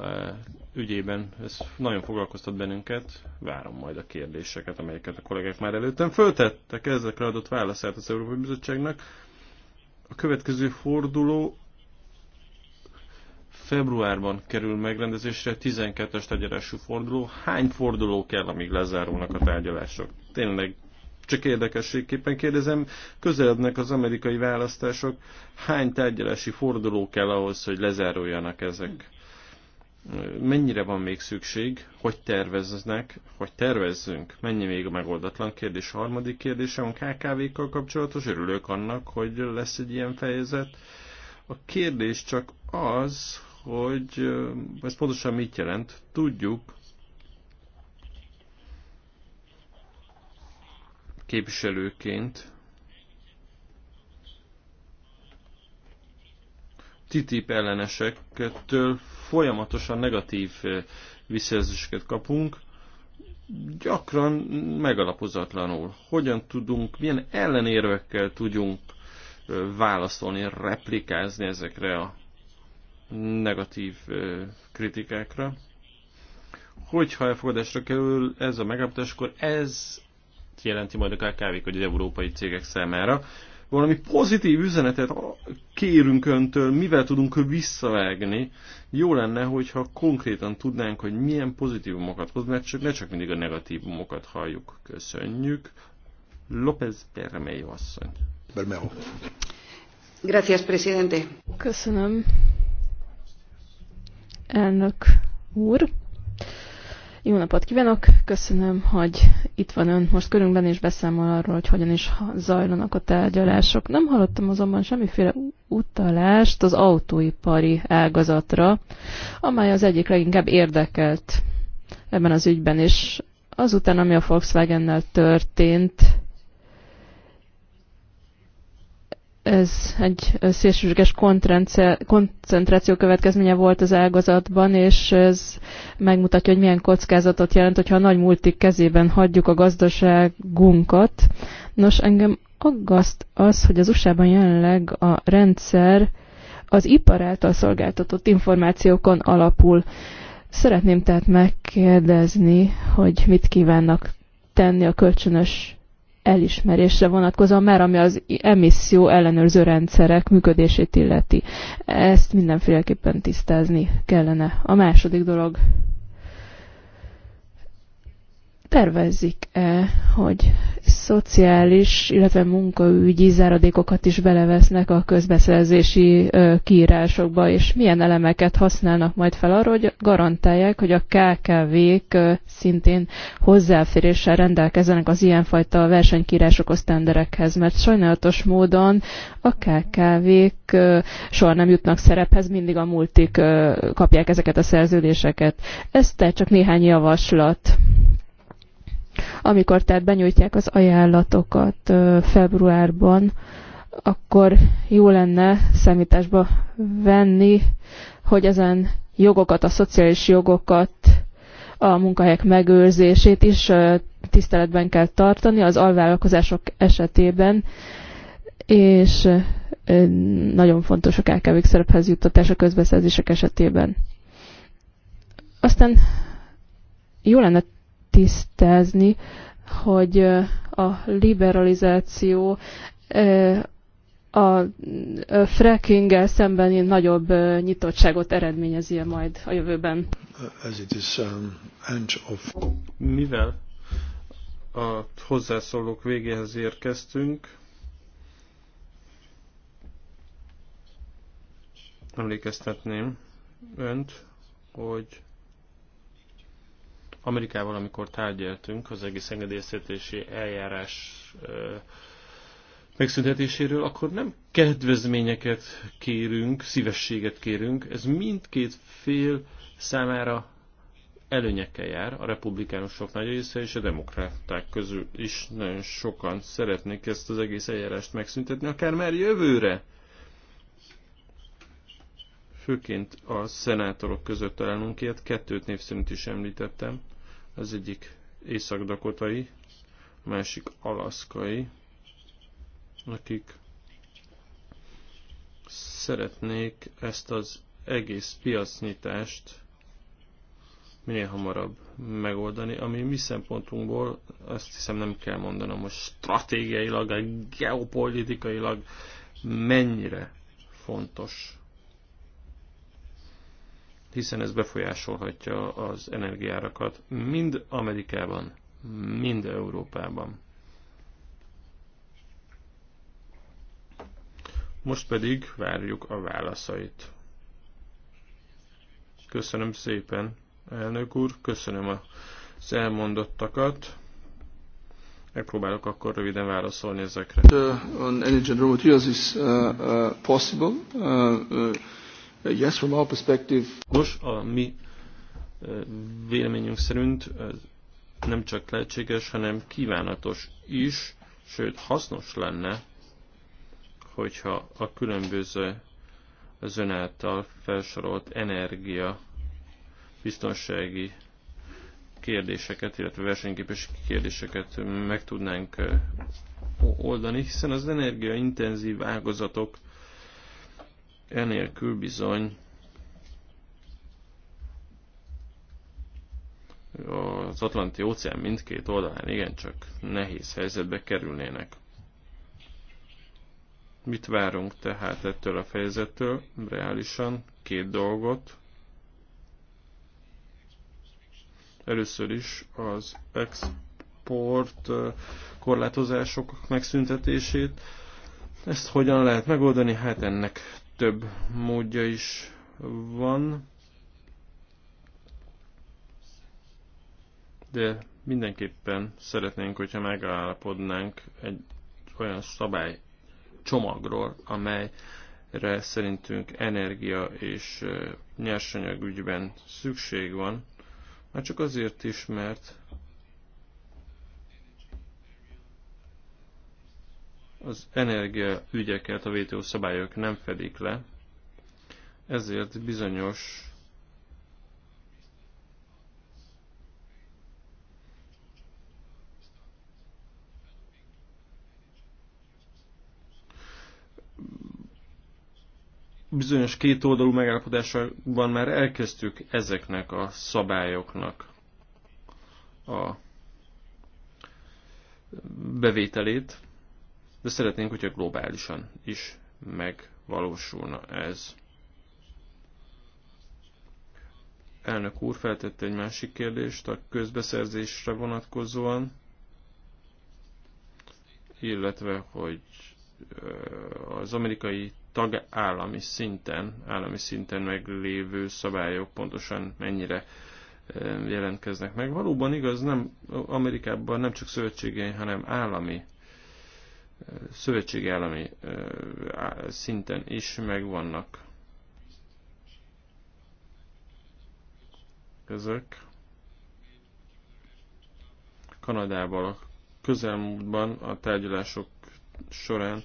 eh, ügyében, ez nagyon foglalkoztat bennünket. Várom majd a kérdéseket, amelyeket a kollégák már előttem föltettek ezekre adott válaszát az Európai Bizottságnak. A következő forduló Februárban kerül megrendezésre 12-es tegyeresű forduló. Hány forduló kell, amíg lezárulnak a tárgyalások? Tényleg csak érdekességképpen kérdezem, közelednek az amerikai választások, hány tárgyalási forduló kell ahhoz, hogy lezáruljanak ezek? Mennyire van még szükség, hogy terveznek, hogy tervezzünk? Mennyi még a megoldatlan kérdés? A harmadik kérdésem a KKV-kkal kapcsolatos. Örülök annak, hogy lesz egy ilyen fejezet. A kérdés csak az, hogy ez pontosan mit jelent. Tudjuk, képviselőként TTIP ellenesektől folyamatosan negatív visszajelzéseket kapunk, gyakran megalapozatlanul. Hogyan tudunk, milyen ellenérvekkel tudunk válaszolni, replikázni ezekre a negatív kritikákra. Hogyha elfogadásra kerül ez a megállapodás, akkor ez jelenti majd a kkv hogy az európai cégek számára. Valami pozitív üzenetet kérünk öntől, mivel tudunk visszavágni. Jó lenne, hogyha konkrétan tudnánk, hogy milyen pozitívumokat hoz, mert csak, ne csak mindig a negatívumokat halljuk. Köszönjük. López Bermejo asszony. Bermejo. Gracias, presidente. Köszönöm, elnök úr. Jó napot kívánok, köszönöm, hogy itt van ön most körünkben, és beszámol arról, hogy hogyan is zajlanak a tárgyalások. Nem hallottam azonban semmiféle utalást az autóipari ágazatra, amely az egyik leginkább érdekelt ebben az ügyben, és azután, ami a Volkswagen-nel történt, ez egy szélsőséges koncentráció következménye volt az ágazatban, és ez megmutatja, hogy milyen kockázatot jelent, hogyha a nagy multik kezében hagyjuk a gazdaságunkat. Nos, engem aggaszt az, hogy az USA-ban jelenleg a rendszer az ipar által szolgáltatott információkon alapul. Szeretném tehát megkérdezni, hogy mit kívánnak tenni a kölcsönös elismerésre vonatkozóan mert ami az emisszió ellenőrző rendszerek működését illeti. Ezt mindenféleképpen tisztázni kellene. A második dolog tervezik-e, hogy szociális, illetve munkaügyi záradékokat is belevesznek a közbeszerzési kiírásokba, és milyen elemeket használnak majd fel arra, hogy garantálják, hogy a KKV-k szintén hozzáféréssel rendelkezzenek az ilyenfajta versenykírásokhoz, tenderekhez, mert sajnálatos módon a KKV-k soha nem jutnak szerephez, mindig a multik kapják ezeket a szerződéseket. Ez tehát csak néhány javaslat. Amikor tehát benyújtják az ajánlatokat februárban, akkor jó lenne számításba venni, hogy ezen jogokat, a szociális jogokat, a munkahelyek megőrzését is tiszteletben kell tartani az alvállalkozások esetében, és nagyon fontos a kkv szerephez juttatás a közbeszerzések esetében. Aztán jó lenne tisztázni, hogy a liberalizáció a frackinggel szemben nagyobb nyitottságot eredményezi -e majd a jövőben. Uh, um, Mivel a hozzászólók végéhez érkeztünk, emlékeztetném önt, hogy Amerikával, amikor tárgyaltunk az egész engedélyeztetési eljárás megszüntetéséről, akkor nem kedvezményeket kérünk, szívességet kérünk, ez mindkét fél számára előnyekkel jár, a republikánusok nagy része és a demokraták közül is nagyon sokan szeretnék ezt az egész eljárást megszüntetni, akár már jövőre. Főként a szenátorok között találunk ilyet, kettőt név szerint is említettem. Az egyik észak-dakotai, a másik alaszkai, akik szeretnék ezt az egész piacnyitást minél hamarabb megoldani, ami mi szempontunkból azt hiszem nem kell mondanom, hogy stratégiailag, geopolitikailag mennyire fontos hiszen ez befolyásolhatja az energiárakat mind Amerikában, mind Európában. Most pedig várjuk a válaszait. Köszönöm szépen, elnök úr, köszönöm az elmondottakat. Megpróbálok akkor röviden válaszolni ezekre. Uh, on and raw materials is uh, uh, possible. Uh, uh, Uh, yes, from our perspective. Nos, a mi uh, véleményünk szerint uh, nem csak lehetséges, hanem kívánatos is, sőt hasznos lenne, hogyha a különböző az ön által felsorolt energia biztonsági kérdéseket, illetve versenyképes kérdéseket meg tudnánk oldani, hiszen az energiaintenzív ágazatok enélkül bizony az Atlanti óceán mindkét oldalán igencsak nehéz helyzetbe kerülnének. Mit várunk tehát ettől a fejezettől? Reálisan két dolgot. Először is az export korlátozások megszüntetését. Ezt hogyan lehet megoldani? Hát ennek több módja is van, de mindenképpen szeretnénk, hogyha megállapodnánk egy olyan szabály csomagról, amelyre szerintünk energia és nyersanyagügyben szükség van, már csak azért is, mert az energiaügyeket a WTO szabályok nem fedik le, ezért bizonyos bizonyos kétoldalú megállapodásokban már elkezdtük ezeknek a szabályoknak a bevételét de szeretnénk, hogyha globálisan is megvalósulna ez. Elnök úr feltette egy másik kérdést a közbeszerzésre vonatkozóan, illetve hogy az amerikai tagállami szinten, állami szinten meglévő szabályok pontosan mennyire jelentkeznek meg. Valóban igaz, nem Amerikában nem csak szövetségei, hanem állami szövetségi állami szinten is megvannak ezek. Kanadával a közelmúltban a tárgyalások során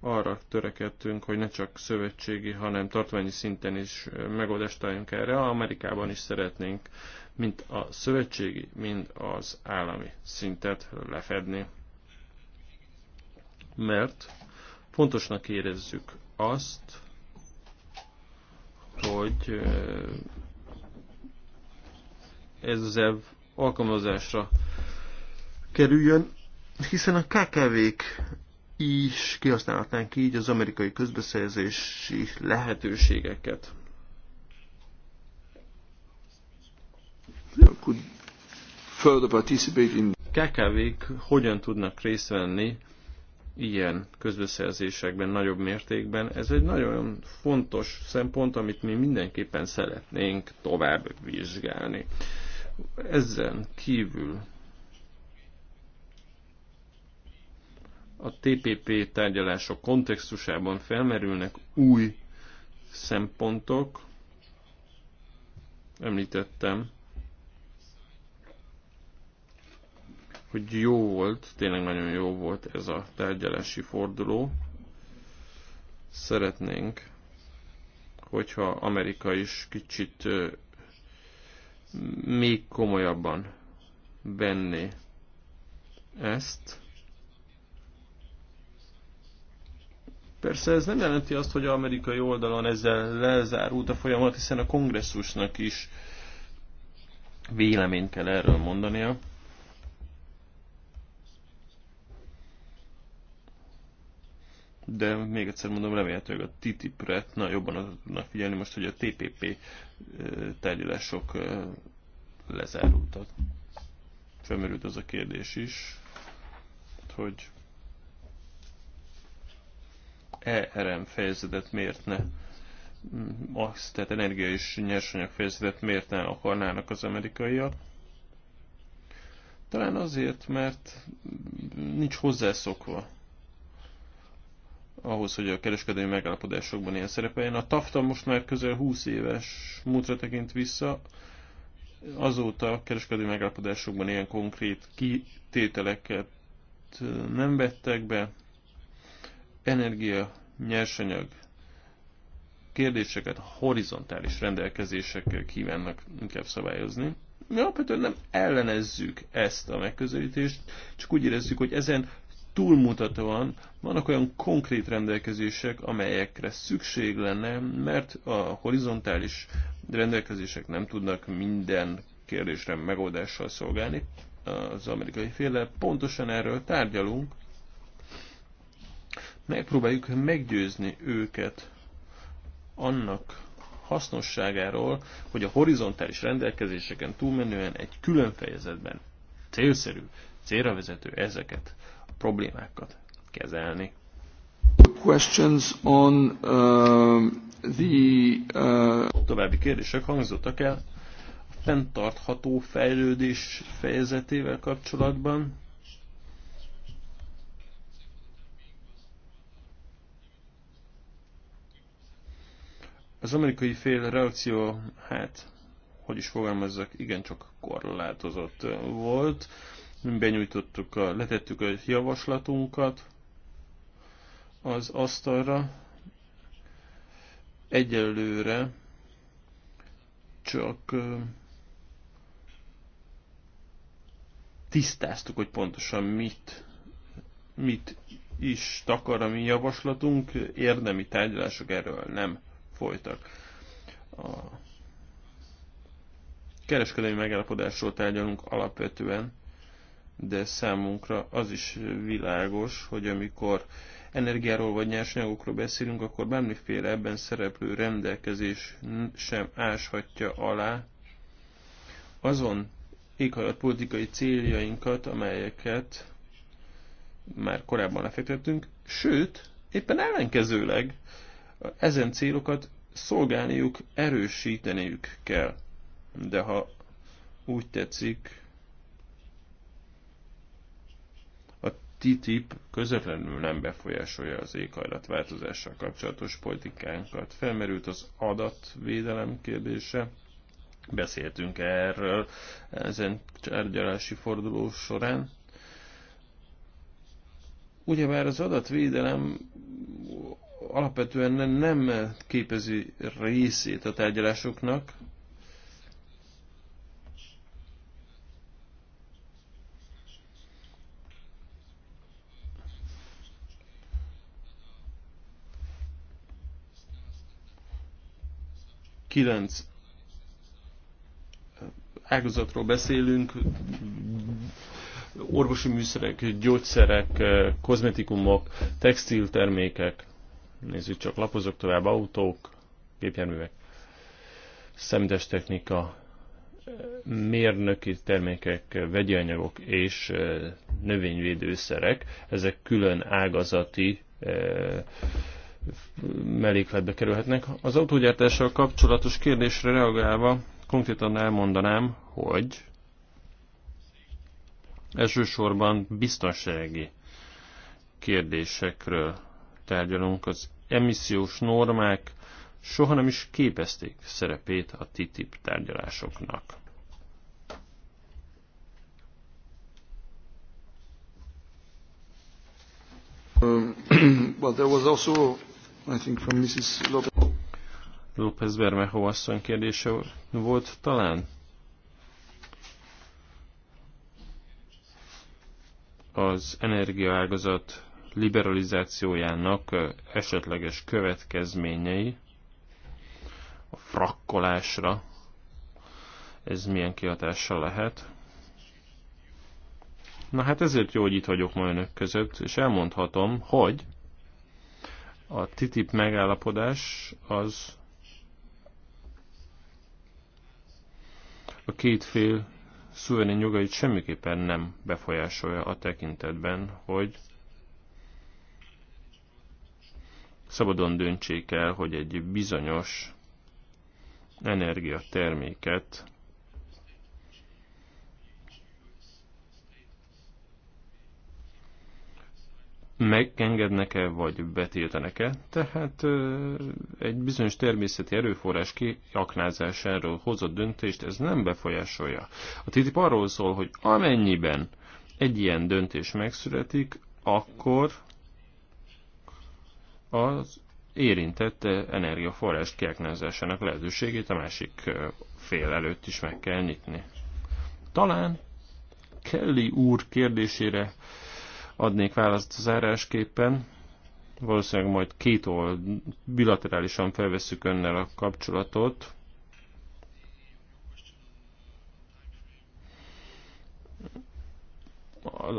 arra törekedtünk, hogy ne csak szövetségi, hanem tartományi szinten is megoldást találjunk erre. Amerikában is szeretnénk mint a szövetségi, mind az állami szintet lefedni mert fontosnak érezzük azt, hogy ez az elv alkalmazásra kerüljön, hiszen a KKV-k is kihasználhatnánk így az amerikai közbeszerzési lehetőségeket. KKV-k hogyan tudnak részt venni ilyen közbeszerzésekben nagyobb mértékben. Ez egy nagyon fontos szempont, amit mi mindenképpen szeretnénk tovább vizsgálni. Ezen kívül a TPP tárgyalások kontextusában felmerülnek új szempontok, említettem hogy jó volt, tényleg nagyon jó volt ez a tárgyalási forduló. Szeretnénk, hogyha Amerika is kicsit még komolyabban benné ezt. Persze ez nem jelenti azt, hogy amerikai oldalon ezzel lezárult a folyamat, hiszen a kongresszusnak is véleményt kell erről mondania. de még egyszer mondom, remélhetőleg a TTIP-re na, jobban oda tudnak figyelni most, hogy a TPP tárgyalások lezárultak. Felmerült az a kérdés is, hogy ERM fejezetet miért ne mm, azt, tehát energia és nyersanyag fejezetet miért ne akarnának az amerikaiak. Talán azért, mert nincs hozzászokva ahhoz, hogy a kereskedelmi megállapodásokban ilyen szerepeljen. A TAFTA most már közel 20 éves múltra tekint vissza, azóta a kereskedelmi megállapodásokban ilyen konkrét kitételeket nem vettek be. Energia, nyersanyag kérdéseket horizontális rendelkezésekkel kívánnak inkább szabályozni. Mi alapvetően nem ellenezzük ezt a megközelítést, csak úgy érezzük, hogy ezen túlmutatóan vannak olyan konkrét rendelkezések, amelyekre szükség lenne, mert a horizontális rendelkezések nem tudnak minden kérdésre megoldással szolgálni. Az amerikai féle pontosan erről tárgyalunk. Megpróbáljuk meggyőzni őket annak hasznosságáról, hogy a horizontális rendelkezéseken túlmenően egy külön fejezetben célszerű, célra vezető ezeket problémákat kezelni. Questions on uh, the, uh... További kérdések hangzottak el a fenntartható fejlődés fejezetével kapcsolatban. Az amerikai fél reakció, hát, hogy is fogalmazzak, igencsak korlátozott volt benyújtottuk, a, letettük a javaslatunkat az asztalra. Egyelőre csak tisztáztuk, hogy pontosan mit, mit is takar a mi javaslatunk, érdemi tárgyalások erről nem folytak. A kereskedelmi megállapodásról tárgyalunk alapvetően, de számunkra az is világos, hogy amikor energiáról vagy nyersanyagokról beszélünk, akkor bármiféle ebben szereplő rendelkezés sem áshatja alá azon politikai céljainkat, amelyeket már korábban lefektettünk, sőt, éppen ellenkezőleg ezen célokat szolgálniuk, erősíteniük kell. De ha úgy tetszik, TTIP közvetlenül nem befolyásolja az változással kapcsolatos politikánkat. Felmerült az adatvédelem kérdése, beszéltünk erről ezen tárgyalási forduló során. Ugyebár az adatvédelem alapvetően nem képezi részét a tárgyalásoknak, kilenc eh, ágazatról beszélünk, orvosi műszerek, gyógyszerek, eh, kozmetikumok, textiltermékek, nézzük csak, lapozok tovább, autók, gépjárművek, szemdes technika, eh, mérnöki termékek, vegyi anyagok és növényvédőszerek, ezek külön ágazati mellékletbe kerülhetnek. Az autógyártással kapcsolatos kérdésre reagálva konkrétan elmondanám, hogy elsősorban biztonsági kérdésekről tárgyalunk. Az emissziós normák soha nem is képezték szerepét a TTIP tárgyalásoknak. Um, well, there was also I think from Mrs. López Bermejo asszony kérdése volt talán? Az energiaágazat liberalizációjának esetleges következményei a frakkolásra, ez milyen kihatással lehet. Na hát ezért jó, hogy itt vagyok ma önök között, és elmondhatom, hogy a TTIP megállapodás az a két fél szuverén jogait semmiképpen nem befolyásolja a tekintetben, hogy szabadon döntsék el, hogy egy bizonyos energiaterméket megengednek-e, vagy betiltanak-e. Tehát egy bizonyos természeti erőforrás kiaknázásáról hozott döntést ez nem befolyásolja. A TTIP arról szól, hogy amennyiben egy ilyen döntés megszületik, akkor az érintett energiaforrás kiaknázásának lehetőségét a másik fél előtt is meg kell nyitni. Talán Kelly úr kérdésére adnék választ zárásképpen. Valószínűleg majd két old, bilaterálisan felveszük önnel a kapcsolatot.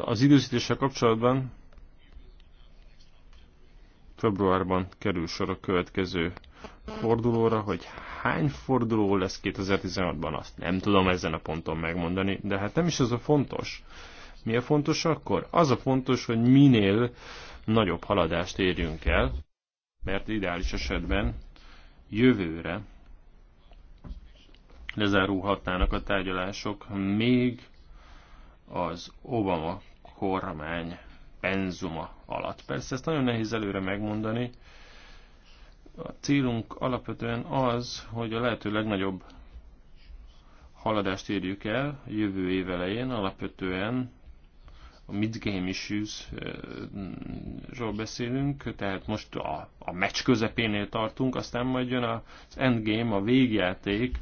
Az időzítéssel kapcsolatban februárban kerül sor a következő fordulóra, hogy hány forduló lesz 2016-ban, azt nem tudom ezen a ponton megmondani, de hát nem is az a fontos. Mi a fontos akkor? Az a fontos, hogy minél nagyobb haladást érjünk el, mert ideális esetben jövőre lezárulhatnának a tárgyalások még az Obama kormány penzuma alatt. Persze ezt nagyon nehéz előre megmondani. A célunk alapvetően az, hogy a lehető legnagyobb haladást érjük el jövő év elején, alapvetően a mid-game issues-ról beszélünk, tehát most a, a meccs közepénél tartunk, aztán majd jön az endgame, a végjáték,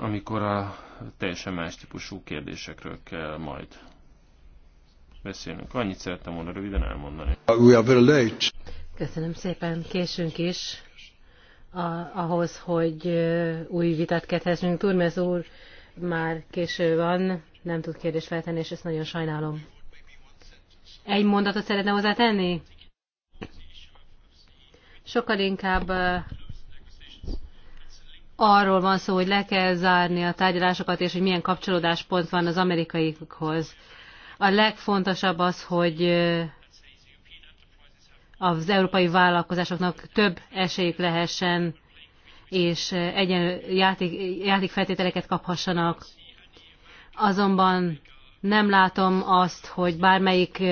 amikor a teljesen más típusú kérdésekről kell majd beszélnünk. Annyit szerettem volna röviden elmondani. We are very late. Köszönöm szépen, késünk is a, ahhoz, hogy új vitát kedhessünk. Turmez úr már késő van, nem tud kérdést feltenni, és ezt nagyon sajnálom. Egy mondatot szeretne hozzátenni? Sokkal inkább arról van szó, hogy le kell zárni a tárgyalásokat, és hogy milyen kapcsolódáspont van az amerikaikhoz. A legfontosabb az, hogy az európai vállalkozásoknak több esélyük lehessen, és egyenlő játék, játékfeltételeket kaphassanak azonban nem látom azt, hogy bármelyik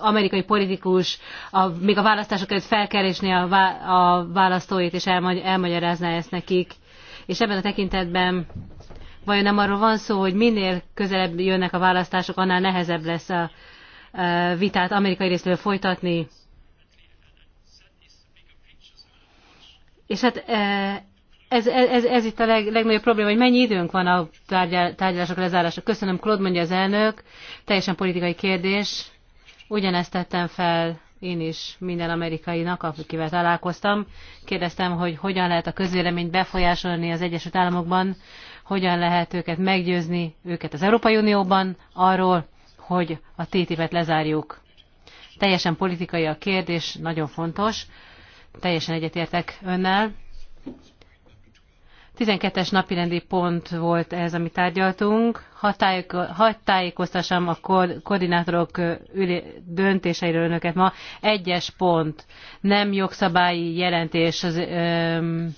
amerikai politikus a, még a választások előtt felkeresné a, a választóit, és elmagy, elmagyarázná ezt nekik. És ebben a tekintetben vajon nem arról van szó, hogy minél közelebb jönnek a választások, annál nehezebb lesz a, a vitát amerikai részről folytatni. És hát ez, ez, ez itt a leg, legnagyobb probléma, hogy mennyi időnk van a tárgyal, tárgyalások lezárása. Köszönöm, Claude, mondja az elnök. Teljesen politikai kérdés. Ugyanezt tettem fel én is minden amerikainak, akivel találkoztam. Kérdeztem, hogy hogyan lehet a közvéleményt befolyásolni az Egyesült Államokban, hogyan lehet őket meggyőzni, őket az Európai Unióban arról, hogy a TTIP-et lezárjuk. Teljesen politikai a kérdés, nagyon fontos. Teljesen egyetértek önnel 12-es napirendi pont volt ez, amit tárgyaltunk. Hadd tájékoztassam a koordinátorok döntéseiről önöket ma. Egyes pont, nem jogszabályi jelentés az öm,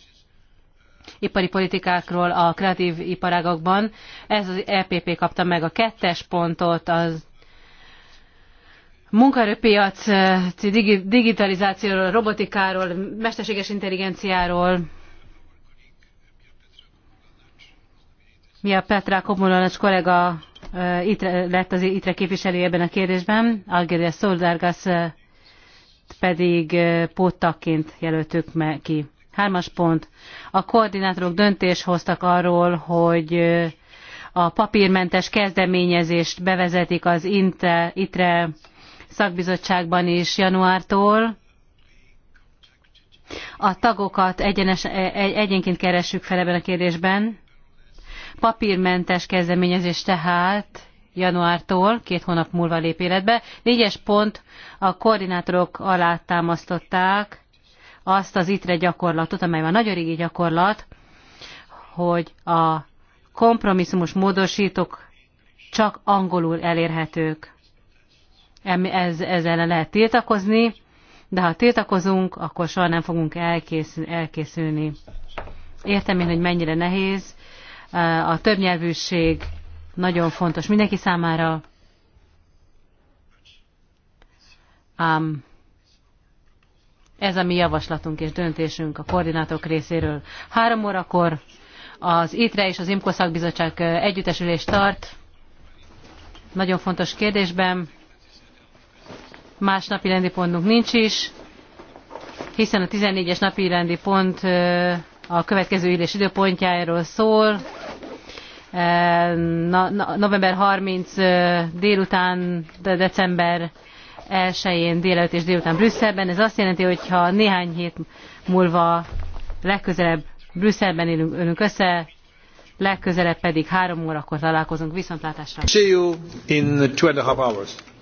ipari politikákról a kreatív iparágakban. Ez az EPP kapta meg a kettes pontot, az munkaerőpiac digitalizációról, robotikáról, mesterséges intelligenciáról, mi a Petra Komolonás kollega itre, lett az ITRE képviselő ebben a kérdésben, Algeria szoldárgas, pedig póttakként jelöltük ki. Hármas pont. A koordinátorok döntés hoztak arról, hogy a papírmentes kezdeményezést bevezetik az INTE, ITRE szakbizottságban is januártól. A tagokat egyenes, e, e, egyenként keressük fel ebben a kérdésben Papírmentes kezdeményezés tehát januártól, két hónap múlva lép életbe. Négyes pont, a koordinátorok alá támasztották azt az ITRE gyakorlatot, amely már nagyon régi gyakorlat, hogy a kompromisszumos módosítók csak angolul elérhetők. Ez, ellen lehet tiltakozni, de ha tiltakozunk, akkor soha nem fogunk elkészülni. Értem én, hogy mennyire nehéz, a többnyelvűség nagyon fontos mindenki számára. Ám ez a mi javaslatunk és döntésünk a koordinátok részéről. Három órakor az ITRE és az IMKO szakbizottság együttesülés tart. Nagyon fontos kérdésben. Más napi rendi pontunk nincs is, hiszen a 14-es napi rendi pont a következő ülés időpontjáról szól. E, na, na, november 30 e, délután, de december 1-én délelőtt és délután Brüsszelben. Ez azt jelenti, hogy ha néhány hét múlva legközelebb Brüsszelben élünk, ölünk össze, legközelebb pedig három órakor találkozunk. Viszontlátásra! See you in two and a half hours.